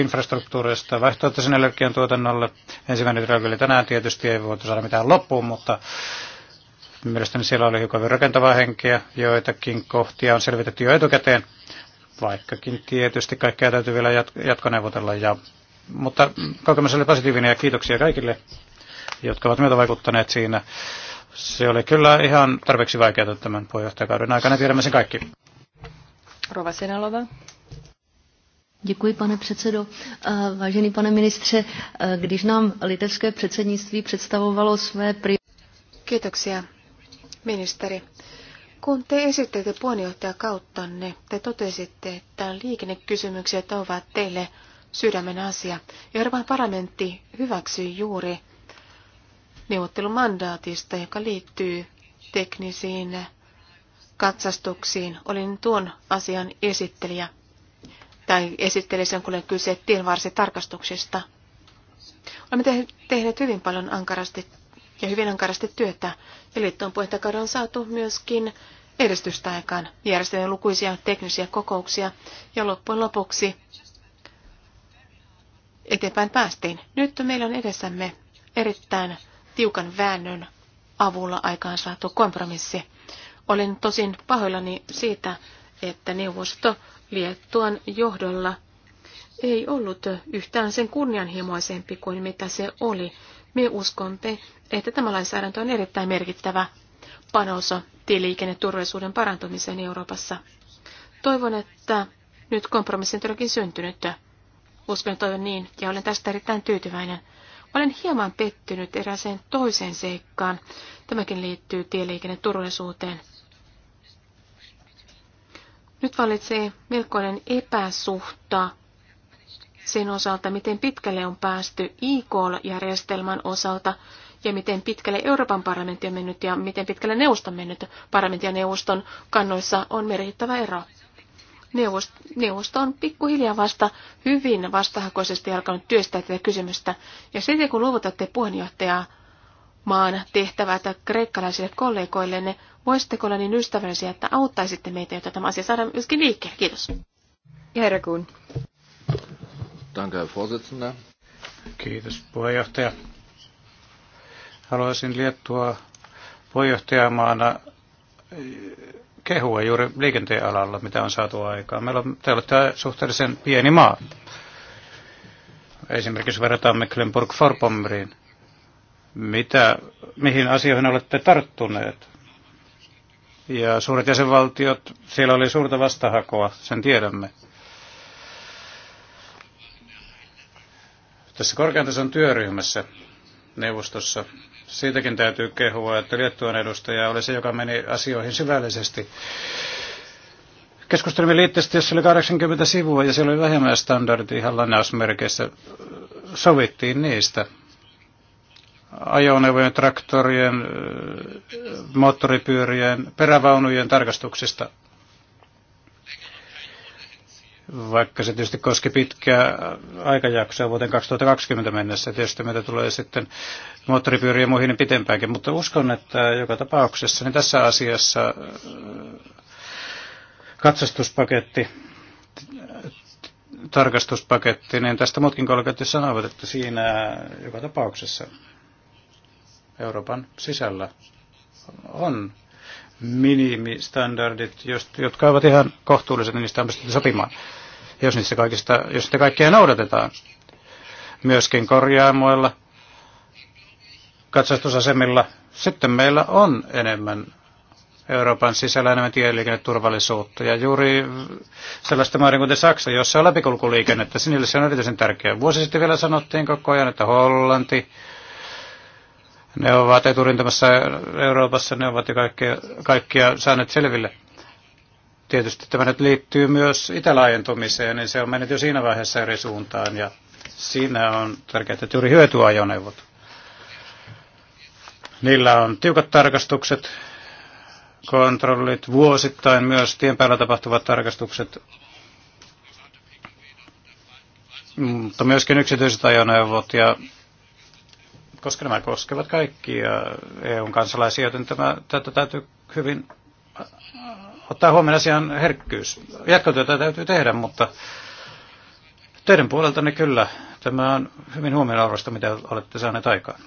infrastruktuurista vaihtoehtoisen energian tuotannolle. Ensimmäinen trilogi oli tänään tietysti, ei voitu saada mitään loppuun, mutta mielestäni siellä oli hiukan rakentavaa henkeä. Joitakin kohtia on selvitetty jo etukäteen, vaikkakin tietysti kaikkea täytyy vielä jatkoneuvotella. Ja, mutta kokemus oli positiivinen ja kiitoksia kaikille, jotka ovat myötä vaikuttaneet siinä. Se oli kyllä ihan tarpeeksi vaikeaa tämän puheenjohtajakauden aikana, tiedämme sen kaikki. Rova Senalova. Děkuji, pane předsedo. Eh, vážený pane ministře, eh, když nám litevské předsednictví představovalo své priority... Kiitoksia, ministeri. Kun te puheenjohtaja kauttanne, te totesitte, että liikennekysymykset ovat teille sydämen asia. Euroopan parlamentti hyväksyi juuri neuvottelumandaatista, joka liittyy teknisiin katsastuksiin. Olin tuon asian esittelijä tai esittelee sen, kun kyse tienvarsitarkastuksista. Olemme tehneet hyvin paljon ankarasti ja hyvin ankarasti työtä, ja liittoon puheenjohtajakaudella on saatu myöskin edistystä aikaan. järjestäneen lukuisia teknisiä kokouksia, ja loppujen lopuksi eteenpäin päästiin. Nyt meillä on edessämme erittäin tiukan väännön avulla aikaan saatu kompromissi. Olin tosin pahoillani siitä, että neuvosto Liettuan johdolla ei ollut yhtään sen kunnianhimoisempi kuin mitä se oli. Me uskomme, että tämä lainsäädäntö on erittäin merkittävä panos tieliikenneturvallisuuden parantumiseen Euroopassa. Toivon, että nyt kompromissi on todellakin syntynyt. Uskon toivon niin, ja olen tästä erittäin tyytyväinen. Olen hieman pettynyt erääseen toiseen seikkaan. Tämäkin liittyy tieliikenneturvallisuuteen. turvallisuuteen nyt valitsee melkoinen epäsuhta sen osalta, miten pitkälle on päästy IKL-järjestelmän osalta ja miten pitkälle Euroopan parlamentti on mennyt ja miten pitkälle neuvosto on mennyt. Parlamentin ja neuvoston kannoissa on merkittävä ero. Neuvost, neuvosto on pikkuhiljaa vasta hyvin vastahakoisesti alkanut työstää tätä kysymystä. Ja sitten kun luovutatte puheenjohtajaa maan tehtävää tai kreikkalaisille ne Voisitteko olla niin ystävällisiä, että auttaisitte meitä, jotta tämä asia saadaan myöskin liikkeelle? Kiitos. Ja herra Kuhn. Kiitos, puheenjohtaja. Haluaisin Liettua puheenjohtajamaana eh, kehua juuri liikenteen alalla, mitä on saatu aikaan. Meillä on, te olette suhteellisen pieni maa. Esimerkiksi verrataan Mecklenburg-Vorpommeriin. Mitä, mihin asioihin olette tarttuneet? Ja suuret jäsenvaltiot, siellä oli suurta vastahakoa, sen tiedämme. Tässä korkean tason työryhmässä neuvostossa, siitäkin täytyy kehua, että Liettuan edustaja oli se, joka meni asioihin syvällisesti. Keskustelimme liitteestä, jossa oli 80 sivua ja siellä oli vähemmän standardi ihan lainausmerkeissä. Sovittiin niistä ajoneuvojen, traktorien, moottoripyörien, perävaunujen tarkastuksista. Vaikka se tietysti koski pitkää aikajaksoa vuoteen 2020 mennessä, tietysti meitä tulee sitten moottoripyöriä ja muihin pitempäänkin, mutta uskon, että joka tapauksessa niin tässä asiassa katsastuspaketti, tarkastuspaketti, niin tästä muutkin kollegat sanovat, että siinä joka tapauksessa Euroopan sisällä on minimistandardit, jotka ovat ihan kohtuulliset, niin niistä on pystytty sopimaan. Jos niistä kaikista, jos niistä kaikkia noudatetaan, myöskin korjaamoilla, katsastusasemilla, sitten meillä on enemmän Euroopan sisällä enemmän tieliikenneturvallisuutta. Ja juuri sellaista määrin kuin Saksa, jossa on läpikulkuliikennettä, sinille se on erityisen tärkeää. Vuosi sitten vielä sanottiin koko ajan, että Hollanti, ne ovat eturintamassa Euroopassa, ne ovat jo kaikkia, kaikkia saaneet selville. Tietysti tämä nyt liittyy myös itälaajentumiseen, niin se on mennyt jo siinä vaiheessa eri suuntaan ja siinä on tärkeää, että juuri hyötyajoneuvot. Niillä on tiukat tarkastukset, kontrollit, vuosittain myös tien päällä tapahtuvat tarkastukset, mutta myöskin yksityiset ajoneuvot ja koska nämä koskevat kaikkia EUn kansalaisia, joten tämä, tätä täytyy hyvin ottaa huomioon asian herkkyys. Jatkotyötä täytyy tehdä, mutta teidän puoleltanne kyllä. Tämä on hyvin huomionarvoista, mitä olette saaneet aikaan.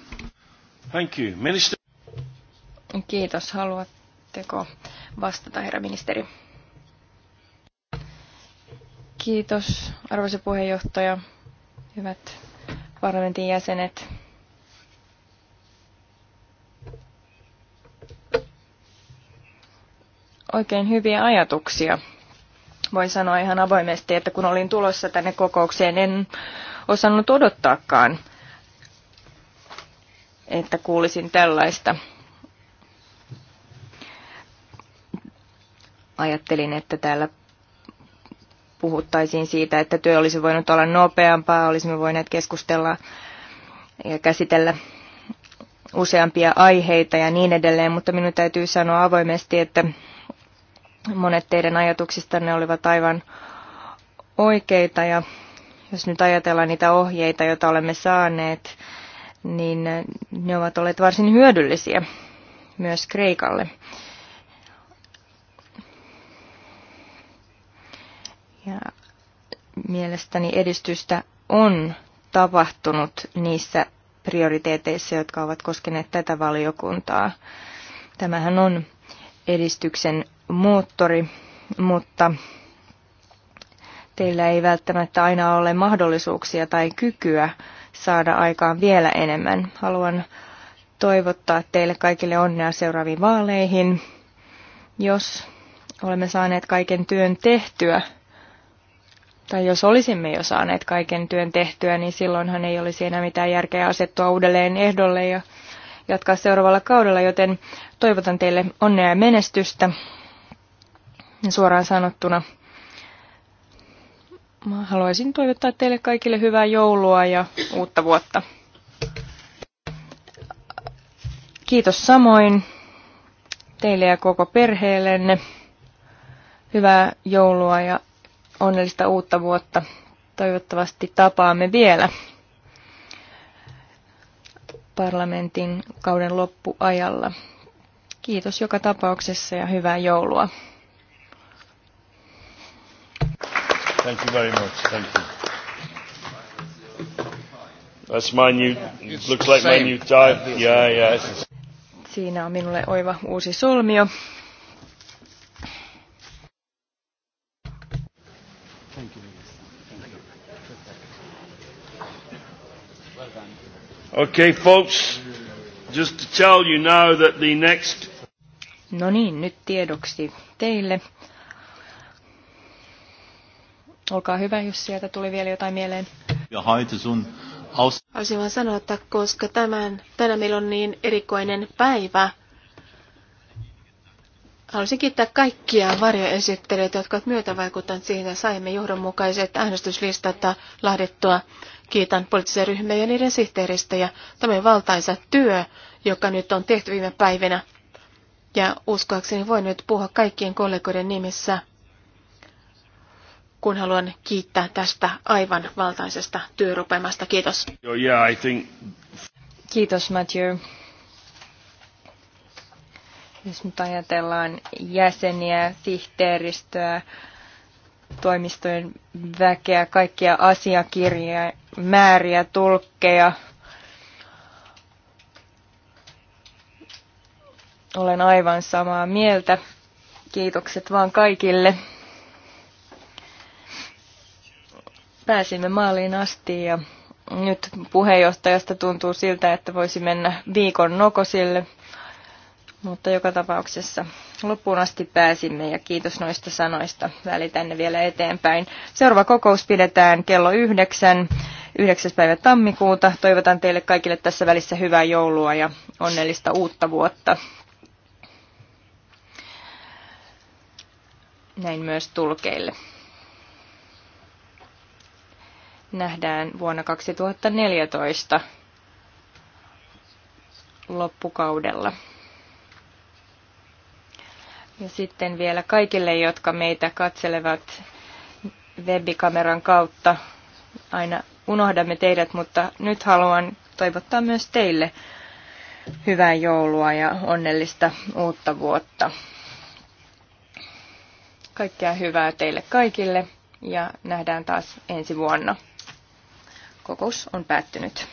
Thank you. Minister... Kiitos. Haluatteko vastata, herra ministeri? Kiitos, arvoisa puheenjohtaja. Hyvät parlamentin jäsenet. oikein hyviä ajatuksia. Voin sanoa ihan avoimesti, että kun olin tulossa tänne kokoukseen, en osannut odottaakaan, että kuulisin tällaista. Ajattelin, että täällä puhuttaisiin siitä, että työ olisi voinut olla nopeampaa, olisimme voineet keskustella ja käsitellä useampia aiheita ja niin edelleen, mutta minun täytyy sanoa avoimesti, että Monet teidän ajatuksistanne olivat aivan oikeita ja jos nyt ajatellaan niitä ohjeita, joita olemme saaneet, niin ne ovat olleet varsin hyödyllisiä myös Kreikalle. Ja mielestäni edistystä on tapahtunut niissä prioriteeteissa, jotka ovat koskeneet tätä valiokuntaa. Tämähän on edistyksen moottori, mutta teillä ei välttämättä aina ole mahdollisuuksia tai kykyä saada aikaan vielä enemmän. Haluan toivottaa teille kaikille onnea seuraaviin vaaleihin. Jos olemme saaneet kaiken työn tehtyä, tai jos olisimme jo saaneet kaiken työn tehtyä, niin silloinhan ei olisi enää mitään järkeä asettua uudelleen ehdolle ja jatkaa seuraavalla kaudella, joten toivotan teille onnea ja menestystä suoraan sanottuna. Mä haluaisin toivottaa teille kaikille hyvää joulua ja uutta vuotta. Kiitos samoin teille ja koko perheellenne. Hyvää joulua ja onnellista uutta vuotta. Toivottavasti tapaamme vielä parlamentin kauden loppuajalla. Kiitos joka tapauksessa ja hyvää joulua. Thank you very much. Thank you. That's my new, it looks like my new tie. Yeah, yeah. Siinä on minulle oiva uusi solmio. Okay, folks, just to tell you now that the next... No niin, nyt tiedoksi teille, Olkaa hyvä, jos sieltä tuli vielä jotain mieleen. Haluaisin vain sanoa, että koska tämän, tänä meillä on niin erikoinen päivä, Haluaisin kiittää kaikkia varjoesittelijöitä, jotka ovat myötävaikuttaneet siihen, että saimme johdonmukaiset äänestyslistat lahdettua. Kiitän poliittisia ryhmiä ja niiden ja Tämä valtaisa työ, joka nyt on tehty viime päivinä. Ja uskoakseni voin nyt puhua kaikkien kollegoiden nimissä kun haluan kiittää tästä aivan valtaisesta työrupeamasta. Kiitos. Yeah, I think... Kiitos Matthew. Jos nyt ajatellaan jäseniä, sihteeristöä, toimistojen väkeä, kaikkia asiakirjoja, määriä, tulkkeja. Olen aivan samaa mieltä. Kiitokset vaan kaikille. pääsimme maaliin asti ja nyt puheenjohtajasta tuntuu siltä, että voisi mennä viikon nokosille. Mutta joka tapauksessa loppuun asti pääsimme ja kiitos noista sanoista. Välitän ne vielä eteenpäin. Seuraava kokous pidetään kello 9. 9. päivä tammikuuta. Toivotan teille kaikille tässä välissä hyvää joulua ja onnellista uutta vuotta. Näin myös tulkeille nähdään vuonna 2014 loppukaudella. Ja sitten vielä kaikille, jotka meitä katselevat webikameran kautta. Aina unohdamme teidät, mutta nyt haluan toivottaa myös teille hyvää joulua ja onnellista uutta vuotta. Kaikkea hyvää teille kaikille ja nähdään taas ensi vuonna. Kokous on päättynyt.